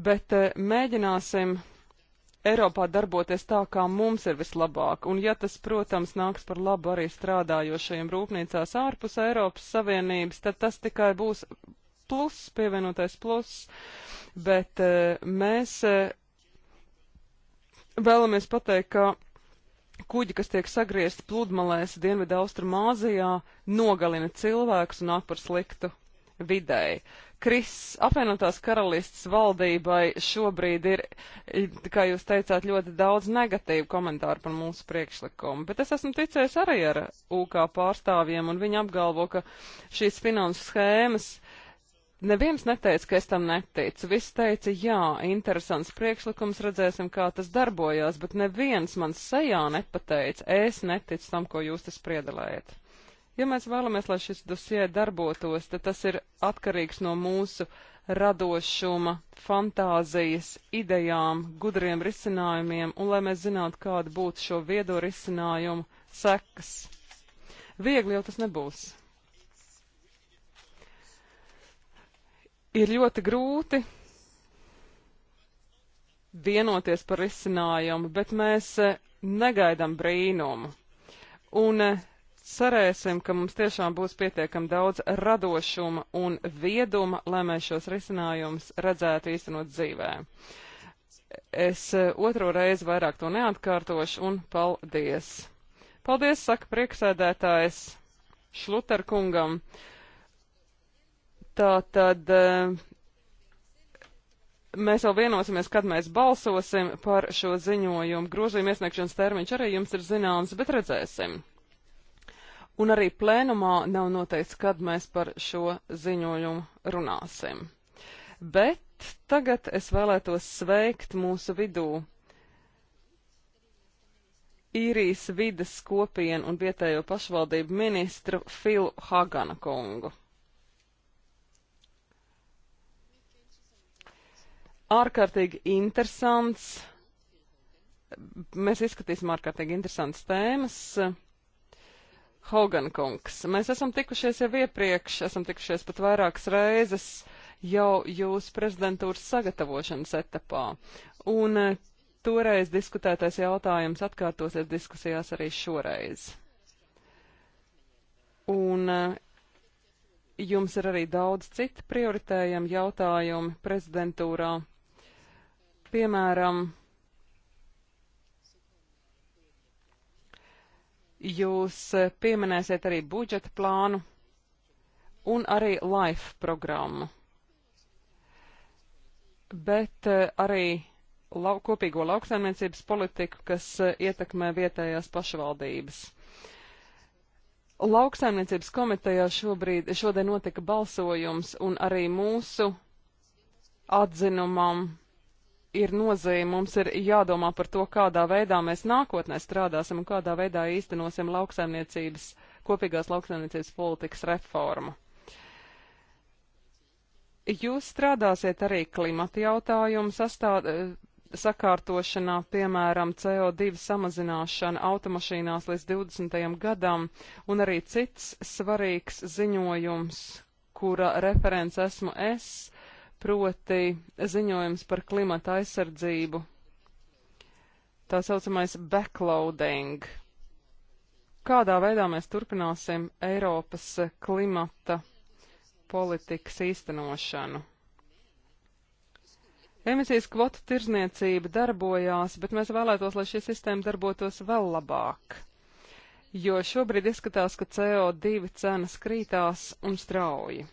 bet eh, mēģināsim Eiropā darboties tā, kā mums ir vislabāk, un ja tas, protams, nāks par labu arī strādājošajiem rūpnīcās ārpus Eiropas Savienības, tad tas tikai būs plus, pievienotais plus, bet eh, mēs eh, vēlamies pateikt, ka kuģi, kas tiek sagriezti pludmalēs Dienvidu Austrumāzijā, nogalina cilvēkus un nāk par sliktu videi. Kris, apvienotās karalistas valdībai šobrīd ir, kā jūs teicāt, ļoti daudz negatīvu komentāru par mūsu priekšlikumu, bet es esmu ticējis arī ar UK pārstāvjiem, un viņi apgalvo, ka šīs finanses schēmas. Neviens neteica, ka es tam neticu. Viss teica, jā, interesants priekšlikums, redzēsim, kā tas darbojās, bet neviens man sejā nepateica, es neticu tam, ko jūs te spriedelējat. Ja mēs vēlamies, lai šis dosie darbotos, tad tas ir atkarīgs no mūsu radošuma, fantāzijas, idejām, gudriem risinājumiem un lai mēs zinātu, kāda būtu šo viedo risinājumu sekas. Viegli jau tas nebūs. Ir ļoti grūti vienoties par risinājumu, bet mēs eh, negaidām brīnumu. Un eh, cerēsim, ka mums tiešām būs pietiekami daudz radošuma un vieduma, lai mēs šos risinājumus redzētu īstenot dzīvē. Es eh, otro reizi vairāk to neatkārtošu un paldies. Paldies, saka prieksēdētājs Šluterkungam. Tā tad eh, mēs vēl vienosimies, kad mēs balsosim par šo ziņojumu. Grozījuma iesniegšanas termiņš arī jums ir zināms, bet redzēsim un arī plēnumā nav noteikts, kad mēs par šo ziņojumu runāsim. Bet tagad es vēlētos sveikt mūsu vidū īrijas vides kopienu un vietējo pašvaldību ministru Filu Hagana kungu. Ārkārtīgi interesants. Mēs izskatīsim ārkārtīgi interesantas tēmas. Hogankungs, mēs esam tikušies jau iepriekš, esam tikušies pat vairākas reizes jau jūsu prezidentūras sagatavošanas etapā. Un eh, toreiz diskutētais jautājums atkārtosies diskusijās arī šoreiz. Un eh, jums ir arī daudz citu prioritējami jautājumi prezidentūrā. Piemēram, Jūs eh, pieminēsiet arī budžeta plānu un arī LIFE programmu. Bet eh, arī lau, kopīgo lauksaimniecības politiku, kas eh, ietekmē vietējās pašvaldības. Lauksaimniecības komitejā šobrīd, šodien notika balsojums, un arī mūsu atzinumam ir nozīme. Mums ir jādomā par to, kādā veidā mēs nākotnē strādāsim un kādā veidā īstenosim lauksaimniecības, kopīgās lauksaimniecības politikas reformu. Jūs strādāsiet arī klimata jautājumu sastāv, eh, sakārtošanā, piemēram, CO2 samazināšana automašīnās līdz 20. gadam, un arī cits svarīgs ziņojums, kura referents esmu es, proti ziņojums par klimata aizsardzību, tā saucamais backloading. Kādā veidā mēs turpināsim Eiropas klimata politikas īstenošanu? Emisijas kvotu tirzniecība darbojās, bet mēs vēlētos, lai šī sistēma darbotos vēl labāk. Jo šobrīd izskatās, ka CO2 cenas krītās un strauji.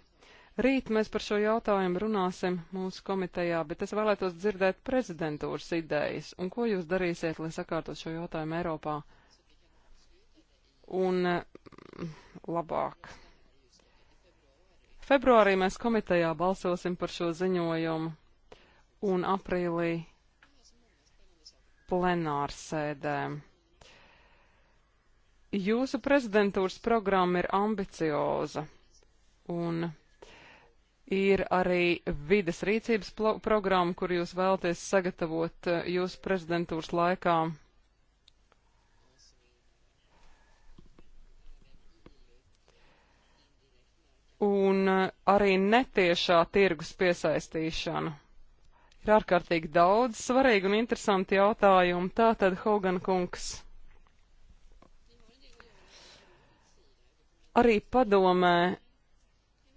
Rīt mēs par šo jautājumu runāsim mūsu komitejā, bet es vēlētos dzirdēt prezidentūras idejas un ko jūs darīsiet, lai sakārtot šo jautājumu Eiropā un mm, labāk. Februārī mēs komitejā balsosim par šo ziņojumu un aprīlī plenārsēdēm. Jūsu prezidentūras programma ir ambicioza un Ir arī vides rīcības programma, kur jūs vēlaties sagatavot eh, jūsu prezidentūras laikā. Un eh, arī netiešā tirgus piesaistīšana. Ir ārkārtīgi daudz svarīgi un interesanti jautājumi. Tātad, Hogan kungs. Arī padomē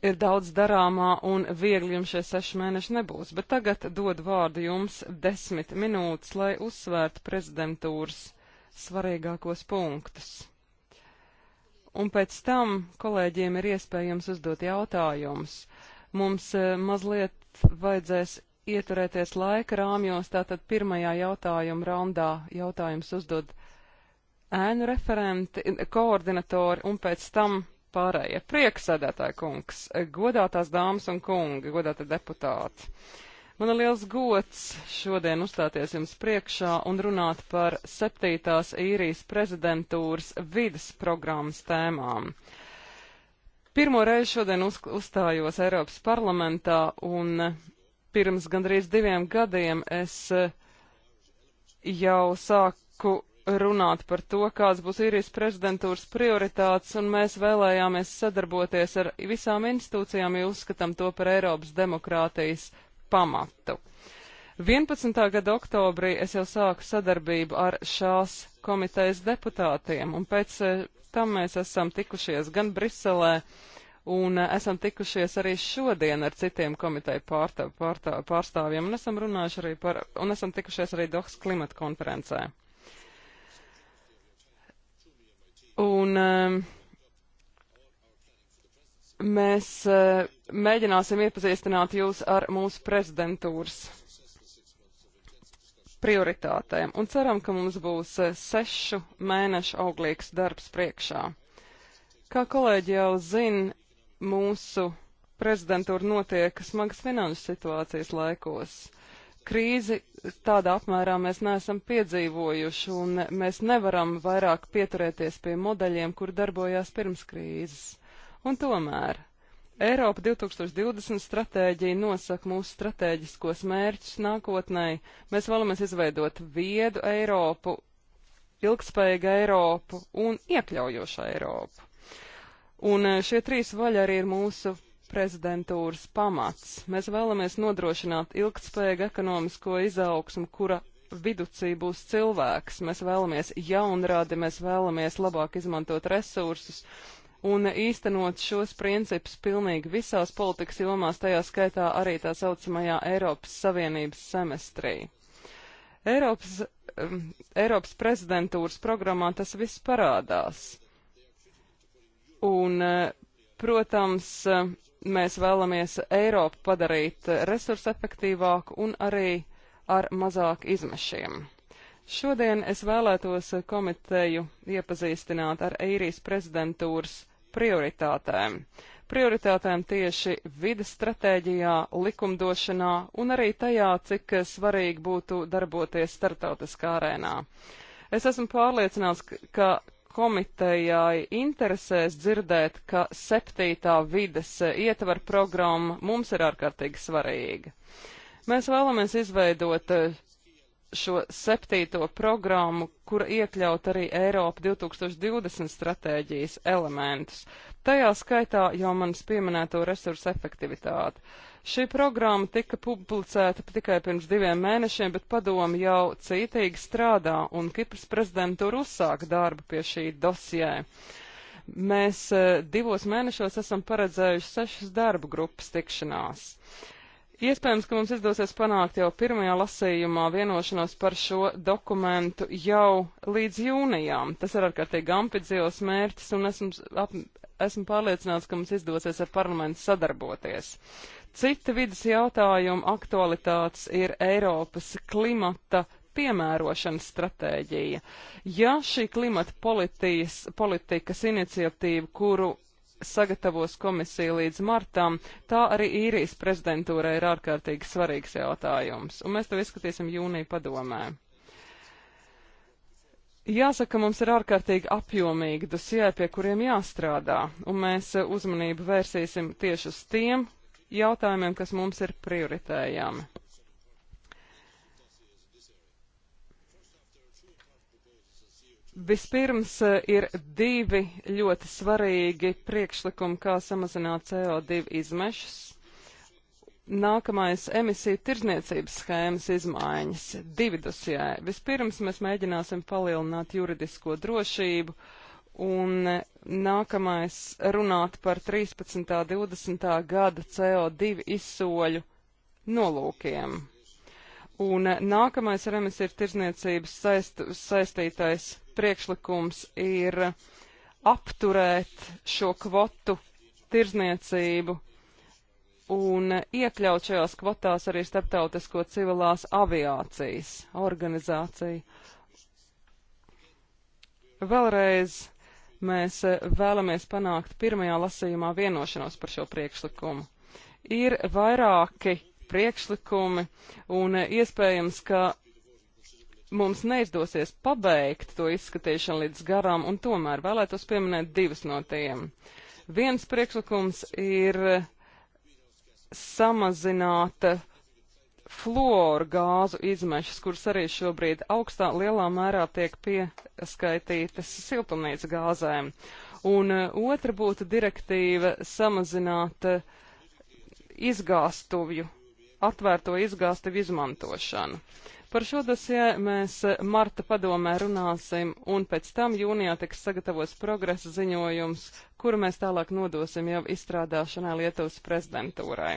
ir daudz darāmā un viegli jums šie seši mēneši nebūs, bet tagad dod vārdu jums desmit minūtes, lai uzsvērtu prezidentūras svarīgākos punktus. Un pēc tam kolēģiem ir iespējams uzdot jautājumus. Mums eh, mazliet vajadzēs ieturēties laika rāmjos, tātad pirmajā jautājuma raundā jautājums uzdod ēnu referenti, koordinatori, un pēc tam pārējie. Prieksēdētāji kungs, godātās dāmas un kungi, godātie deputāti. Man ir liels gods šodien uzstāties jums priekšā un runāt par septītās īrijas prezidentūras vidas programmas tēmām. Pirmo reizi šodien uz, uzstājos Eiropas parlamentā un pirms gandrīz diviem gadiem es jau sāku runāt par to, kāds būs īrijas prezidentūras prioritātes, un mēs vēlējāmies sadarboties ar visām institūcijām, jo uzskatām to par Eiropas demokrātijas pamatu. 11. gada oktobrī es jau sāku sadarbību ar šās komitejas deputātiem, un pēc eh, tam mēs esam tikušies gan Briselē, un eh, esam tikušies arī šodien ar citiem komiteju pārstāv, pārstāv, pārstāvjiem, un esam runājuši arī par, un esam tikušies arī Dohas klimata konferencē. Un um, mēs uh, mēģināsim iepazīstināt jūs ar mūsu prezidentūras prioritātēm un ceram, ka mums būs uh, sešu mēnešu auglīgs darbs priekšā. Kā kolēģi jau zina, mūsu prezidentūra notiek smagas finanšu situācijas laikos krīzi tādā apmērā mēs neesam piedzīvojuši, un mēs nevaram vairāk pieturēties pie modeļiem, kur darbojās pirms krīzes. Un tomēr Eiropa 2020 stratēģija nosaka mūsu stratēģiskos mērķus nākotnē. Mēs vēlamies izveidot viedu Eiropu, ilgspējīgu Eiropu un iekļaujošu Eiropu. Un eh, šie trīs vaļi arī ir mūsu prezidentūras pamats. Mēs vēlamies nodrošināt ilgtspējīgu ekonomisko izaugsmu, kura viducī būs cilvēks. Mēs vēlamies jaunrādi, mēs vēlamies labāk izmantot resursus un īstenot šos principus pilnīgi visās politikas jomās, tajā skaitā arī tā saucamajā Eiropas Savienības semestrī. Eiropas, um, Eiropas prezidentūras programmā tas viss parādās. Un, uh, protams, uh, mēs vēlamies Eiropu padarīt resursefektīvāku un arī ar mazāk izmešiem. Šodien es vēlētos komiteju iepazīstināt ar īrijas prezidentūras prioritātēm. Prioritātēm tieši vidas stratēģijā, likumdošanā un arī tajā, cik svarīgi būtu darboties startautiskā arēnā. Es esmu pārliecināts, ka komitejai interesēs dzirdēt, ka septītā vides ietver programma mums ir ārkārtīgi svarīga. Mēs vēlamies izveidot eh, šo septīto programmu, kura iekļaut arī Eiropa 2020 stratēģijas elementus. Tajā skaitā jau manis pieminēto resursu efektivitāti. Šī programma tika publicēta tikai pirms diviem mēnešiem, bet padomi jau cītīgi strādā, un Kipras prezidentūra uzsāka darbu pie šī dosjē. Mēs eh, divos mēnešos esam paredzējuši sešas darba grupas tikšanās. Iespējams, ka mums izdosies panākt jau pirmajā lasījumā vienošanos par šo dokumentu jau līdz jūnijām. Tas ir ārkārtīgi ambicijos mērķis, un esmu, ap, esmu pārliecināts, ka mums izdosies ar parlamentu sadarboties. Cita vidas jautājuma aktualitātes ir Eiropas klimata piemērošanas stratēģija. Ja šī klimata politijas, politikas iniciatīva, kuru sagatavos komisija līdz martam, tā arī īrijas prezidentūrai ir ārkārtīgi svarīgs jautājums, un mēs to izskatīsim jūnija padomē. Jāsaka, mums ir ārkārtīgi apjomīgi dosie, pie kuriem jāstrādā, un mēs uzmanību vērsīsim tieši uz tiem, jautājumiem, kas mums ir prioritējami. Vispirms eh, ir divi ļoti svarīgi priekšlikumi, kā samazināt CO2 izmešas. Nākamais emisiju tirzniecības schēmas izmaiņas divi dosjē. Vispirms mēs mēģināsim palielināt juridisko drošību uh, un nākamais runāt par 13. 20. gada CO2 izsoļu nolūkiem. Un nākamais ar mums ir tirzniecības saist, saistītais priekšlikums ir apturēt šo kvotu tirzniecību un iekļaut šajās kvotās arī starptautisko civilās aviācijas organizāciju. Vēlreiz Mēs eh, vēlamies panākt pirmajā lasījumā vienošanos par šo priekšlikumu. Ir vairāki priekšlikumi un eh, iespējams, ka mums neizdosies pabeigt to izskatīšanu līdz garam, un tomēr vēlētos pieminēt divas no tiem. Viens priekšlikums ir eh, samazināt uh, fluorgāzu izmešas, kuras arī šobrīd augstā lielā mērā tiek pieskaitītas siltumnīca gāzēm. Un uh, otra būtu direktīva samazināt uh, izgāstuvju, atvērto izgāstuvju izmantošanu. Par šo dosie mēs uh, marta padomē runāsim, un pēc tam jūnijā tiks sagatavots progresa ziņojums, kuru mēs tālāk nodosim jau izstrādāšanai Lietuvas prezidentūrai.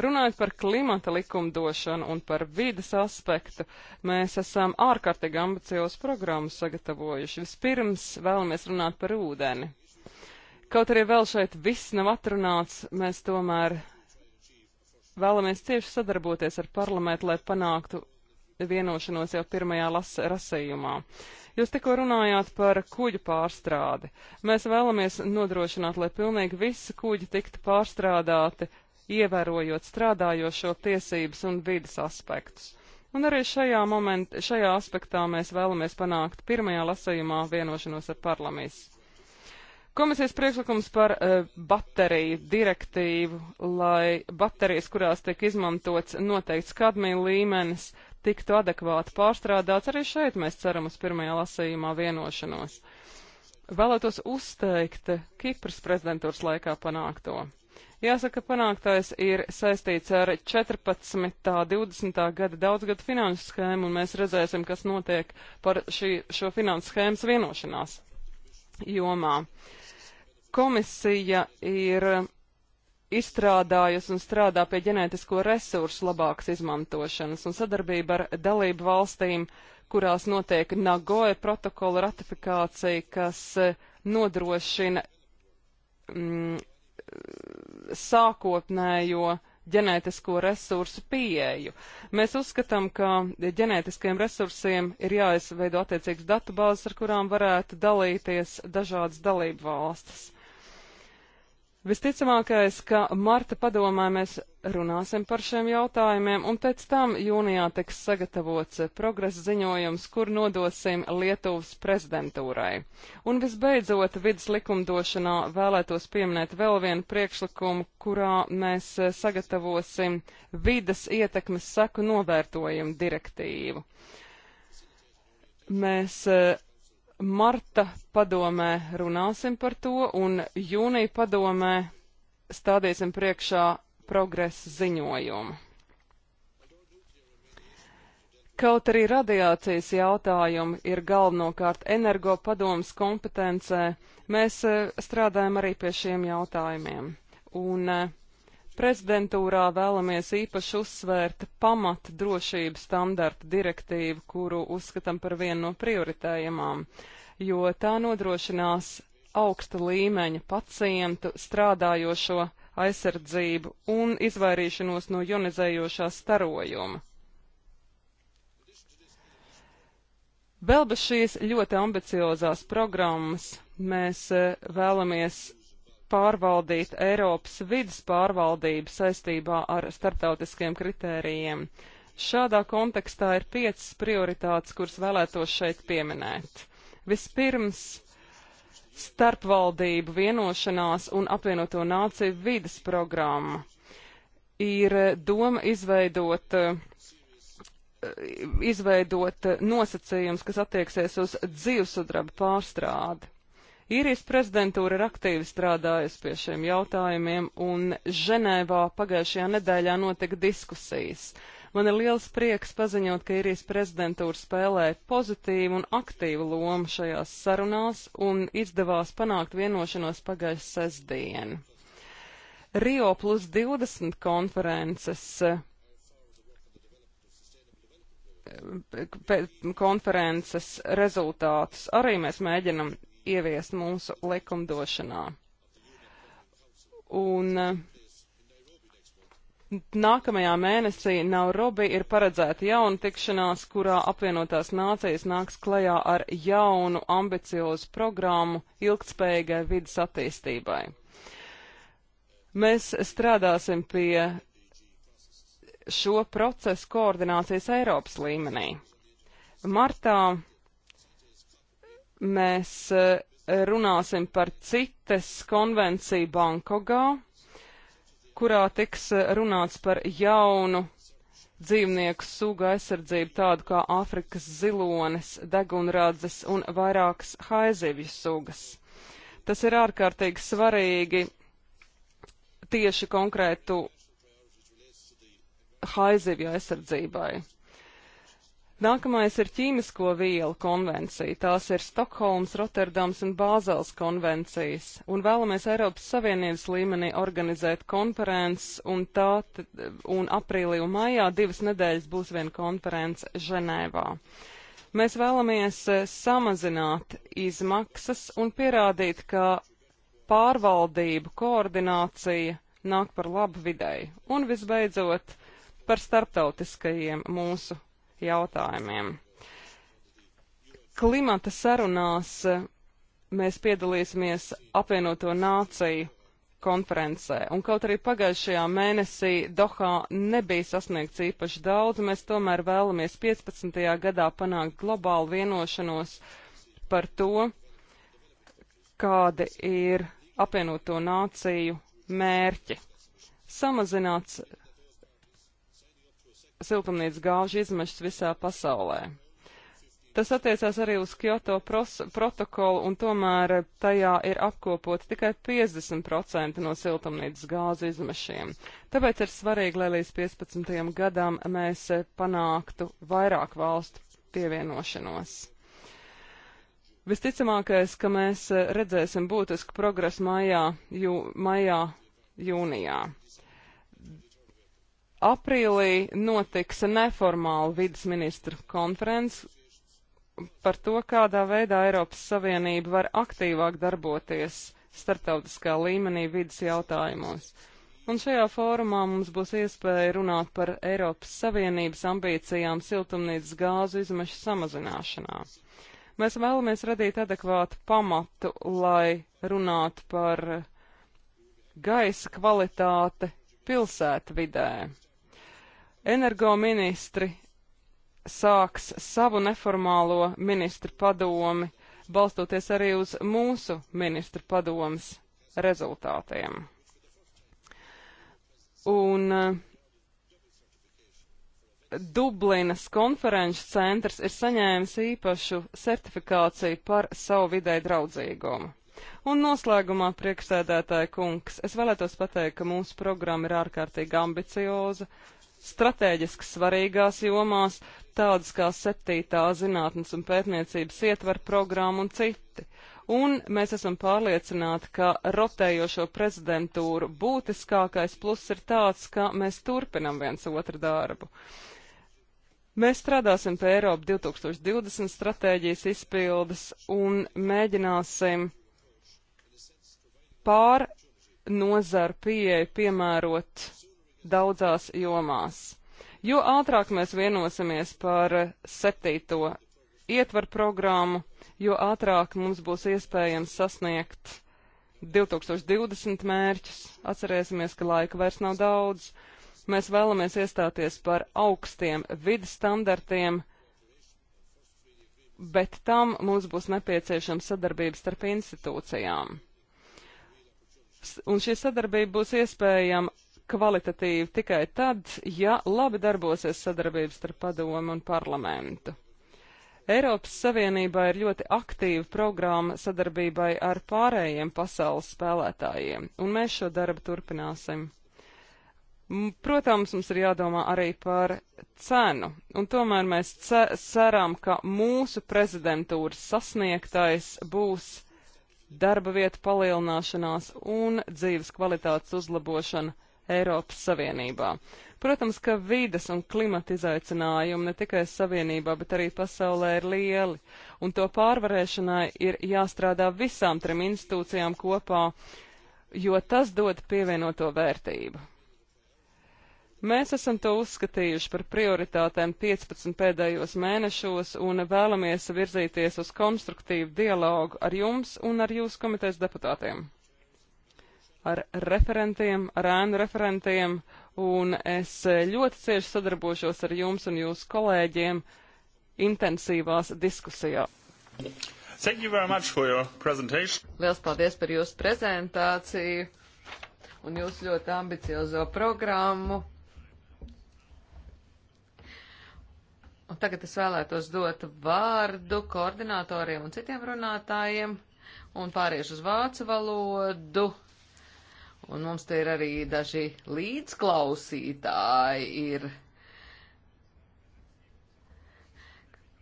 Runājot par klimata likumdošanu un par vidas aspektu, mēs esam ārkārtīgi ambiciozu programmu sagatavojuši. Vispirms vēlamies runāt par ūdeni. Kaut arī vēl šeit viss nav atrunāts, mēs tomēr vēlamies cieši sadarboties ar parlamentu, lai panāktu vienošanos jau pirmajā lasējumā. Jūs tikko runājāt par kuģu pārstrādi. Mēs vēlamies nodrošināt, lai pilnīgi visi kuģi tiktu pārstrādāti ievērojot strādājošo tiesības un vidas aspektus. Un arī šajā, moment, šajā aspektā mēs vēlamies panākt pirmajā lasējumā vienošanos ar parlamentu. Komisijas priekšlikums par uh, bateriju direktīvu, lai baterijas, kurās tiek izmantots noteikts kadmija līmenis, tiktu adekvāti pārstrādāts, arī šeit mēs ceram uz pirmajā lasījumā vienošanos. Vēlētos uzteikt Kipras prezidentūras laikā panākto. Jāsaka, panāktais ir saistīts ar 14. 20. gada daudzgadu finanšu schēmu, un mēs redzēsim, kas notiek par šī, šo finanšu schēmas vienošanās jomā. Komisija ir izstrādājusi un strādā pie ģenētisko resursu labākas izmantošanas un sadarbība ar dalību valstīm, kurās notiek Nagoja protokola ratifikācija, kas nodrošina mm, sākotnējo ģenētisko resursu pieeju. Mēs uzskatām, ka ģenētiskiem resursiem ir jāizveido attiecīgas datubāzes, ar kurām varētu dalīties dažādas dalību valstis. Visticamākais, ka marta padomē mēs runāsim par šiem jautājumiem, un pēc tam jūnijā tiks sagatavots progresa ziņojums, kur nodosim Lietuvas prezidentūrai. Un visbeidzot, vidas likumdošanā vēlētos pieminēt vēl vienu priekšlikumu, kurā mēs sagatavosim vidas ietekmes saku novērtojumu direktīvu. Mēs Marta padomē runāsim par to, un jūnija padomē stādīsim priekšā progresa ziņojumu. Kaut arī radiācijas jautājumi ir galvenokārt energopadomas kompetencē, mēs eh, strādājam arī pie šiem jautājumiem. Un eh, Prezidentūrā vēlamies īpaši uzsvērt pamata drošības standarta direktīvu, kuru uzskatām par vienu no prioritējumām, jo tā nodrošinās augsta līmeņa pacientu strādājošo aizsardzību un izvairīšanos no jonizējošā starojuma. Vēl bez šīs ļoti ambiciozās programmas mēs eh, vēlamies pārvaldīt Eiropas vidas pārvaldību saistībā ar starptautiskiem kritērijiem. Šādā kontekstā ir piecas prioritātes, kuras vēlētos šeit pieminēt. Vispirms starpvaldību vienošanās un apvienoto nāciju vidas programma. Ir doma izveidot, izveidot nosacījums, kas attieksies uz dzīvesudraba pārstrādi. Īrijas prezidentūra ir aktīvi strādājusi pie šiem jautājumiem, un Ženēvā pagājušajā nedēļā notika diskusijas. Man ir liels prieks paziņot, ka Irijas prezidentūra spēlē pozitīvu un aktīvu lomu šajās sarunās un izdevās panākt vienošanos pagājušā sestdien. Rio plus 20 konferences eh, konferences rezultātus arī mēs mēģinam ieviest mūsu likumdošanā. Un eh, nākamajā mēnesī Naurobi ir paredzēta jauna tikšanās, kurā apvienotās nācijas nāks klajā ar jaunu ambiciozu programmu ilgtspējīgai vidas attīstībai. Mēs strādāsim pie šo procesu koordinācijas Eiropas līmenī. Martā mēs eh, runāsim par citas konvenciju Bankogā, kurā tiks eh, runāts par jaunu dzīvnieku sugu aizsardzību tādu kā Āfrikas zilonis, degunradzes un vairākas haizivju sugas. Tas ir ārkārtīgi svarīgi tieši konkrētu haizivju aizsardzībai. Nākamais ir ķīmisko vielu konvencija. Tās ir Stokholmas, Rotterdams un Bāzels konvencijas. Un vēlamies Eiropas Savienības līmenī organizēt konferences, un tā un aprīlī un maijā divas nedēļas būs viena konference Ženēvā. Mēs vēlamies eh, samazināt izmaksas un pierādīt, ka pārvaldību koordinācija nāk par labu videi. Un visbeidzot, par starptautiskajiem mūsu jautājumiem. Klimata sarunās eh, mēs piedalīsimies apvienoto nāciju konferencē. Un kaut arī pagājušajā mēnesī Dohā nebija sasniegts īpaši daudz, mēs tomēr vēlamies 15. gadā panākt globālu vienošanos par to, kādi ir apvienoto nāciju mērķi. Samazināts siltumnīcas gāžu izmešas visā pasaulē. Tas attiecās arī uz Kyoto protokolu, un tomēr tajā ir apkopot tikai 50% no siltumnīcas gāzu izmešiem. Tāpēc ir svarīgi, lai līdz 15. gadam mēs panāktu vairāk valstu pievienošanos. Visticamākais, ka mēs redzēsim būtisku progresu maijā, jū, maijā jūnijā. Aprīlī notiks neformāla vidas ministru konferences par to, kādā veidā Eiropas Savienība var aktīvāk darboties starptautiskā līmenī vidas jautājumos. Un šajā fórumā mums būs iespēja runāt par Eiropas Savienības ambīcijām siltumnīcas gāzu izmešu samazināšanā. Mēs vēlamies radīt adekvātu pamatu, lai runātu par gaisa kvalitāti pilsētvidē. vidē. Energoministri sāks savu neformālo ministru padomi, balstoties arī uz mūsu ministru padomas rezultātiem. Un uh, Dublinas konferenču centrs ir saņēmis īpašu certifikāciju par savu vidē draudzīgumu. Un noslēgumā, priekšsēdētāja kungs, es vēlētos pateikt, ka mūsu programma ir ārkārtīgi ambicioza, stratēģiski svarīgās jomās, tādas kā septītā zinātnes un pētniecības ietver programma un citi. Un mēs esam pārliecināti, ka rotējošo prezidentūru būtiskākais pluss ir tāds, ka mēs turpinam viens otru darbu. Mēs strādāsim pie Eiropa 2020 stratēģijas izpildes un mēģināsim pār nozaru pieeju piemērot daudzās jomās. Jo ātrāk mēs vienosimies par septīto ietvaru programmu, jo ātrāk mums būs iespējams sasniegt 2020 mērķus. Atcerēsimies, ka laika vairs nav daudz. Mēs vēlamies iestāties par augstiem vidas standartiem, bet tam mums būs nepieciešama sadarbība starp institūcijām. Un šī sadarbība būs iespējama kvalitatīvi tikai tad, ja labi darbosies sadarbības starp padomu un parlamentu. Eiropas Savienībā ir ļoti aktīva programma sadarbībai ar pārējiem pasaules spēlētājiem, un mēs šo darbu turpināsim. Protams, mums ir jādomā arī par cenu, un tomēr mēs ce ceram, ka mūsu prezidentūras sasniegtais būs darba vietu palielināšanās un dzīves kvalitātes uzlabošana Eiropas Savienībā. Protams, ka vides un klimata izaicinājumi ne tikai Savienībā, bet arī pasaulē ir lieli, un to pārvarēšanai ir jāstrādā visām trim institūcijām kopā, jo tas dod pievienoto vērtību. Mēs esam to uzskatījuši par prioritātēm 15 pēdējos mēnešos un vēlamies virzīties uz konstruktīvu dialogu ar jums un ar jūsu komitejas deputātiem ar referentiem, ar ēnu referentiem, un es ļoti cieši sadarbošos ar jums un jūsu kolēģiem intensīvās diskusijās. Thank you very much for your presentation. Liels paldies par jūsu prezentāciju un jūsu ļoti ambiciozo programmu. Un tagad es vēlētos dot vārdu koordinatoriem un citiem runātājiem un pāriešu uz vācu valodu. Un mums te ir arī daži līdzklausītāji, ir,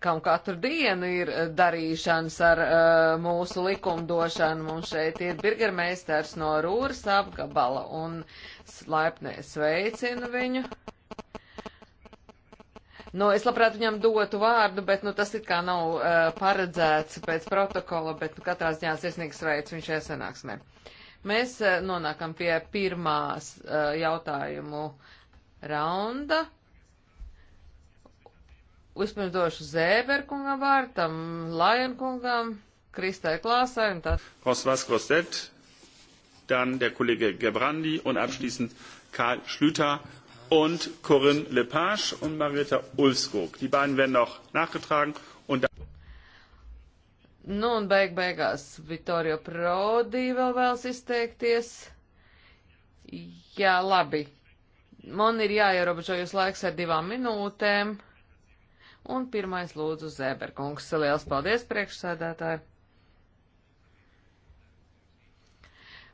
kam katru dienu ir eh, darīšanas ar uh, mūsu likumdošanu. Mums šeit ir birgermeisters no Rūras apgabala un laipnē sveicinu viņu. Nu, es labprāt viņam dotu vārdu, bet nu, tas it kā nav uh, paredzēts pēc protokola, bet nu, katrā ziņā sirsnīgs veids viņš iesanāksmē. Uh, Mēs eh, nonākam pie pirmās eh, jautājumu raunda. Vispirms došu Zēberkungam vārtam, Lajankungam, Kristai Klāsai un tad. Kosvas Kostet, dann der Kollege Gebrandi un abschließend Karl Schlüter und Corinne Lepage und Margareta Ulskog. Die beiden werden noch nachgetragen. Und Nu, un beig beigās Vittorio Prodi vēl vēlas izteikties. Jā, labi. Man ir jāierobežo jūs laiks ar divām minūtēm. Un pirmais lūdzu Zēberkungs. Liels paldies, priekšsēdētāji.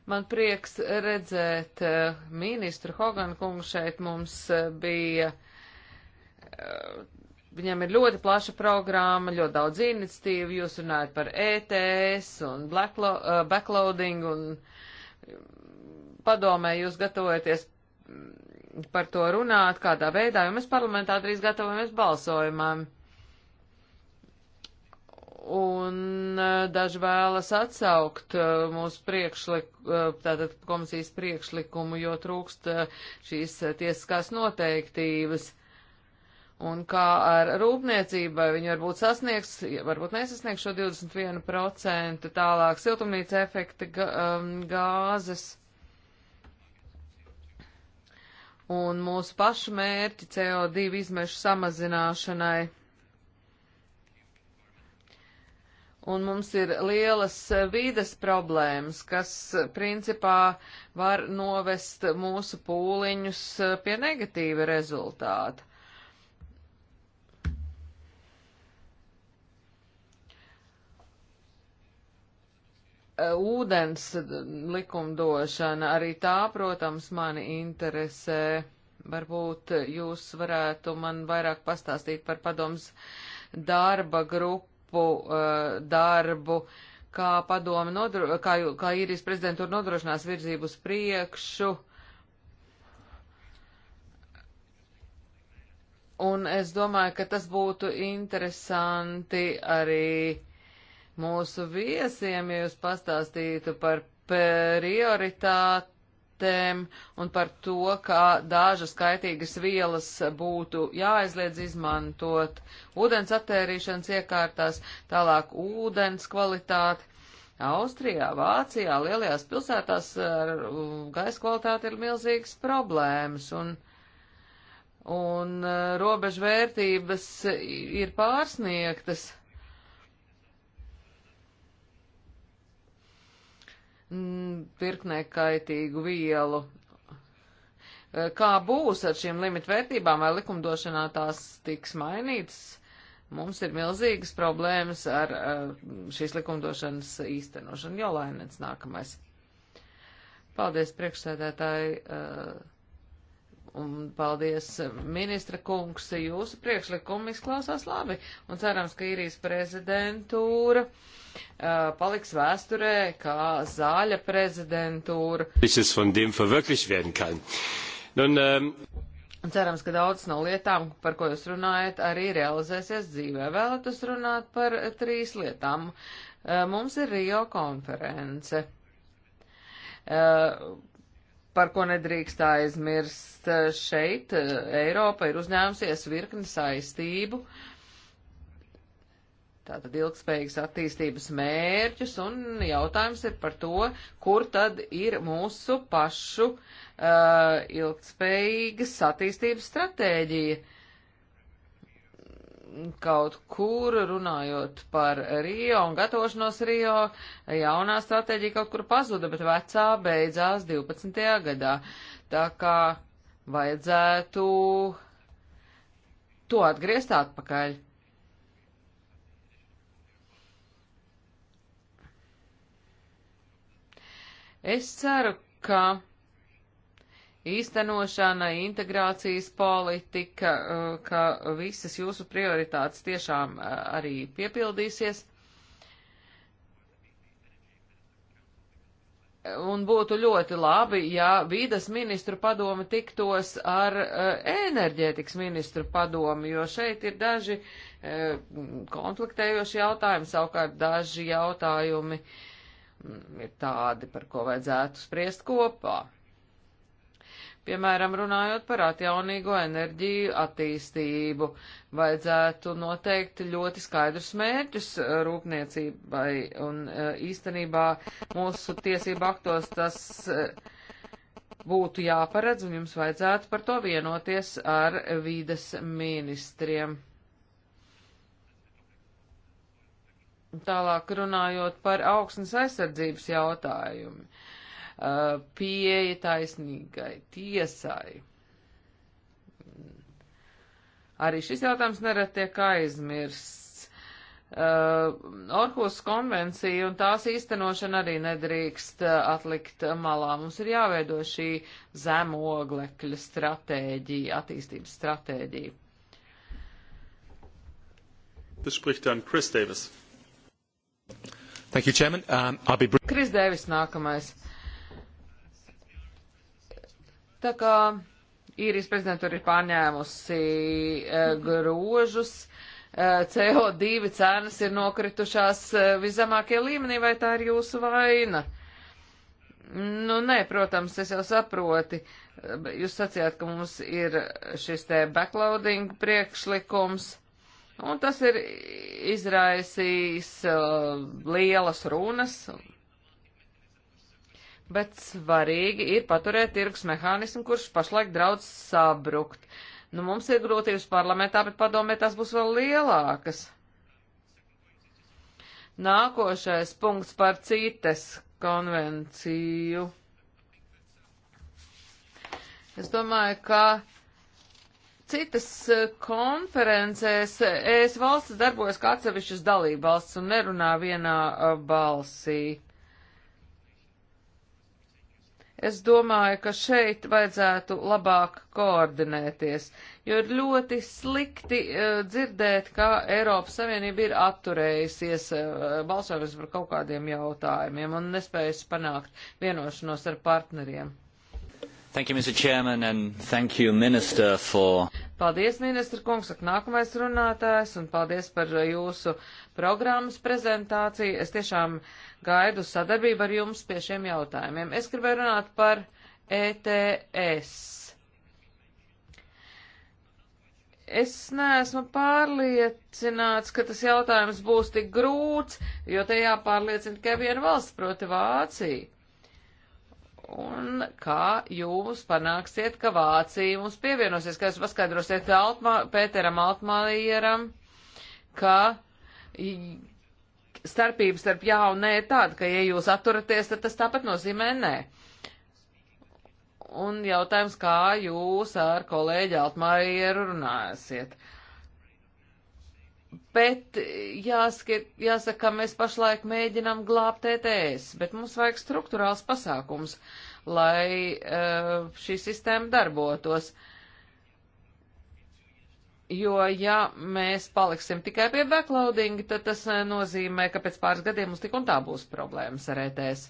Man prieks redzēt eh, ministru Hogan kungu šeit mums eh, bija eh, Viņam ir ļoti plaša programma, ļoti daudz iniciatīvu, jūs runājat par ETS un blacklo, uh, backloading un mm, padomē, jūs gatavojaties mm, par to runāt, kādā veidā, jo mēs parlamentā drīz gatavojamies balsojumam. Un uh, daži vēlas atsaukt uh, mūsu priekšlikumu, uh, tātad komisijas priekšlikumu, jo trūkst šīs tiesiskās noteiktības un kā ar rūpniecību, vai viņi varbūt sasniegs, varbūt nesasniegs šo 21% tālāk siltumnīca efekta um, gāzes. Un mūsu pašu mērķi CO2 izmešu samazināšanai. Un mums ir lielas vīdes problēmas, kas eh, principā var novest mūsu pūliņus eh, pie negatīva rezultāta Uh, ūdens likumdošana, arī tā, protams, mani interesē. Varbūt jūs varētu man vairāk pastāstīt par padoms darba grupu uh, darbu, kā padomi, nodro, kā, kā īrijas prezidentūra nodrošinās virzību uz priekšu. Un es domāju, ka tas būtu interesanti arī mūsu viesiem, ja jūs pastāstītu par prioritātēm un par to, kā dažas kaitīgas vielas būtu jāaizliedz izmantot ūdens attērīšanas iekārtās, tālāk ūdens kvalitāti. Austrijā, Vācijā, lielajās pilsētās ar gaisa kvalitāti ir milzīgas problēmas, un, un e, robežvērtības ir pārsniegtas. Uh, virknē mm, kaitīgu vielu. E, kā būs ar šīm limitvērtībām, vai likumdošanā tās tiks mainītas? Mums ir milzīgas problēmas ar e, šīs likumdošanas īstenošanu. Jolainets nākamais. Paldies, priekšsēdētāji. Uh, Un paldies, ministra kungs, jūsu priekšlikumi izklausās labi. Un cerams, ka īrijas prezidentūra uh, paliks vēsturē kā zāļa prezidentūra. Nun, um... Un cerams, ka daudz no lietām, par ko jūs runājat, arī realizēsies dzīvē. Vēlētos runāt par trīs lietām. Uh, mums ir Rio konference. Uh, par ko nedrīkst aizmirst. Eh, šeit eh, Eiropa ir uzņēmusies virkni saistību, tātad ilgspējīgas attīstības mērķus, un jautājums ir par to, kur tad ir mūsu pašu uh, ilgspējīgas attīstības stratēģija. Uh, kaut kur runājot par Rio un gatavošanos Rio, jaunā stratēģija kaut kur pazuda, bet vecā beidzās 12. gadā. Tā kā vajadzētu to atgriezt atpakaļ. Es ceru, ka īstenošana, integrācijas politika, eh, ka visas jūsu prioritātes tiešām eh, arī piepildīsies. Un būtu ļoti labi, ja vīdas ministru padome tiktos ar eh, enerģētikas ministru padomu, jo šeit ir daži konfliktējoši jautājumi, savukārt daži jautājumi mm, ir tādi, par ko vajadzētu spriest kopā. Piemēram, runājot par atjaunīgo enerģiju attīstību, vajadzētu noteikt ļoti skaidrus mērķus rūpniecībai, un e, īstenībā mūsu tiesību aktos tas e, būtu jāparedz, un jums vajadzētu par to vienoties ar vīdes ministriem. Tālāk runājot par augsnes aizsardzības jautājumu. Uh, Uh, pieeja taisnīgai tiesai. Arī šis jautājums nereti tiek aizmirsts. Uh, Orhus konvencija un tās īstenošana arī nedrīkst uh, atlikt malā. Mums ir jāveido šī zemoglekļa stratēģija, attīstības stratēģija. Tas spricht dann Chris Davis. Thank you, Chairman. Um, I'll be... Chris Davis nākamais. Uh, Tā kā īrijas prezidentūra ir pārņēmusi e, grožus, e, eh, CO2 cenas ir nokritušās e, viszemākie līmenī, vai tā ir jūsu vaina? Nu, nē, protams, es jau saproti. Jūs sacījāt, ka mums ir šis te backloading priekšlikums, un tas ir izraisījis uh, lielas runas, bet svarīgi ir paturēt tirgus mehānismu, kurš pašlaik draudz sabrukt. Nu, mums ir grūtības parlamentā, bet padomē tās būs vēl lielākas. Nākošais punkts par cites konvenciju. Es domāju, ka citas konferencēs ES valsts darbojas kā atsevišķas dalībvalsts un nerunā vienā uh, balsī. Es domāju, ka šeit vajadzētu labāk koordinēties, jo ir ļoti slikti uh, dzirdēt, ka Eiropas Savienība ir atturējusies uh, eh, balsojumus par kaut kādiem jautājumiem un nespējas panākt vienošanos ar partneriem. Thank you, Mr. Chairman, and thank you, Minister, for... Paldies, ministra kungs, ak nākamais runātājs, un paldies par jūsu programmas prezentāciju. Es tiešām uh, gaidu sadarbību ar jums pie šiem jautājumiem. Es gribēju runāt par ETS. Es neesmu pārliecināts, ka tas jautājums būs tik grūts, jo te jāpārliecina tikai viena valsts, proti Vācija. Un kā jūs panāksiet, ka Vācija mums pievienosies, kā jūs paskaidrosiet Altma, Pēteram Altmaieram, ka starpība starp jā un nē ir tāda, ka ja jūs atturaties, tad tas tāpat nozīmē nē. Un jautājums, kā jūs ar kolēģi Altmārieru runāsiet. Bet jāskat, jāsaka, ka mēs pašlaik mēģinām glābt ETS, bet mums vajag struktūrāls pasākums, lai uh, šī sistēma darbotos. Uh, Jo, ja mēs paliksim tikai pie backloading, tad tas eh, nozīmē, ka pēc pāris gadiem mums tik un tā būs problēmas ar ETS.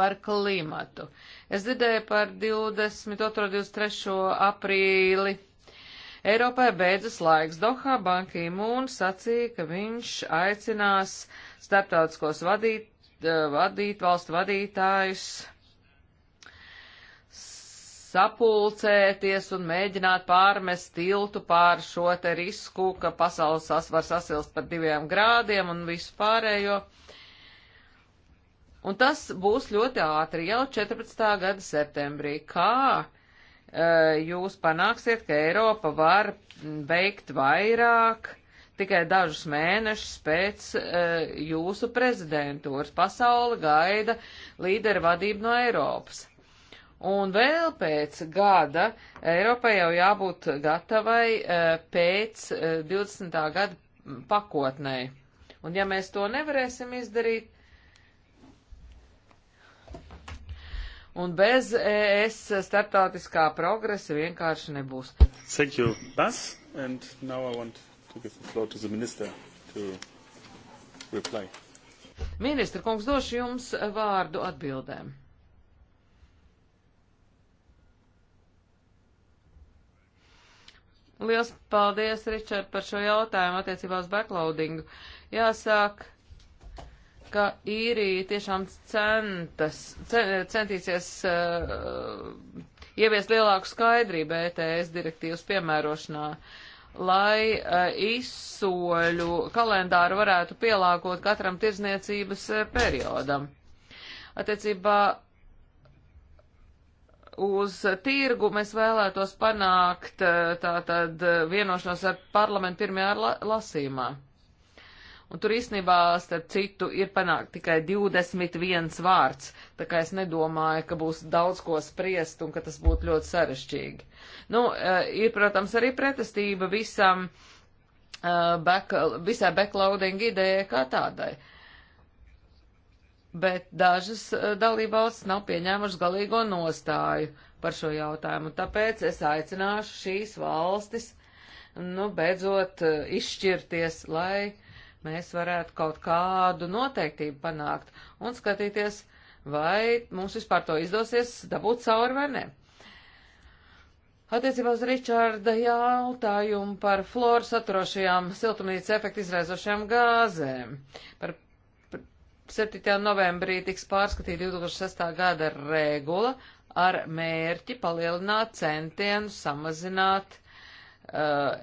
Par klimatu. Es dzirdēju par 22. un 23. aprīli. Eiropai beidzas laiks. Dohā Banki Mūns sacīja, ka viņš aicinās starptautiskos vadīt, eh, vadīt valstu vadītājus sapulcēties un mēģināt pārmest tiltu pār šo te risku, ka pasaules sas var sasilst par diviem grādiem un visu pārējo. Un tas būs ļoti ātri, jau 14. gada septembrī. Kā e, jūs panāksiet, ka Eiropa var veikt vairāk tikai dažus mēnešus pēc e, jūsu prezidentūras? Pasauli gaida līderu vadību no Eiropas. Un vēl pēc gada Eiropai jau jābūt gatavai eh, pēc 20. Eh, gada pakotnei. Un ja mēs to nevarēsim izdarīt, un bez ES starptautiskā progresa vienkārši nebūs. Thank you, Bas, and now I want to give the floor to the minister to reply. Ministra kungs, došu jums vārdu atbildēm. Liels paldies, Ričard, par šo jautājumu attiecībā uz backloadingu. Jāsāk, ka īrija tiešām centas, centīsies uh, ieviest lielāku skaidrību ETS direktīvas piemērošanā, lai uh, izsoļu kalendāru varētu pielāgot katram tirzniecības uh, periodam. Attiecībā uz tirgu, mēs vēlētos panākt eh, tātad eh, vienošanos ar parlamentu pirmajā la lasīmā. Un tur īstenībā, starp citu, ir panākt tikai 21 vārds, tā kā es nedomāju, ka būs daudz ko spriest un ka tas būtu ļoti sarežģīgi. Nu, eh, ir, protams, arī pretestība visam, back, visai backloading idejai kā tādai. Uh, bet dažas eh, dalībvalstis nav pieņēmušas galīgo nostāju par šo jautājumu. Tāpēc es aicināšu šīs valstis, nu, beidzot eh, izšķirties, lai mēs varētu kaut kādu noteiktību panākt un skatīties, vai mums vispār to izdosies dabūt cauri vai ne. Attiecībā uz Ričārda jautājumu par floru saturošajām siltumnīca efektu izraizošajām gāzēm, par 7. novembrī tiks pārskatīta 2006. gada regula ar mērķi palielināt centienu samazināt uh,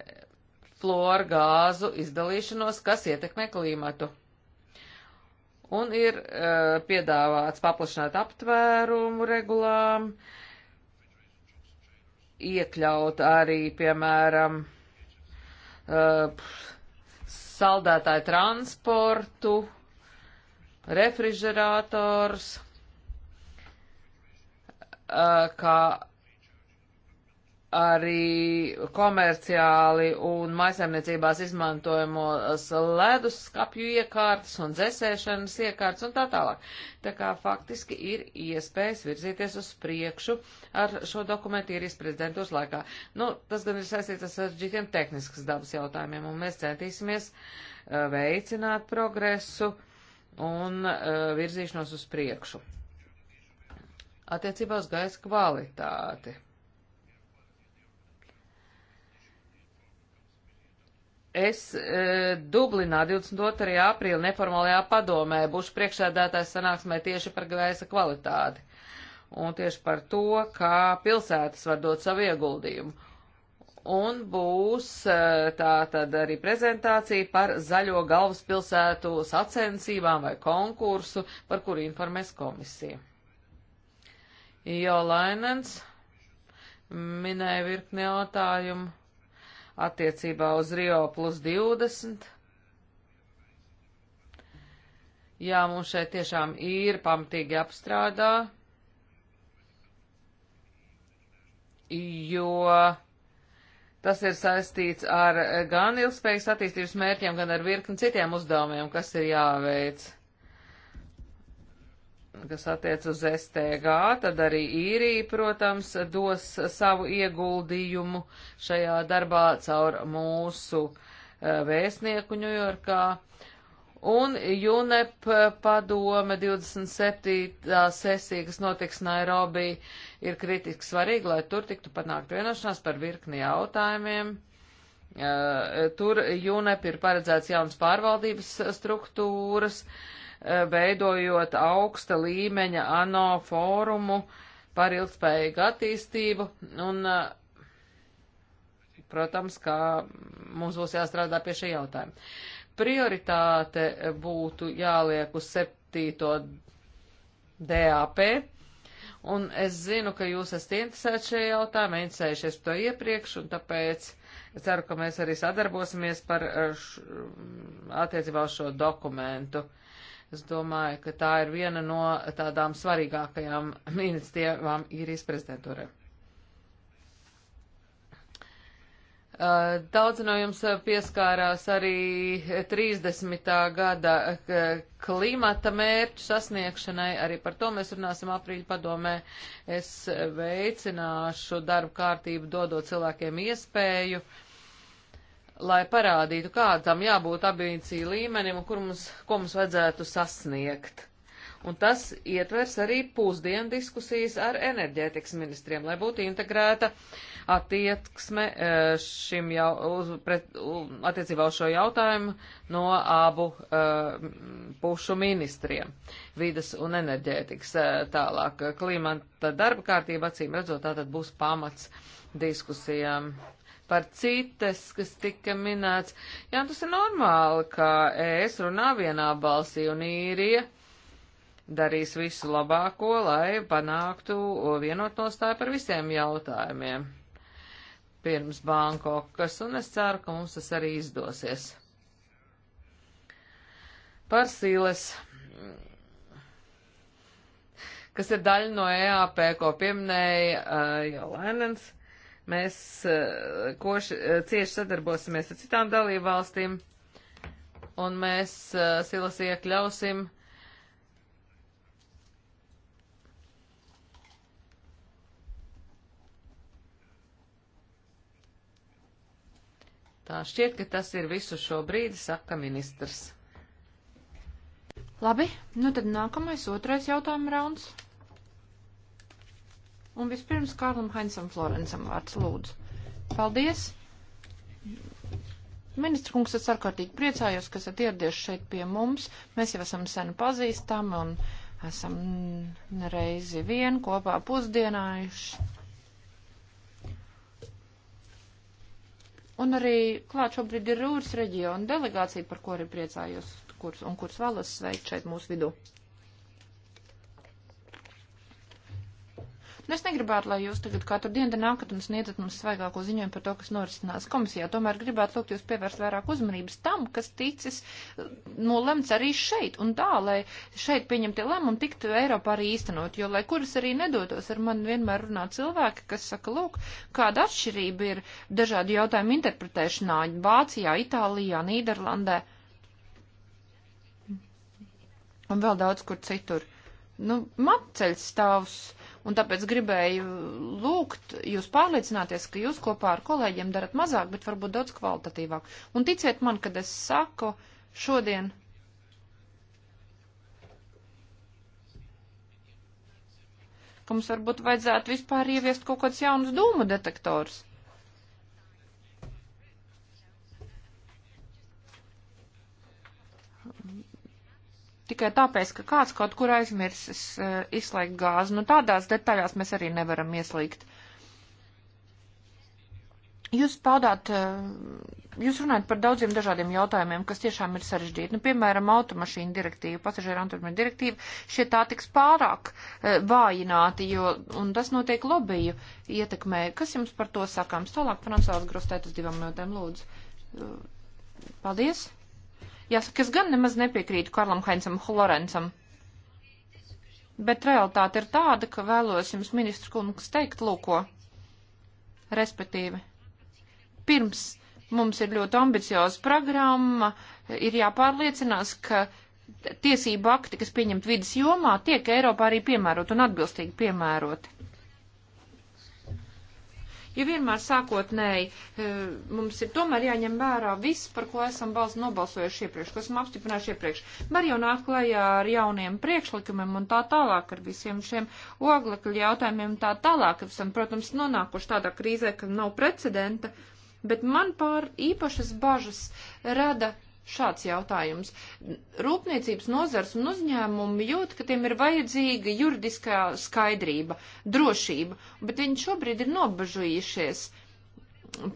floru gāzu izdalīšanos, kas ietekmē klimatu. Un ir uh, piedāvāts paplašināt aptvērumu regulām, iekļaut arī, piemēram, uh, saldētāju transportu, refrižerators, kā arī komerciāli un maisaimniecībās izmantojamos leduskapju iekārtas un dzesēšanas iekārtas un tā tālāk. Tā kā faktiski ir iespējas virzīties uz priekšu ar šo dokumentu īrijas prezidentūras laikā. Nu, tas gan ir saistīts ar džitiem tehniskas dabas jautājumiem, un mēs centīsimies veicināt progresu. Uh, un uh, virzīšanos uz priekšu. Attiecībā uz gaisa kvalitāti. Es e, Dublinā 22. aprīļa neformālajā padomē būšu priekšsēdētājs sanāksmē tieši par gaisa kvalitāti un tieši par to, kā pilsētas var dot savu ieguldījumu un būs eh, tā tad arī prezentācija par zaļo galvaspilsētu sacensībām vai konkursu, par kuru informēs komisija. Jo Lainens minēja virkni jautājumu attiecībā uz Rio plus 20. Jā, mums šeit tiešām ir pamatīgi apstrādā, jo Tas ir saistīts ar gan ilgspējīgas attīstības mērķiem, gan ar virkni citiem uzdevumiem, kas ir jāveic. Kas attiec uz STG, tad arī īrija, protams, dos savu ieguldījumu šajā darbā caur mūsu eh, vēstnieku Ņujorkā. Un UNEP padome 27. sesija, kas notiks Nairobi, ir kritiski svarīga, lai tur tiktu panākt vienošanās par virkni jautājumiem. Tur UNEP ir paredzēts jaunas pārvaldības struktūras, veidojot augsta līmeņa ANO fórumu par ilgspējīgu attīstību. Un, protams, kā mums būs jāstrādā pie šī jautājuma prioritāte būtu jāliek uz septīto DAP, un es zinu, ka jūs esat interesēti šajā jautājumā, interesējušies to iepriekš, un tāpēc es ceru, ka mēs arī sadarbosimies par eh, š, mm, attiecībā uz šo dokumentu. Es domāju, ka tā ir viena no tādām svarīgākajām ministrijām īrijas prezidentūrē. Daudz no jums pieskārās arī 30. gada klimata mērķu sasniegšanai. Arī par to mēs runāsim aprīļa padomē. Es veicināšu darbu kārtību, dodot cilvēkiem iespēju, lai parādītu, kādam jābūt ambīciju līmenim un kur mums, ko mums vajadzētu sasniegt un tas ietvers arī pusdienu diskusijas ar enerģētikas ministriem, lai būtu integrēta attieksme e, šim jau, uz, pret, attiecībā uz šo jautājumu no abu uh, pušu ministriem - vidas un enerģētikas e, tālāk. Klimata darba kārtība acīm redzot, tātad būs pamats diskusijām par citas, kas tika minēts. Jā, tas ir normāli, ka es runā vienā balsī un īrija darīs visu labāko, lai panāktu vienot nostāju par visiem jautājumiem pirms Bankokas, un es ceru, ka mums tas arī izdosies. Par sīles, kas ir daļa no EAP, ko pieminēja uh, Jolēnens, mēs uh, koši, uh, cieši sadarbosimies ar citām dalībvalstīm, un mēs uh, sīles iekļausim Tā šķiet, ka tas ir visu šo brīdi, saka ministrs. Labi, nu tad nākamais otrais jautājuma rauns. Un vispirms Kārlim Hainsam Florencam vārds lūdzu. Paldies! Ministra kungs, es ārkārtīgi priecājos, ka esat ieradies šeit pie mums. Mēs jau esam sen pazīstami un esam nereizi vien kopā pusdienājuši Un arī klāt šobrīd ir Rūras reģiona delegācija, par ko arī priecājos, kurs, un kurus vēlos sveikt šeit mūsu vidū. Nu, es negribētu, lai jūs tagad katru dienu nākat un sniedzat mums svaigāko ziņojumu par to, kas norisinās komisijā. Tomēr gribētu lūgt jūs pievērst vairāk uzmanības tam, kas ticis eh, nolemts arī šeit. Un tā, lai šeit pieņemtie lēmumi tiktu Eiropā arī īstenot. Jo, lai kuras arī nedotos, ar mani vienmēr runā cilvēki, kas saka, lūk, kāda atšķirība ir dažādu jautājumu interpretēšanā Vācijā, Itālijā, Nīderlandē un vēl daudz kur citur. Nu, man ceļš stāvs Un tāpēc gribēju lūgt jūs pārliecināties, ka jūs kopā ar kolēģiem darat mazāk, bet varbūt daudz kvalitatīvāk. Un ticiet man, kad es saku šodien. ka mums varbūt vajadzētu vispār ieviest kaut kādus jaunus dūmu detektorus. tikai tāpēc, ka kāds kaut kur aizmirsis uh, izslēgt gāzi. Nu, tādās detaļās mēs arī nevaram ieslīgt. Jūs paudāt, uh, jūs runājat par daudziem dažādiem jautājumiem, kas tiešām ir sarežģīti. Nu, piemēram, automašīnu direktīva, pasažieru automašīnu direktīva, šie tā tiks pārāk uh, vājināti, jo, un tas notiek lobiju ietekmē. Kas jums par to sakāms? Tālāk, Francāls Grostētas divām minūtēm, lūdzu. Paldies! Jāsaka, es gan nemaz nepiekrītu Karlam Heinzam Lorenzam. Bet realitāte ir tāda, ka vēlos jums, ministrs kungs, teikt lūko. Respektīvi, pirms mums ir ļoti ambicioza programma, ir jāpārliecinās, ka tiesība akti, kas pieņemt vidas jomā, tiek Eiropā arī piemērot un atbilstīgi piemēroti. Jo vienmēr sākotnēji eh, mums ir tomēr jāņem vērā viss, par ko esam balsu nobalsojuši iepriekš, ko esam apstiprinājuši iepriekš. Var jau nākt klajā ar jauniem priekšlikumiem un tā tālāk ar visiem šiem oglekļu jautājumiem un tā tālāk. Esam, protams, nonākuši tādā krīzē, ka nav precedenta, bet man pār īpašas bažas rada šāds jautājums. Rūpniecības nozars un uzņēmumi jūt, ka tiem ir vajadzīga juridiskā skaidrība, drošība, bet viņi šobrīd ir nobežojušies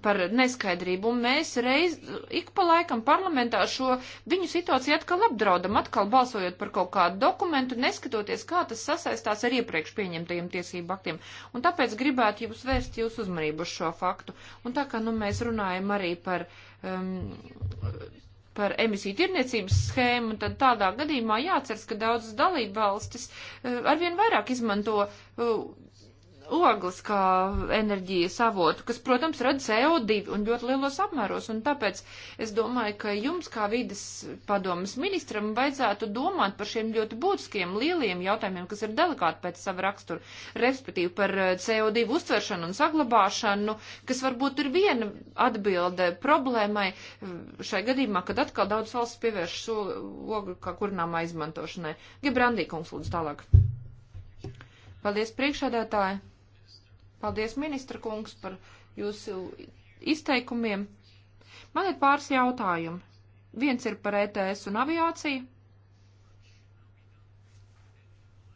par neskaidrību, un mēs reiz ik pa laikam parlamentā šo viņu situāciju atkal apdraudam, atkal balsojot par kaut kādu dokumentu, neskatoties, kā tas sasaistās ar iepriekš pieņemtajiem tiesību aktiem. Un tāpēc gribētu jums vērst jūsu uzmanību uz šo faktu. Un tā kā, nu, mēs runājam arī par um, par emisiju tirniecības schēmu, tad tādā gadījumā jāceras, ka daudzas dalība valstis eh, arvien vairāk izmanto eh, ogles kā enerģijas avotu, kas, protams, rada CO2 un ļoti lielos apmēros. Un tāpēc es domāju, ka jums, kā vides padomas ministram, vajadzētu domāt par šiem ļoti būtiskiem lieliem jautājumiem, kas ir delikāti pēc sava rakstura, respektīvi par eh, CO2 uztveršanu un saglabāšanu, kas varbūt ir viena atbilde problēmai eh, šai gadījumā, kad atkal daudz valsts pievērš ogļu kā kurināmā izmantošanai. Gebrandī, kungs, lūdzu tālāk. Paldies priekšādātāji! Paldies, ministra kungs, par jūsu izteikumiem. Man ir pāris jautājumi. Viens ir par ETS un aviāciju.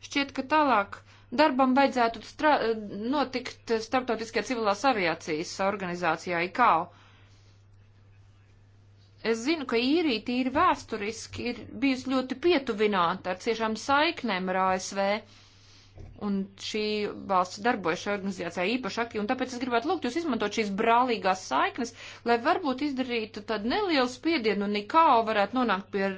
Šķiet, ka tālāk darbam vajadzētu notikt Startautiskajā civilās aviācijas organizācijā ICAO. Es zinu, ka īrija tīri vēsturiski ir bijusi ļoti pietuvināta ar ciešām saiknēm ar ASV. Un šī valsts darbojas šajā organizācijā īpaši aktīvi, un tāpēc es gribētu lūgt jūs izmantot šīs brālīgās saiknes, lai varbūt izdarītu tādu nelielu spiedienu un nekā varētu nonākt pie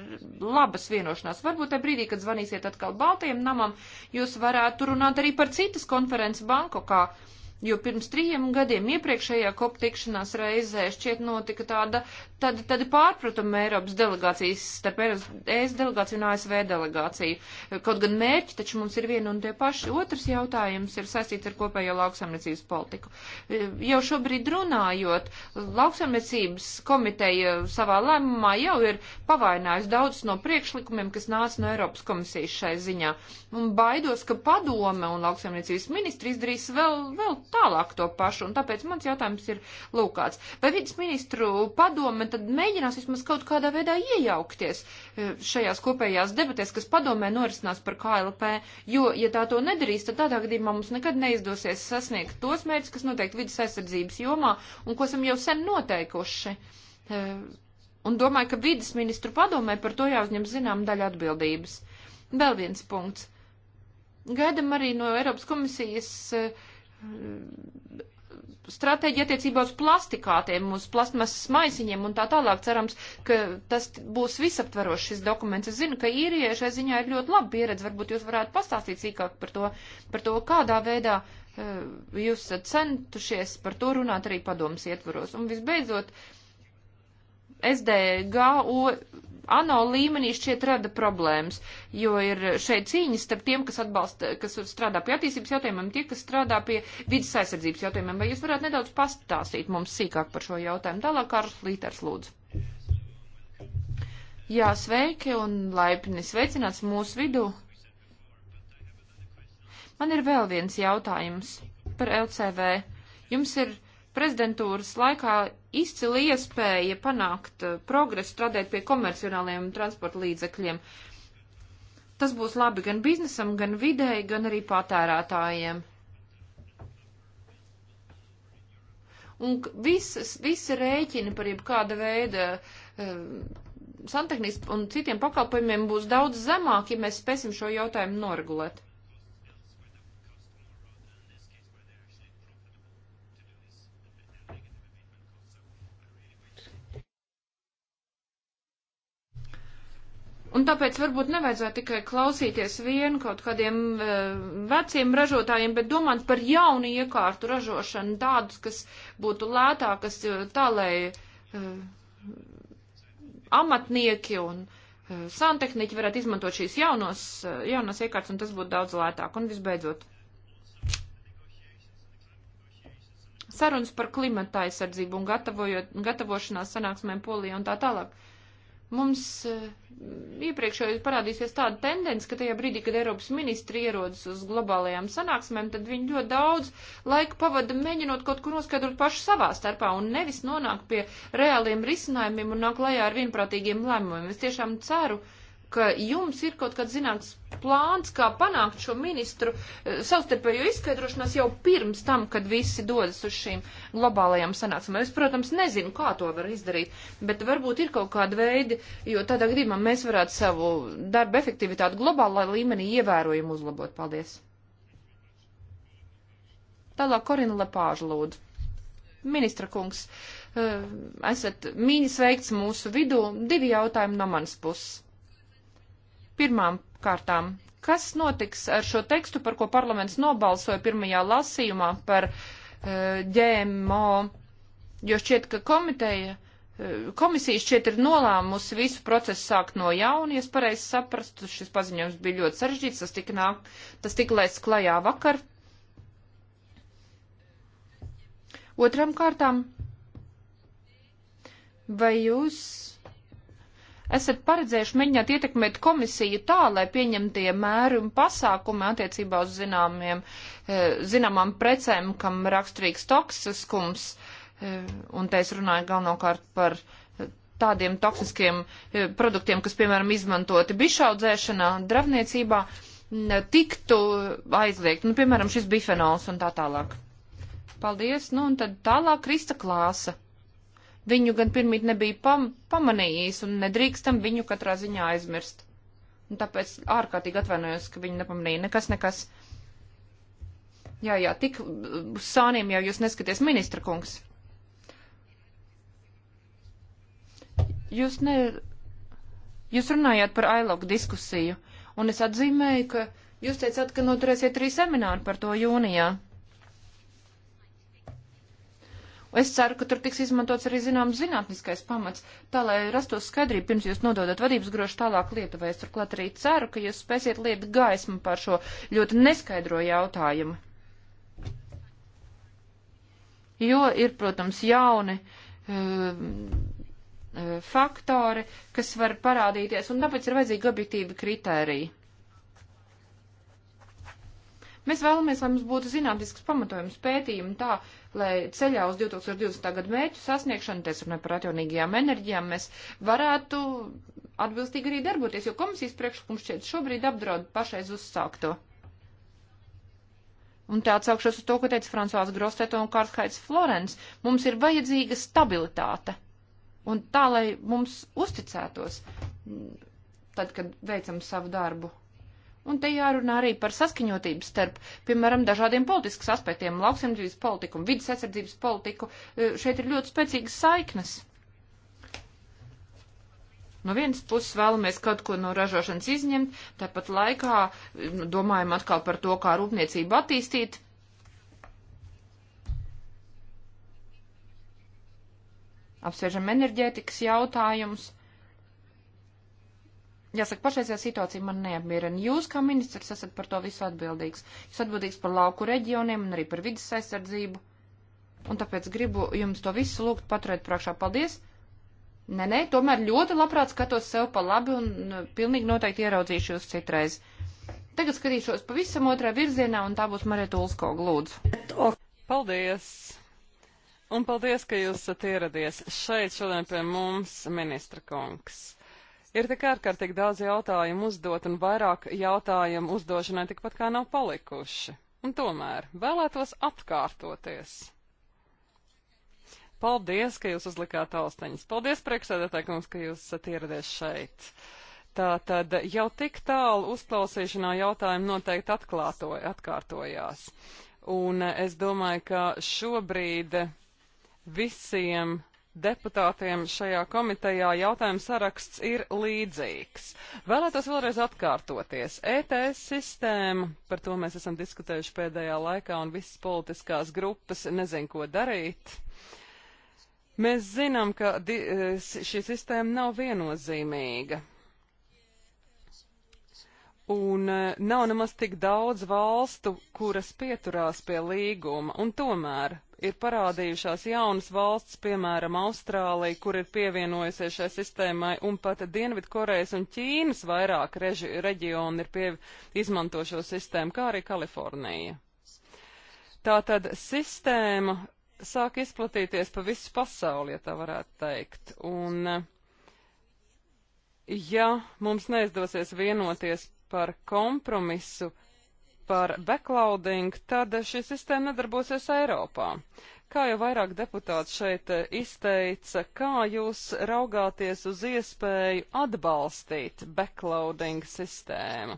labas vienošanās. Varbūt tajā brīdī, kad zvanīsiet atkal Baltajam namam, jūs varētu runāt arī par citas konferences Bankokā. Kā jo pirms trījiem gadiem iepriekšējā kop tikšanās reizē šķiet notika tāda, tāda, tāda pārpratuma Eiropas delegācijas starp ES delegāciju un ASV delegāciju. Kaut gan mērķi taču mums ir viena un tie paši. Otrs jautājums ir saistīts ar kopējo lauksamniecības politiku. Jau šobrīd runājot, lauksamniecības komiteja savā lēmumā jau ir pavainājusi daudz no priekšlikumiem, kas nāca no Eiropas komisijas šai ziņā. Un baidos, ka padome un lauksamniecības ministri izdarīs vēl, vēl tālāk to pašu. Un tāpēc mans jautājums ir lūkāts. Vai vidas ministru padome tad mēģinās vismaz kaut kādā veidā iejaukties e, šajās kopējās debatēs, kas padomē norisinās par KLP? Jo, ja tā to nedarīs, tad tādā gadījumā mums nekad neizdosies sasniegt tos mērķus, kas noteikti vidas aizsardzības jomā un ko esam jau sen noteikuši. E, un domāju, ka vidas ministru padomē par to jāuzņem zinām daļa atbildības. Vēl viens punkts. Gaidam arī no Eiropas komisijas uh, stratēģija attiecībā uz plastikātiem, uz plastmasas maisiņiem un tā tālāk. Cerams, ka tas būs visaptvarošs šis dokuments. Es zinu, ka īrijai šai ziņā ir ļoti laba pieredze. Varbūt jūs varētu pastāstīt sīkāk par to, par to kādā veidā eh, jūs esat centušies par to runāt arī padomas ietvaros. Un visbeidzot, SDGO ANO līmenī šķiet rada problēmas, jo ir šeit cīņas starp tiem, kas, atbalsta, kas strādā pie attīstības jautājumiem, tie, kas strādā pie vidas aizsardzības jautājumiem. Vai jūs varētu nedaudz pastāstīt mums sīkāk par šo jautājumu? Tālāk Kārls Līters lūdzu. Jā, sveiki un laipni sveicināts mūsu vidū. Man ir vēl viens jautājums par LCV. Jums ir prezidentūras laikā izcili iespēja panākt eh, progresu, strādāt pie komercionāliem transporta līdzekļiem. Tas būs labi gan biznesam, gan videi, gan arī patērētājiem. Un visas, visi rēķini par jebkāda veida eh, santehnisku un citiem pakalpojumiem būs daudz zemāki, ja mēs spēsim šo jautājumu noregulēt. Un tāpēc varbūt nevajadzētu tikai klausīties vienu kaut kādiem e, veciem ražotājiem, bet domāt par jaunu iekārtu ražošanu, tādus, kas būtu lētākas, eh, tā lai e, amatnieki un e, santehniķi varētu izmantot šīs jaunos, jaunos iekārtas, un tas būtu daudz lētāk. Un visbeidzot, sarunas par klimata aizsardzību un gatavošanās sanāksmēm polijā un tā tālāk Mums eh, iepriekšēji parādīsies tāda tendence, ka tajā brīdī, kad Eiropas ministri ierodas uz globālajām sanāksmēm, tad viņi ļoti daudz laika pavada mēģinot kaut ko noskaidrot pašu savā starpā un nevis nonāk pie reāliem risinājumiem un nāk lajā ar vienprātīgiem lēmumiem. Es tiešām ceru, uh, ka jums ir kaut kāds zināms plāns, kā panākt šo ministru eh, savstarpējo izskaidrošanās jau pirms tam, kad visi dodas uz šīm globālajām sanāksmēm. Es, protams, nezinu, kā to var izdarīt, bet varbūt ir kaut kāda veida, jo tādā gadījumā mēs varētu savu darbu efektivitāti globālā līmenī ievērojami uzlabot. Paldies! Tālāk Korina Lepāža lūdzu. Ministra kungs, eh, esat mīļi sveikts mūsu vidū. Divi jautājumi no manas puses. Pirmām kārtām, kas notiks ar šo tekstu, par ko parlaments nobalsoja pirmajā lasījumā par uh, ģēmo, jo šķiet, ka komiteja eh, komisija šķiet ir nolēmusi visu procesu sākt no jauna, ja es pareizi saprastu, šis paziņojums bija ļoti sarežģīts, tas tika, nāk, tas tika laists klajā vakar. Otram kārtām, vai jūs esat paredzējuši mēģināt ietekmēt komisiju tā, lai pieņemtie mēri un pasākumi attiecībā uz zināmiem, eh, zināmām precēm, kam raksturīgs toksiskums, eh, un te es runāju galvenokārt par eh, tādiem toksiskiem produktiem, kas, piemēram, izmantoti bišaudzēšanā, dravniecībā, tiktu aizliegt. Nu, piemēram, šis bifenols un tā tālāk. Paldies, nu un tad tālāk Krista Klāsa. Viņu gan pirmīt nebija pam pamanījis un nedrīkstam viņu katrā ziņā aizmirst. Un tāpēc ārkārtīgi atvainojos, ka viņu nepamanīja. Nekas, nekas. Jā, jā, tik uz sāniem jau jūs neskaties, ministra kungs. Jūs ne... Jūs runājāt par ailogu diskusiju, un es atzīmēju, ka jūs teicāt, ka noturēsiet trīs semināru par to jūnijā. Es ceru, ka tur tiks izmantots arī zināms zinātniskais pamats, tā lai rastos skaidrība, pirms jūs nododat vadības grošu tālāk Lietuvai. Es turklāt arī ceru, ka jūs spēsiet liet gaismu par šo ļoti neskaidro jautājumu. Jo ir, protams, jauni um, uh, faktori, kas var parādīties, un tāpēc ir vajadzīgi objektīvi kritēriji. Mēs vēlamies, lai mums būtu zinātnisks pamatojums pētījumi tā, lai ceļā uz 2020. gadu mērķu sasniegšanu, tas runāja par atjaunīgajām enerģijām, mēs varētu atbilstīgi arī darboties, jo komisijas priekšlikums šķiet šobrīd apdraud pašais uzsākto. Un tā atsaukšos uz to, ko teica Francois Grosteto un Kārskaits Florence. Mums ir vajadzīga stabilitāte. Un tā, lai mums uzticētos, tad, kad veicam savu darbu. Un te jārunā arī par saskaņotību starp, piemēram, dažādiem politiskas aspektiem, lauksemdzības politiku un vidas aizsardzības politiku. E, šeit ir ļoti spēcīgas saiknes. No vienas puses vēlamies kaut ko no ražošanas izņemt, tāpat laikā nu, domājam atkal par to, kā rūpniecību attīstīt, apsvežam enerģētikas jautājumus, Jāsaka, pašreizējā situācija man neapmierina. Jūs, kā ministrs, esat par to visu atbildīgs. Jūs atbildīgs par lauku reģioniem un arī par vidas aizsardzību. Un tāpēc gribu jums to visu lūgt paturēt prākšā. Paldies! Nē, nē, tomēr ļoti labprāt skatos sev pa labi un nu, pilnīgi noteikti ieraudzīšu jūs citreiz. Tagad skatīšos pavisam otrā virzienā un tā būs Marēta Ulskoga lūdzu. Paldies! Un paldies, ka jūs esat ieradies šeit šodien pie mums, ministra kungs. Ir tik ārkārtīgi daudz jautājumu uzdot un vairāk jautājumu uzdošanai tikpat kā nav palikuši. Un tomēr vēlētos atkārtoties. Paldies, ka jūs uzlikāt austiņas. Paldies, priekšsēdētāji, kungs, ka jūs esat ieradies šeit. Tātad jau tik tālu uzklausīšanā jautājumi noteikti atklātoja, atkārtojās. Un es domāju, ka šobrīd visiem deputātiem šajā komitejā jautājums saraksts ir līdzīgs. Vēlētos vēlreiz atkārtoties. ETS sistēma, par to mēs esam diskutējuši pēdējā laikā un visas politiskās grupas nezin, ko darīt. Mēs zinām, ka di, eh, šī sistēma nav viennozīmīga. Un eh, nav nemaz tik daudz valstu, kuras pieturās pie līguma, un tomēr ir parādījušās jaunas valsts, piemēram, Austrālija, kur ir pievienojusies šai sistēmai, un pat Dienvidkorejas un Ķīnas vairāk reži, reģioni ir pie, izmanto šo sistēmu, kā arī Kalifornija. Tātad sistēma sāk izplatīties pa visu pasauli, ja tā varētu teikt. Un, ja mums neizdosies vienoties par kompromisu, par backloading, tad šī sistēma nedarbosies Eiropā. Kā jau vairāk deputāti šeit eh, izteica, kā jūs raugāties uz iespēju atbalstīt backloading sistēmu?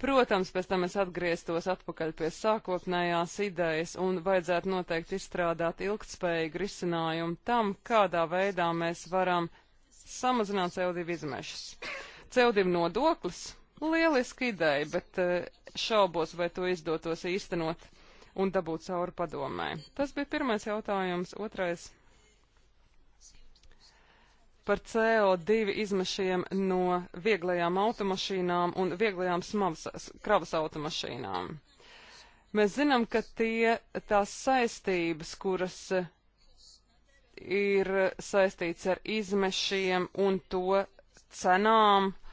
Protams, pēc tam es atgrieztos atpakaļ pie sākotnējās idejas un vajadzētu noteikti izstrādāt ilgtspējīgu risinājumu tam, kādā veidā mēs varam samazināt CO2 izmešas. CO2 nodoklis Lieliski ideja, bet eh, šaubos, vai to izdotos īstenot un dabūt cauri padomē. Tas bija pirmais jautājums. Otrais par CO2 izmešiem no vieglajām automašīnām un vieglajām smavas kravas automašīnām. Mēs zinām, ka tie tās saistības, kuras ir saistīts ar izmešiem un to cenām, uh,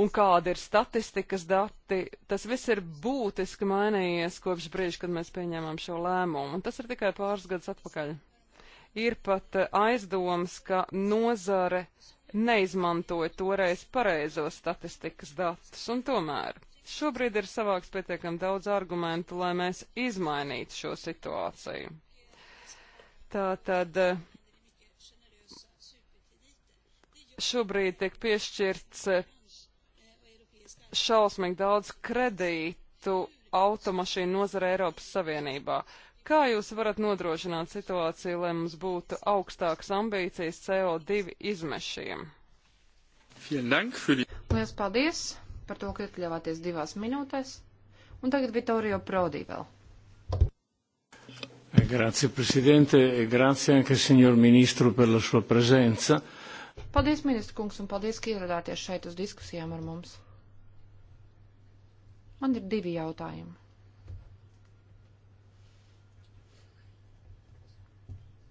un kāda ir statistikas dati. Tas viss ir būtiski mainījies kopš brīža, kad mēs pieņēmām šo lēmumu, un tas ir tikai pāris gadus atpakaļ. Ir pat eh, aizdoms, ka nozare neizmantoja toreiz pareizos statistikas datus, un tomēr šobrīd ir savāks pietiekam daudz argumentu, lai mēs izmainītu šo situāciju. Tātad eh, šobrīd tiek piešķirts eh, šausmīgi daudz kredītu automašīnu nozara Eiropas Savienībā. Kā jūs varat nodrošināt situāciju, lai mums būtu augstākas ambīcijas CO2 izmešiem? Lielas paldies par to, ka iekļāvāties divās minūtēs. Un tagad Vittorio Prodi vēl. Grazie, Presidente, e grazie anche, signor Ministru, per la sua presenza. Paldies, ministru kungs, un paldies, ka ieradāties šeit uz diskusijām ar mums. Man ir divi jautājumi.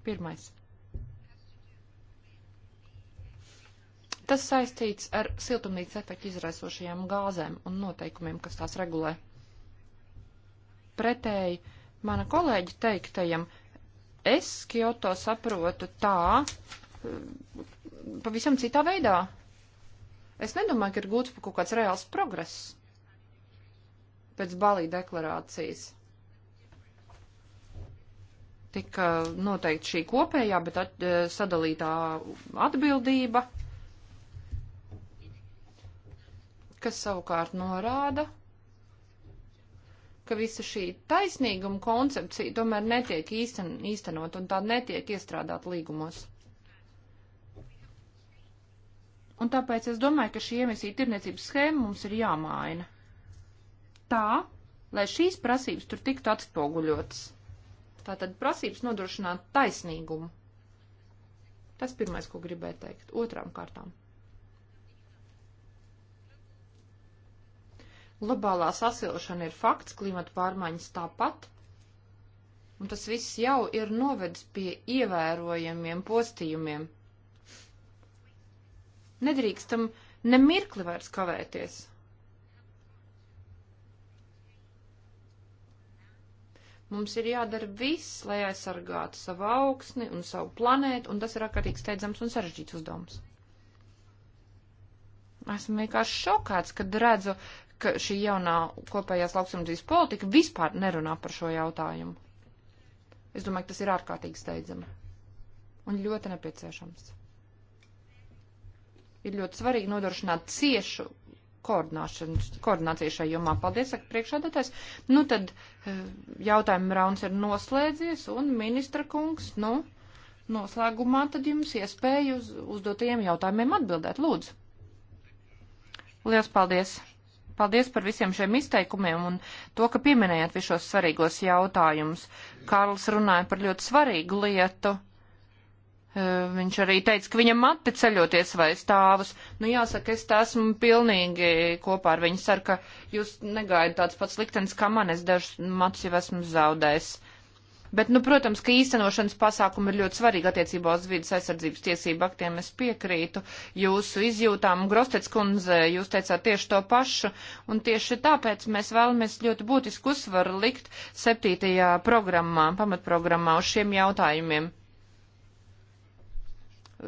Pirmais. Tas saistīts ar siltumnīcas efektu izraisošajām gāzēm un noteikumiem, kas tās regulē. Pretēji mana kolēģi teiktajam, es Kyoto saprotu tā, eh, pavisam citā veidā. Es nedomāju, ka ir gūts kaut kāds reāls progress pēc Balī deklarācijas tika noteikti šī kopējā, bet at, e, sadalītā atbildība, kas savukārt norāda, ka visa šī taisnīguma koncepcija tomēr netiek īsten, īstenot un tā netiek iestrādāt līgumos. Un tāpēc es domāju, ka šī iemesīja tirniecības schēma mums ir jāmaina tā, lai šīs prasības tur tiktu atspoguļotas. Tātad prasības nodrošināt taisnīgumu. Tas pirmais, ko gribēju teikt. Otrām kārtām. Globālā sasilšana ir fakts, klimata pārmaiņas tāpat, un tas viss jau ir novedis pie ievērojamiem postījumiem. Nedrīkstam nemirkli vairs kavēties. Mums ir jādara viss, lai aizsargātu savu augsni un savu planētu, un tas ir ārkārtīgi steidzams un sarežģīts uzdevums. Esmu vienkārši šokāts, kad redzu, ka šī jaunā kopējās lauksimdzīs politika vispār nerunā par šo jautājumu. Es domāju, ka tas ir ārkārtīgi steidzami un ļoti nepieciešams. Ir ļoti svarīgi nodrošināt ciešu koordināciju šai jomā. Paldies, saka priekšādātais. Nu tad eh, jautājuma rauns ir noslēdzies un ministra kungs, nu, noslēgumā tad jums iespēja uz uzdotajiem jautājumiem atbildēt. Lūdzu. Lielas paldies! Paldies par visiem šiem izteikumiem un to, ka pieminējāt visos svarīgos jautājumus. Kārls runāja par ļoti svarīgu lietu Viņš arī teica, ka viņam mati ceļoties vai stāvus. Nu, jāsaka, es tā esmu pilnīgi kopā ar viņu saru, ka jūs negaidat tāds pats liktenis, kā man es dažus matus jau esmu zaudējis. Bet, nu, protams, ka īstenošanas pasākumi ir ļoti svarīgi attiecībā uz vidas aizsardzības tiesību aktiem. Es piekrītu jūsu izjūtām. Grostec kundze, jūs teicāt tieši to pašu, un tieši tāpēc mēs vēlamies ļoti būtisku uzsvaru likt septītajā programmā, pamatprogrammā uz šiem jautājumiem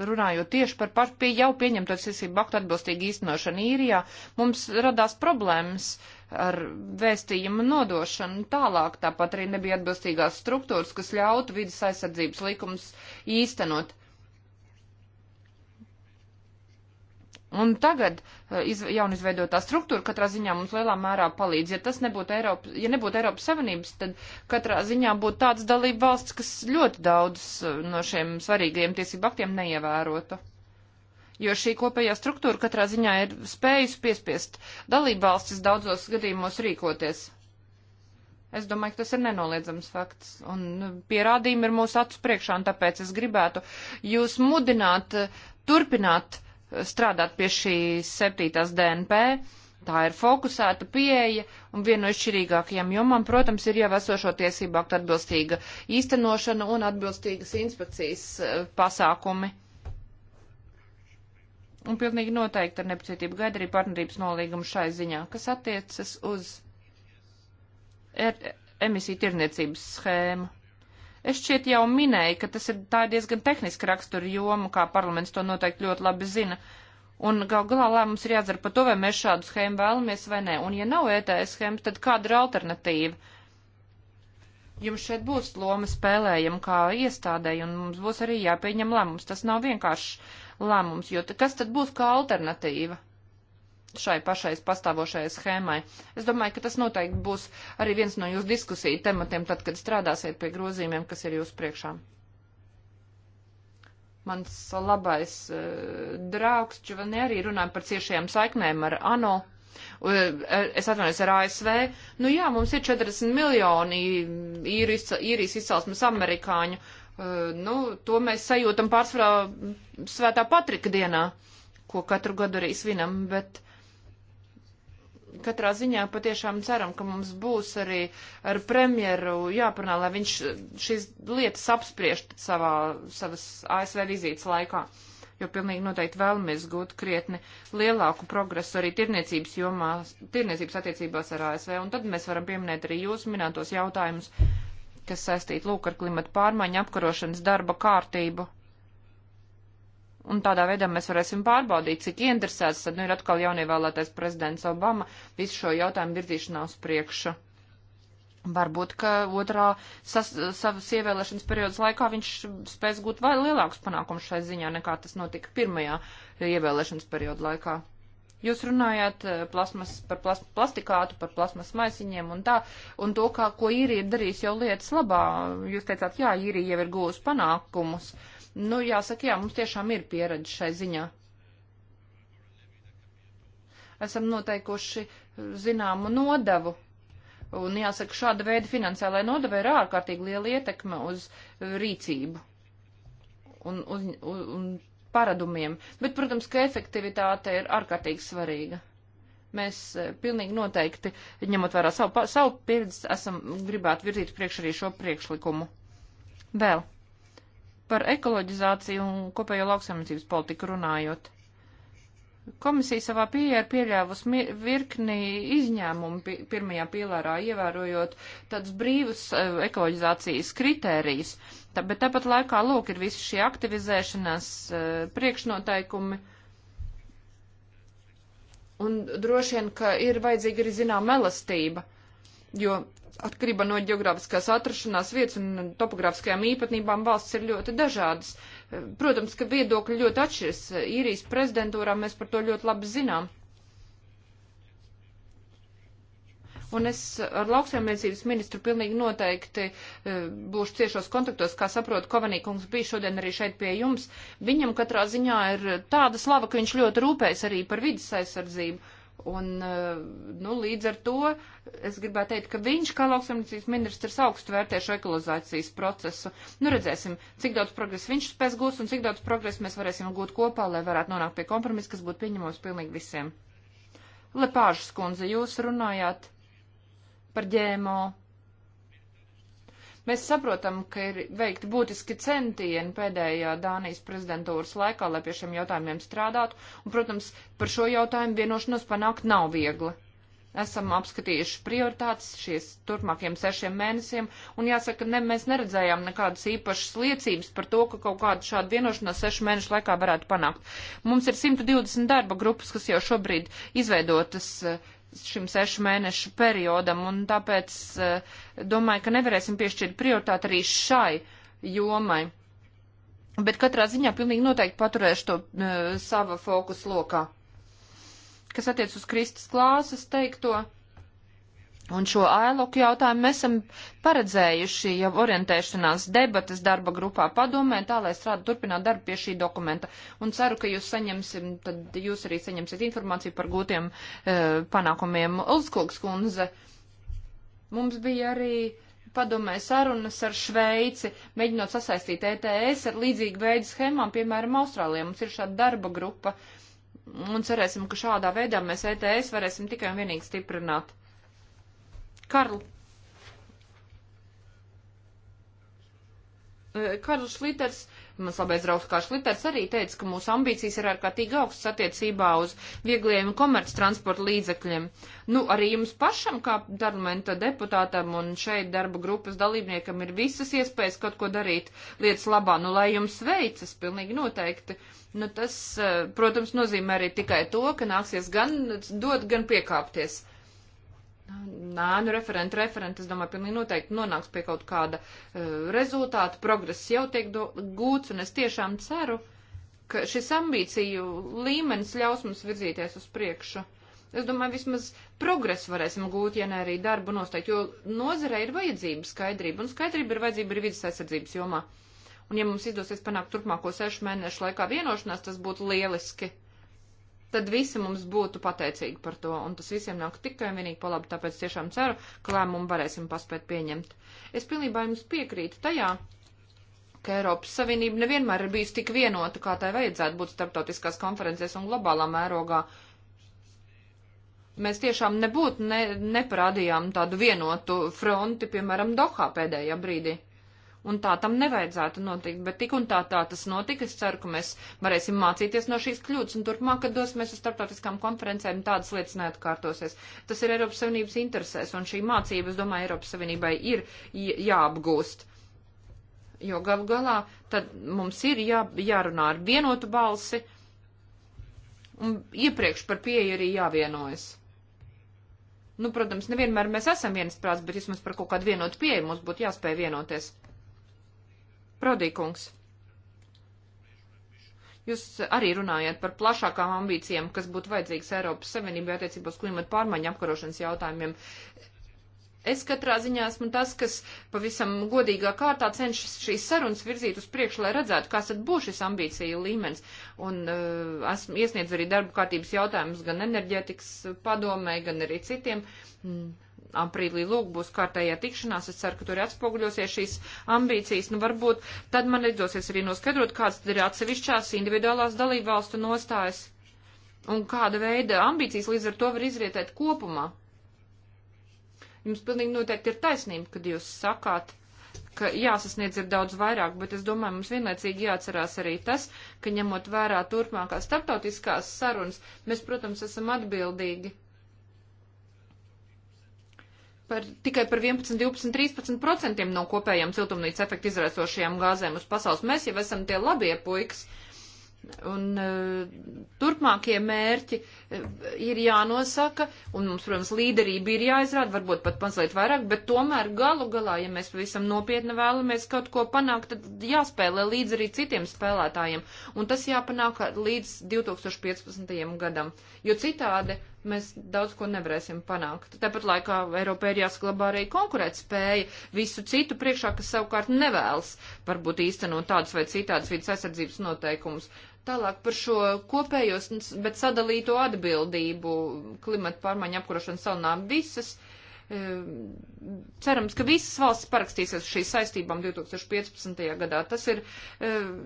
runājot tieši par pašu pie jau pieņemto tiesību aktu atbilstīgu īstenošanu īrijā, mums radās problēmas ar vēstījumu nodošanu tālāk, tāpat arī nebija atbilstīgās struktūras, kas ļautu vidas aizsardzības likums īstenot. Un tagad eh, iz, jaunizveidotā struktūra katrā ziņā mums lielā mērā palīdz. Ja tas nebūtu Eiropas, ja nebūtu Eiropas Savienības, tad katrā ziņā būtu tāds dalība valsts, kas ļoti daudz eh, no šiem svarīgajiem tiesību aktiem neievērotu. Jo šī kopējā struktūra katrā ziņā ir spējusi piespiest dalību valstis daudzos gadījumos rīkoties. Es domāju, ka tas ir nenoliedzams fakts, un nu, pierādījumi ir mūsu acu priekšā, un tāpēc es gribētu jūs mudināt, eh, turpināt strādāt pie šīs septītās DNP. Tā ir fokusēta pieeja, un viena no izšķirīgākajām jomām, protams, ir jau esošo tiesību aktu atbilstīga īstenošana un atbilstīgas inspekcijas eh, pasākumi. Un pilnīgi noteikti ar nepacietību gaida arī partnerības nolīgumu šai ziņā, kas attiecas uz er emisiju tirniecības schēmu. Es šķiet jau minēju, ka tas ir tā ir diezgan tehniska rakstura joma, kā parlaments to noteikti ļoti labi zina. Un gal galā lēmums ir jādzer par to, vai mēs šādu schēmu vēlamies vai nē. Un ja nav ETS schēmas, tad kāda ir alternatīva? Jums šeit būs loma spēlējama kā iestādēji, un mums būs arī jāpieņem lēmums. Tas nav vienkāršs lēmums, jo kas tad būs kā alternatīva? šai pašais pastāvošajai schēmai. Es domāju, ka tas noteikti būs arī viens no jūsu diskusiju tematiem, tad, kad strādāsiet pie grozījumiem, kas ir jūsu priekšā mans labais uh, draugs Čuvanē arī runāja par ciešajām saiknēm ar ANO. Uh, es atvainojos ar ASV. Nu jā, mums ir 40 miljoni īrijas izca, izcelsmes amerikāņu. Uh, nu, to mēs sajūtam pārsvarā Svētā Patrika dienā, ko katru gadu arī svinam, bet katrā ziņā patiešām ceram, ka mums būs arī ar premjeru jāparunā, lai viņš šīs lietas apspriest savā, savas ASV vizītes laikā, jo pilnīgi noteikti vēlamies gūt krietni lielāku progresu arī tirniecības jomā, tirniecības attiecībās ar ASV, un tad mēs varam pieminēt arī jūsu minētos jautājumus, kas saistīt lūk ar klimatu pārmaiņu apkarošanas darba kārtību Un tādā veidā mēs varēsim pārbaudīt, cik interesēts tad nu ir atkal jaunievēlētais prezidents Obama visu šo jautājumu virzīšanā uz priekšu. Varbūt, ka otrā sas, savas ievēlēšanas periodas laikā viņš spēs gūt vēl lielākus panākumus šai ziņā, nekā tas notika pirmajā ievēlēšanas perioda laikā. Jūs runājāt eh, plasmas, par plas, plastikātu, par plasmas maisiņiem un tā, un to, kā, ko īrija ir darījis jau lietas labā. Jūs teicāt, jā, īrija jau ir gūs panākumus. Uh, Nu, jāsaka, jā, mums tiešām ir pieredze šai ziņā. Esam noteikuši zināmu nodevu Un jāsaka, šāda veida finansiālai nodevē ir ārkārtīgi liela ietekme uz rīcību un, un, un paradumiem. Bet, protams, ka efektivitāte ir ārkārtīgi svarīga. Mēs e, pilnīgi noteikti, ņemot vērā savu, savu pieredzi, esam gribētu virzīt priekš arī šo priekšlikumu. Vēl. Par ekoloģizāciju un kopējo lauksaimniecības politiku runājot. Komisija savā pieeja ir pieļāvusi virkni izņēmumu pi pirmajā pīlārā, ievērojot tādus brīvus eh, ekoloģizācijas kritērijus, Tā, bet tāpat laikā, lūk, ir visi šie aktivizēšanās eh, priekšnoteikumi. Un droši vien, ka ir vajadzīga arī zinām elastība jo atkarībā no geogrāfiskās atrašanās vietas un topogrāfiskajām īpatnībām valsts ir ļoti dažādas. Eh, protams, ka viedokļi ļoti atšķiras. Īrijas prezidentūrā mēs par to ļoti labi zinām. Un es ar lauksaimniecības ministru pilnīgi noteikti eh, būšu ciešos kontaktos, kā saprotu, Kovanīkungs bija šodien arī šeit pie jums. Viņam katrā ziņā ir tāda slava, ka viņš ļoti rūpējas arī par vidas aizsardzību Un, eh, nu, līdz ar to es gribētu teikt, ka viņš, kā lauksaimniecības ministrs, augstu vērtē šo ekolozācijas procesu. Nu, redzēsim, cik daudz progresu viņš spēs gūs un cik daudz progresu mēs varēsim gūt kopā, lai varētu nonākt pie kompromisa, kas būtu pieņemams pilnīgi visiem. Lepāžas kundze, jūs runājāt par ģēmo Mēs saprotam, ka ir veikti būtiski centieni pēdējā Dānijas prezidentūras laikā, lai pie šiem jautājumiem strādātu, un, protams, par šo jautājumu vienošanos panākt nav viegli. Esam apskatījuši prioritātes šies turpmākiem sešiem mēnesiem, un jāsaka, ne, mēs neredzējām nekādas īpašas liecības par to, ka kaut kādu šādu vienošanos sešu mēnešu laikā varētu panākt. Mums ir 120 darba grupas, kas jau šobrīd izveidotas uh, šim sešu mēnešu periodam, un tāpēc eh, domāju, ka nevarēsim piešķirt prioritāti arī šai jomai. Bet katrā ziņā pilnīgi noteikti paturēšu to uh, sava fokus lokā. Kas attiec uz Kristas klāsas teikto, uh, Un šo ailoku jautājumu mēs esam paredzējuši jau orientēšanās debatas darba grupā padomē, tā lai strādu turpināt darbu pie šī dokumenta. Un ceru, ka jūs saņemsim, tad jūs arī saņemsiet informāciju par gūtiem e, panākumiem. Ulskulgs kundze, mums bija arī padomē sarunas ar Šveici, mēģinot sasaistīt ETS ar līdzīgu veidu schēmām, piemēram, Austrālijā. Mums ir šāda darba grupa. Un cerēsim, ka šādā veidā mēs ETS varēsim tikai un vienīgi stiprināt. Karl. Karls Šliters, mans labais draugs Karls Šliters arī teica, ka mūsu ambīcijas ir ārkārtīgi augstas attiecībā uz viegliem komerctransporta līdzekļiem. Nu, arī jums pašam, kā parlamenta deputātam un šeit darba grupas dalībniekam, ir visas iespējas kaut ko darīt lietas labā. Nu, lai jums veicas, pilnīgi noteikti. Nu, tas, protams, nozīmē arī tikai to, ka nāksies gan dot, gan piekāpties. Nānu referentu referentu, es domāju, pilnīgi noteikti nonāks pie kaut kāda uh, rezultāta, progress jau tiek do, gūts, un es tiešām ceru, ka šis ambīciju līmenis ļaus mums virzīties uz priekšu. Es domāju, vismaz progresu varēsim gūt, ja ne arī darbu nosteikt, jo nozarei ir vajadzība skaidrība, un skaidrība ir vajadzība arī vidas aizsardzības jomā. Un ja mums izdosies panākt turpmāko sešu mēnešu laikā vienošanās, tas būtu lieliski tad visi mums būtu pateicīgi par to, un tas visiem nāk tikai un vienīgi pa labi, tāpēc tiešām ceru, ka lēmumu varēsim paspēt pieņemt. Es pilnībā jums piekrītu tajā, ka Eiropas Savienība nevienmēr ir bijusi tik vienota, kā tai vajadzētu būt starptautiskās konferencēs un globālā mērogā. Mēs tiešām nebūtu ne, neparādījām tādu vienotu fronti, piemēram, Dohā pēdējā brīdī un tā tam nevajadzētu notikt, bet tik un tā tā tas notika. Es ceru, ka mēs varēsim mācīties no šīs kļūdas, un turpmāk, kad dosimies uz starptautiskām konferencēm, tādas lietas neatkārtosies. Tas ir Eiropas Savienības interesēs, un šī mācība, es domāju, Eiropas Savienībai ir jāapgūst. Jo galu galā tad mums ir jā, jārunā ar vienotu balsi, un iepriekš par pieeju arī jāvienojas. Nu, protams, nevienmēr mēs esam viensprāts, bet vismaz par kaut kādu vienotu pieeju mums būtu jāspēj vienoties. Prodīkungs. Jūs arī runājat par plašākām ambīcijām, kas būtu vajadzīgas Eiropas Savienībai attiecībā uz klimatu pārmaiņu apkarošanas jautājumiem. Es katrā ziņā esmu tas, kas pavisam godīgā kārtā cenšas šīs sarunas virzīt uz priekšu, lai redzētu, kāds tad būs šis ambīcija līmenis. Un uh, esmu iesniedz arī darba kārtības jautājumus gan enerģētikas padomē, gan arī citiem. Mm aprīlī lūk būs kārtējā tikšanās. Es ceru, ka tur atspoguļosies šīs ambīcijas. Nu, varbūt tad man izdosies arī noskaidrot, kāds ir atsevišķās individuālās dalībvalstu nostājas un kāda veida ambīcijas līdz ar to var izrietēt kopumā. Jums pilnīgi noteikti ir taisnība, kad jūs sakāt, ka jāsasniedz ir daudz vairāk, bet es domāju, mums vienlaicīgi jāatcerās arī tas, ka ņemot vērā turpmākās starptautiskās sarunas, mēs, protams, esam atbildīgi par, tikai par 11, 12, 13 procentiem no kopējām siltumnīca efekta izraisošajām gāzēm uz pasaules. Mēs jau esam tie labie puikas. Un uh, turpmākie mērķi uh, ir jānosaka, un mums, protams, līderība ir jāizrāda, varbūt pat mazliet vairāk, bet tomēr galu galā, ja mēs pavisam nopietni vēlamies kaut ko panākt, tad jāspēlē līdz arī citiem spēlētājiem, un tas jāpanāk līdz 2015. gadam, jo citādi mēs daudz ko nevarēsim panākt. Tāpat laikā Eiropai ir jāsaglabā arī konkurētspēja visu citu priekšā, kas savukārt nevēlas varbūt īstenot tādas vai citādas vidas aizsardzības noteikumus. Tālāk par šo kopējos, bet sadalīto atbildību klimata pārmaiņu apkurošanas salnām visas Ehm, cerams, ka visas valstis parakstīsies uz šīs saistībām 2015. gadā. Tas, ir, ehm,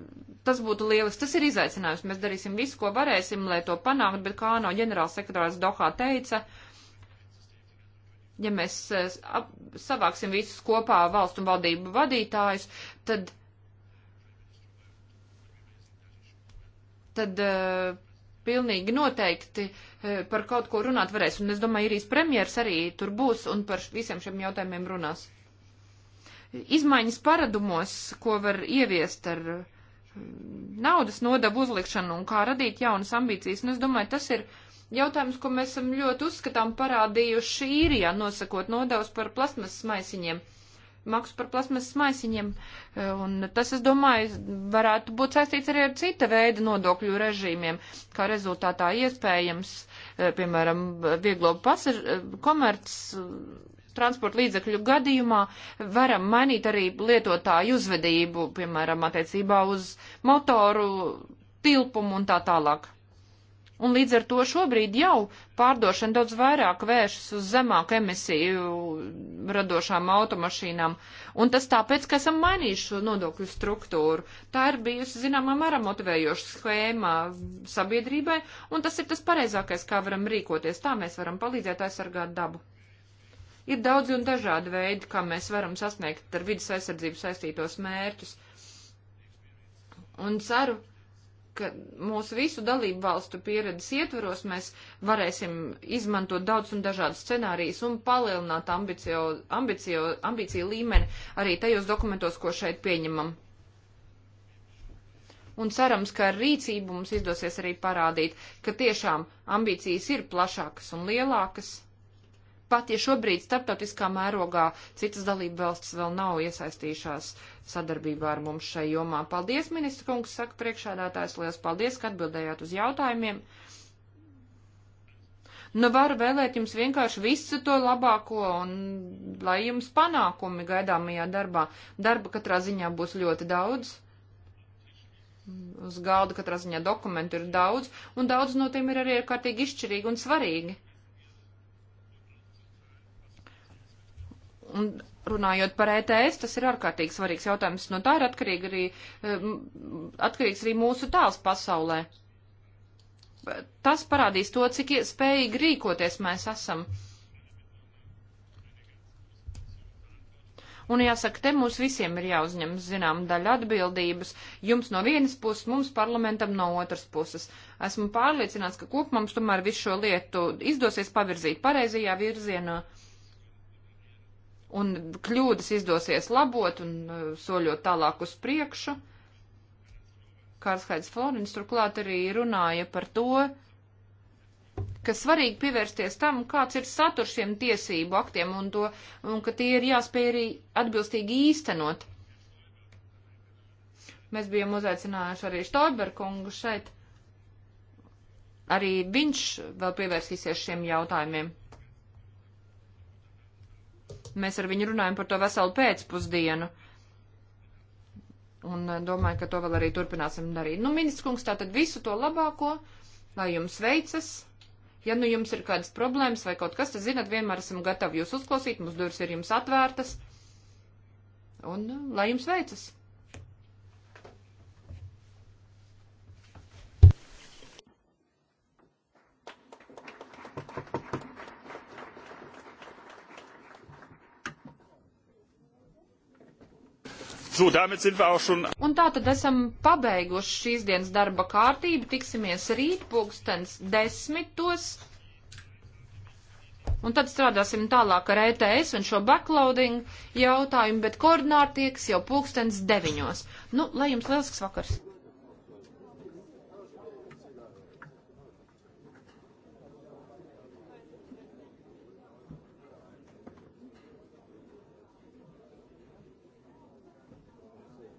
tas būtu lielisks, tas ir izaicinājums. Mēs darīsim visu, ko varēsim, lai to panākt, bet kā ANO ģenerālsekretārs Dohā teica, ja mēs eh, savāksim visus kopā valstu un valdību vadītājus, tad. tad eh, pilnīgi noteikti eh, par kaut ko runāt varēs. Un es domāju, Irijas premjeras arī tur būs un par visiem šiem jautājumiem runās. Izmaiņas paradumos, ko var ieviest ar eh, naudas nodevu uzlikšanu un kā radīt jaunas ambīcijas, un nu, es domāju, tas ir jautājums, ko mēs esam ļoti uzskatām parādījuši īrijā, nosakot nodevus par plasmasas maisiņiem. Uh, maksu par plasmasas maisiņiem. E, un tas, es domāju, varētu būt saistīts arī ar cita veida nodokļu režīmiem, kā rezultātā iespējams, e, piemēram, vieglo pasaž... E, komerc transporta līdzekļu gadījumā varam mainīt arī lietotāju uzvedību, piemēram, attiecībā uz motoru tilpumu un tā tālāk. Un līdz ar to šobrīd jau pārdošana daudz vairāk vēršas uz zemāku emisiju radošām automašīnām. Un tas tāpēc, ka esam mainījuši šo nodokļu struktūru. Tā ir bijusi, zināmā mērā, motivējoša schēma sabiedrībai, un tas ir tas pareizākais, kā varam rīkoties. Tā mēs varam palīdzēt aizsargāt dabu. Ir daudz un dažādi veidi, kā mēs varam sasniegt ar vidas aizsardzību saistītos mērķus. Un ceru, ka mūsu visu dalību valstu pieredzes ietveros mēs varēsim izmantot daudz un dažādas scenārijas un palielināt ambicio, ambicio, ambiciju līmeni arī tajos dokumentos, ko šeit pieņemam. Un cerams, ka ar rīcību mums izdosies arī parādīt, ka tiešām ambīcijas ir plašākas un lielākas pat ja šobrīd starptautiskā mērogā citas dalība valstis vēl nav iesaistījušās sadarbībā ar mums šai jomā. Paldies, ministra kungs, saka priekšādātājs, liels paldies, ka atbildējāt uz jautājumiem. Nu, varu vēlēt jums vienkārši visu to labāko un lai jums panākumi gaidāmajā darbā. Darba katrā ziņā būs ļoti daudz. Uz galda katrā ziņā dokumentu ir daudz, un daudz no tiem ir arī ārkārtīgi izšķirīgi un svarīgi. Un runājot par ETS, tas ir ārkārtīgi svarīgs jautājums. No tā ir atkarīgi arī, eh, atkarīgs arī mūsu tēls pasaulē. Tas parādīs to, cik spējīgi rīkoties mēs esam. Un jāsaka, te mums visiem ir jāuzņem zinām daļa atbildības, jums no vienas puses, mums parlamentam no otras puses. Esmu pārliecināts, ka kopumā mums tomēr visu šo lietu izdosies pavirzīt pareizajā virzienā. Uh, un kļūdas izdosies labot un uh, soļot tālāk uz priekšu. Kārskaits Florins turklāt arī runāja par to, ka svarīgi pievērsties tam, kāds ir saturs šiem tiesību aktiem un, to, un ka tie ir jāspēj arī atbilstīgi īstenot. Mēs bijām uzaicinājuši arī Štoiberkungu šeit. Arī viņš vēl pievērsīsies šiem jautājumiem. Mēs ar viņu runājam par to veselu pēcpusdienu. Un eh, domāju, ka to vēl arī turpināsim darīt. Nu, ministrs kungs, tātad visu to labāko, lai jums veicas. Ja nu jums ir kādas problēmas vai kaut kas, tad zinat, vienmēr esam gatavi jūs uzklausīt, mums durvis ir jums atvērtas. Un eh, lai jums veicas! So, damit sind wir auch schon. Un tā tad esam pabeiguši šīs dienas darba kārtību. Tiksimies rīt pulkstens desmitos. Un tad strādāsim tālāk ar ETS un šo backloading jautājumu, bet koordinātieks jau pulkstens deviņos. Nu, lai jums liels vakars!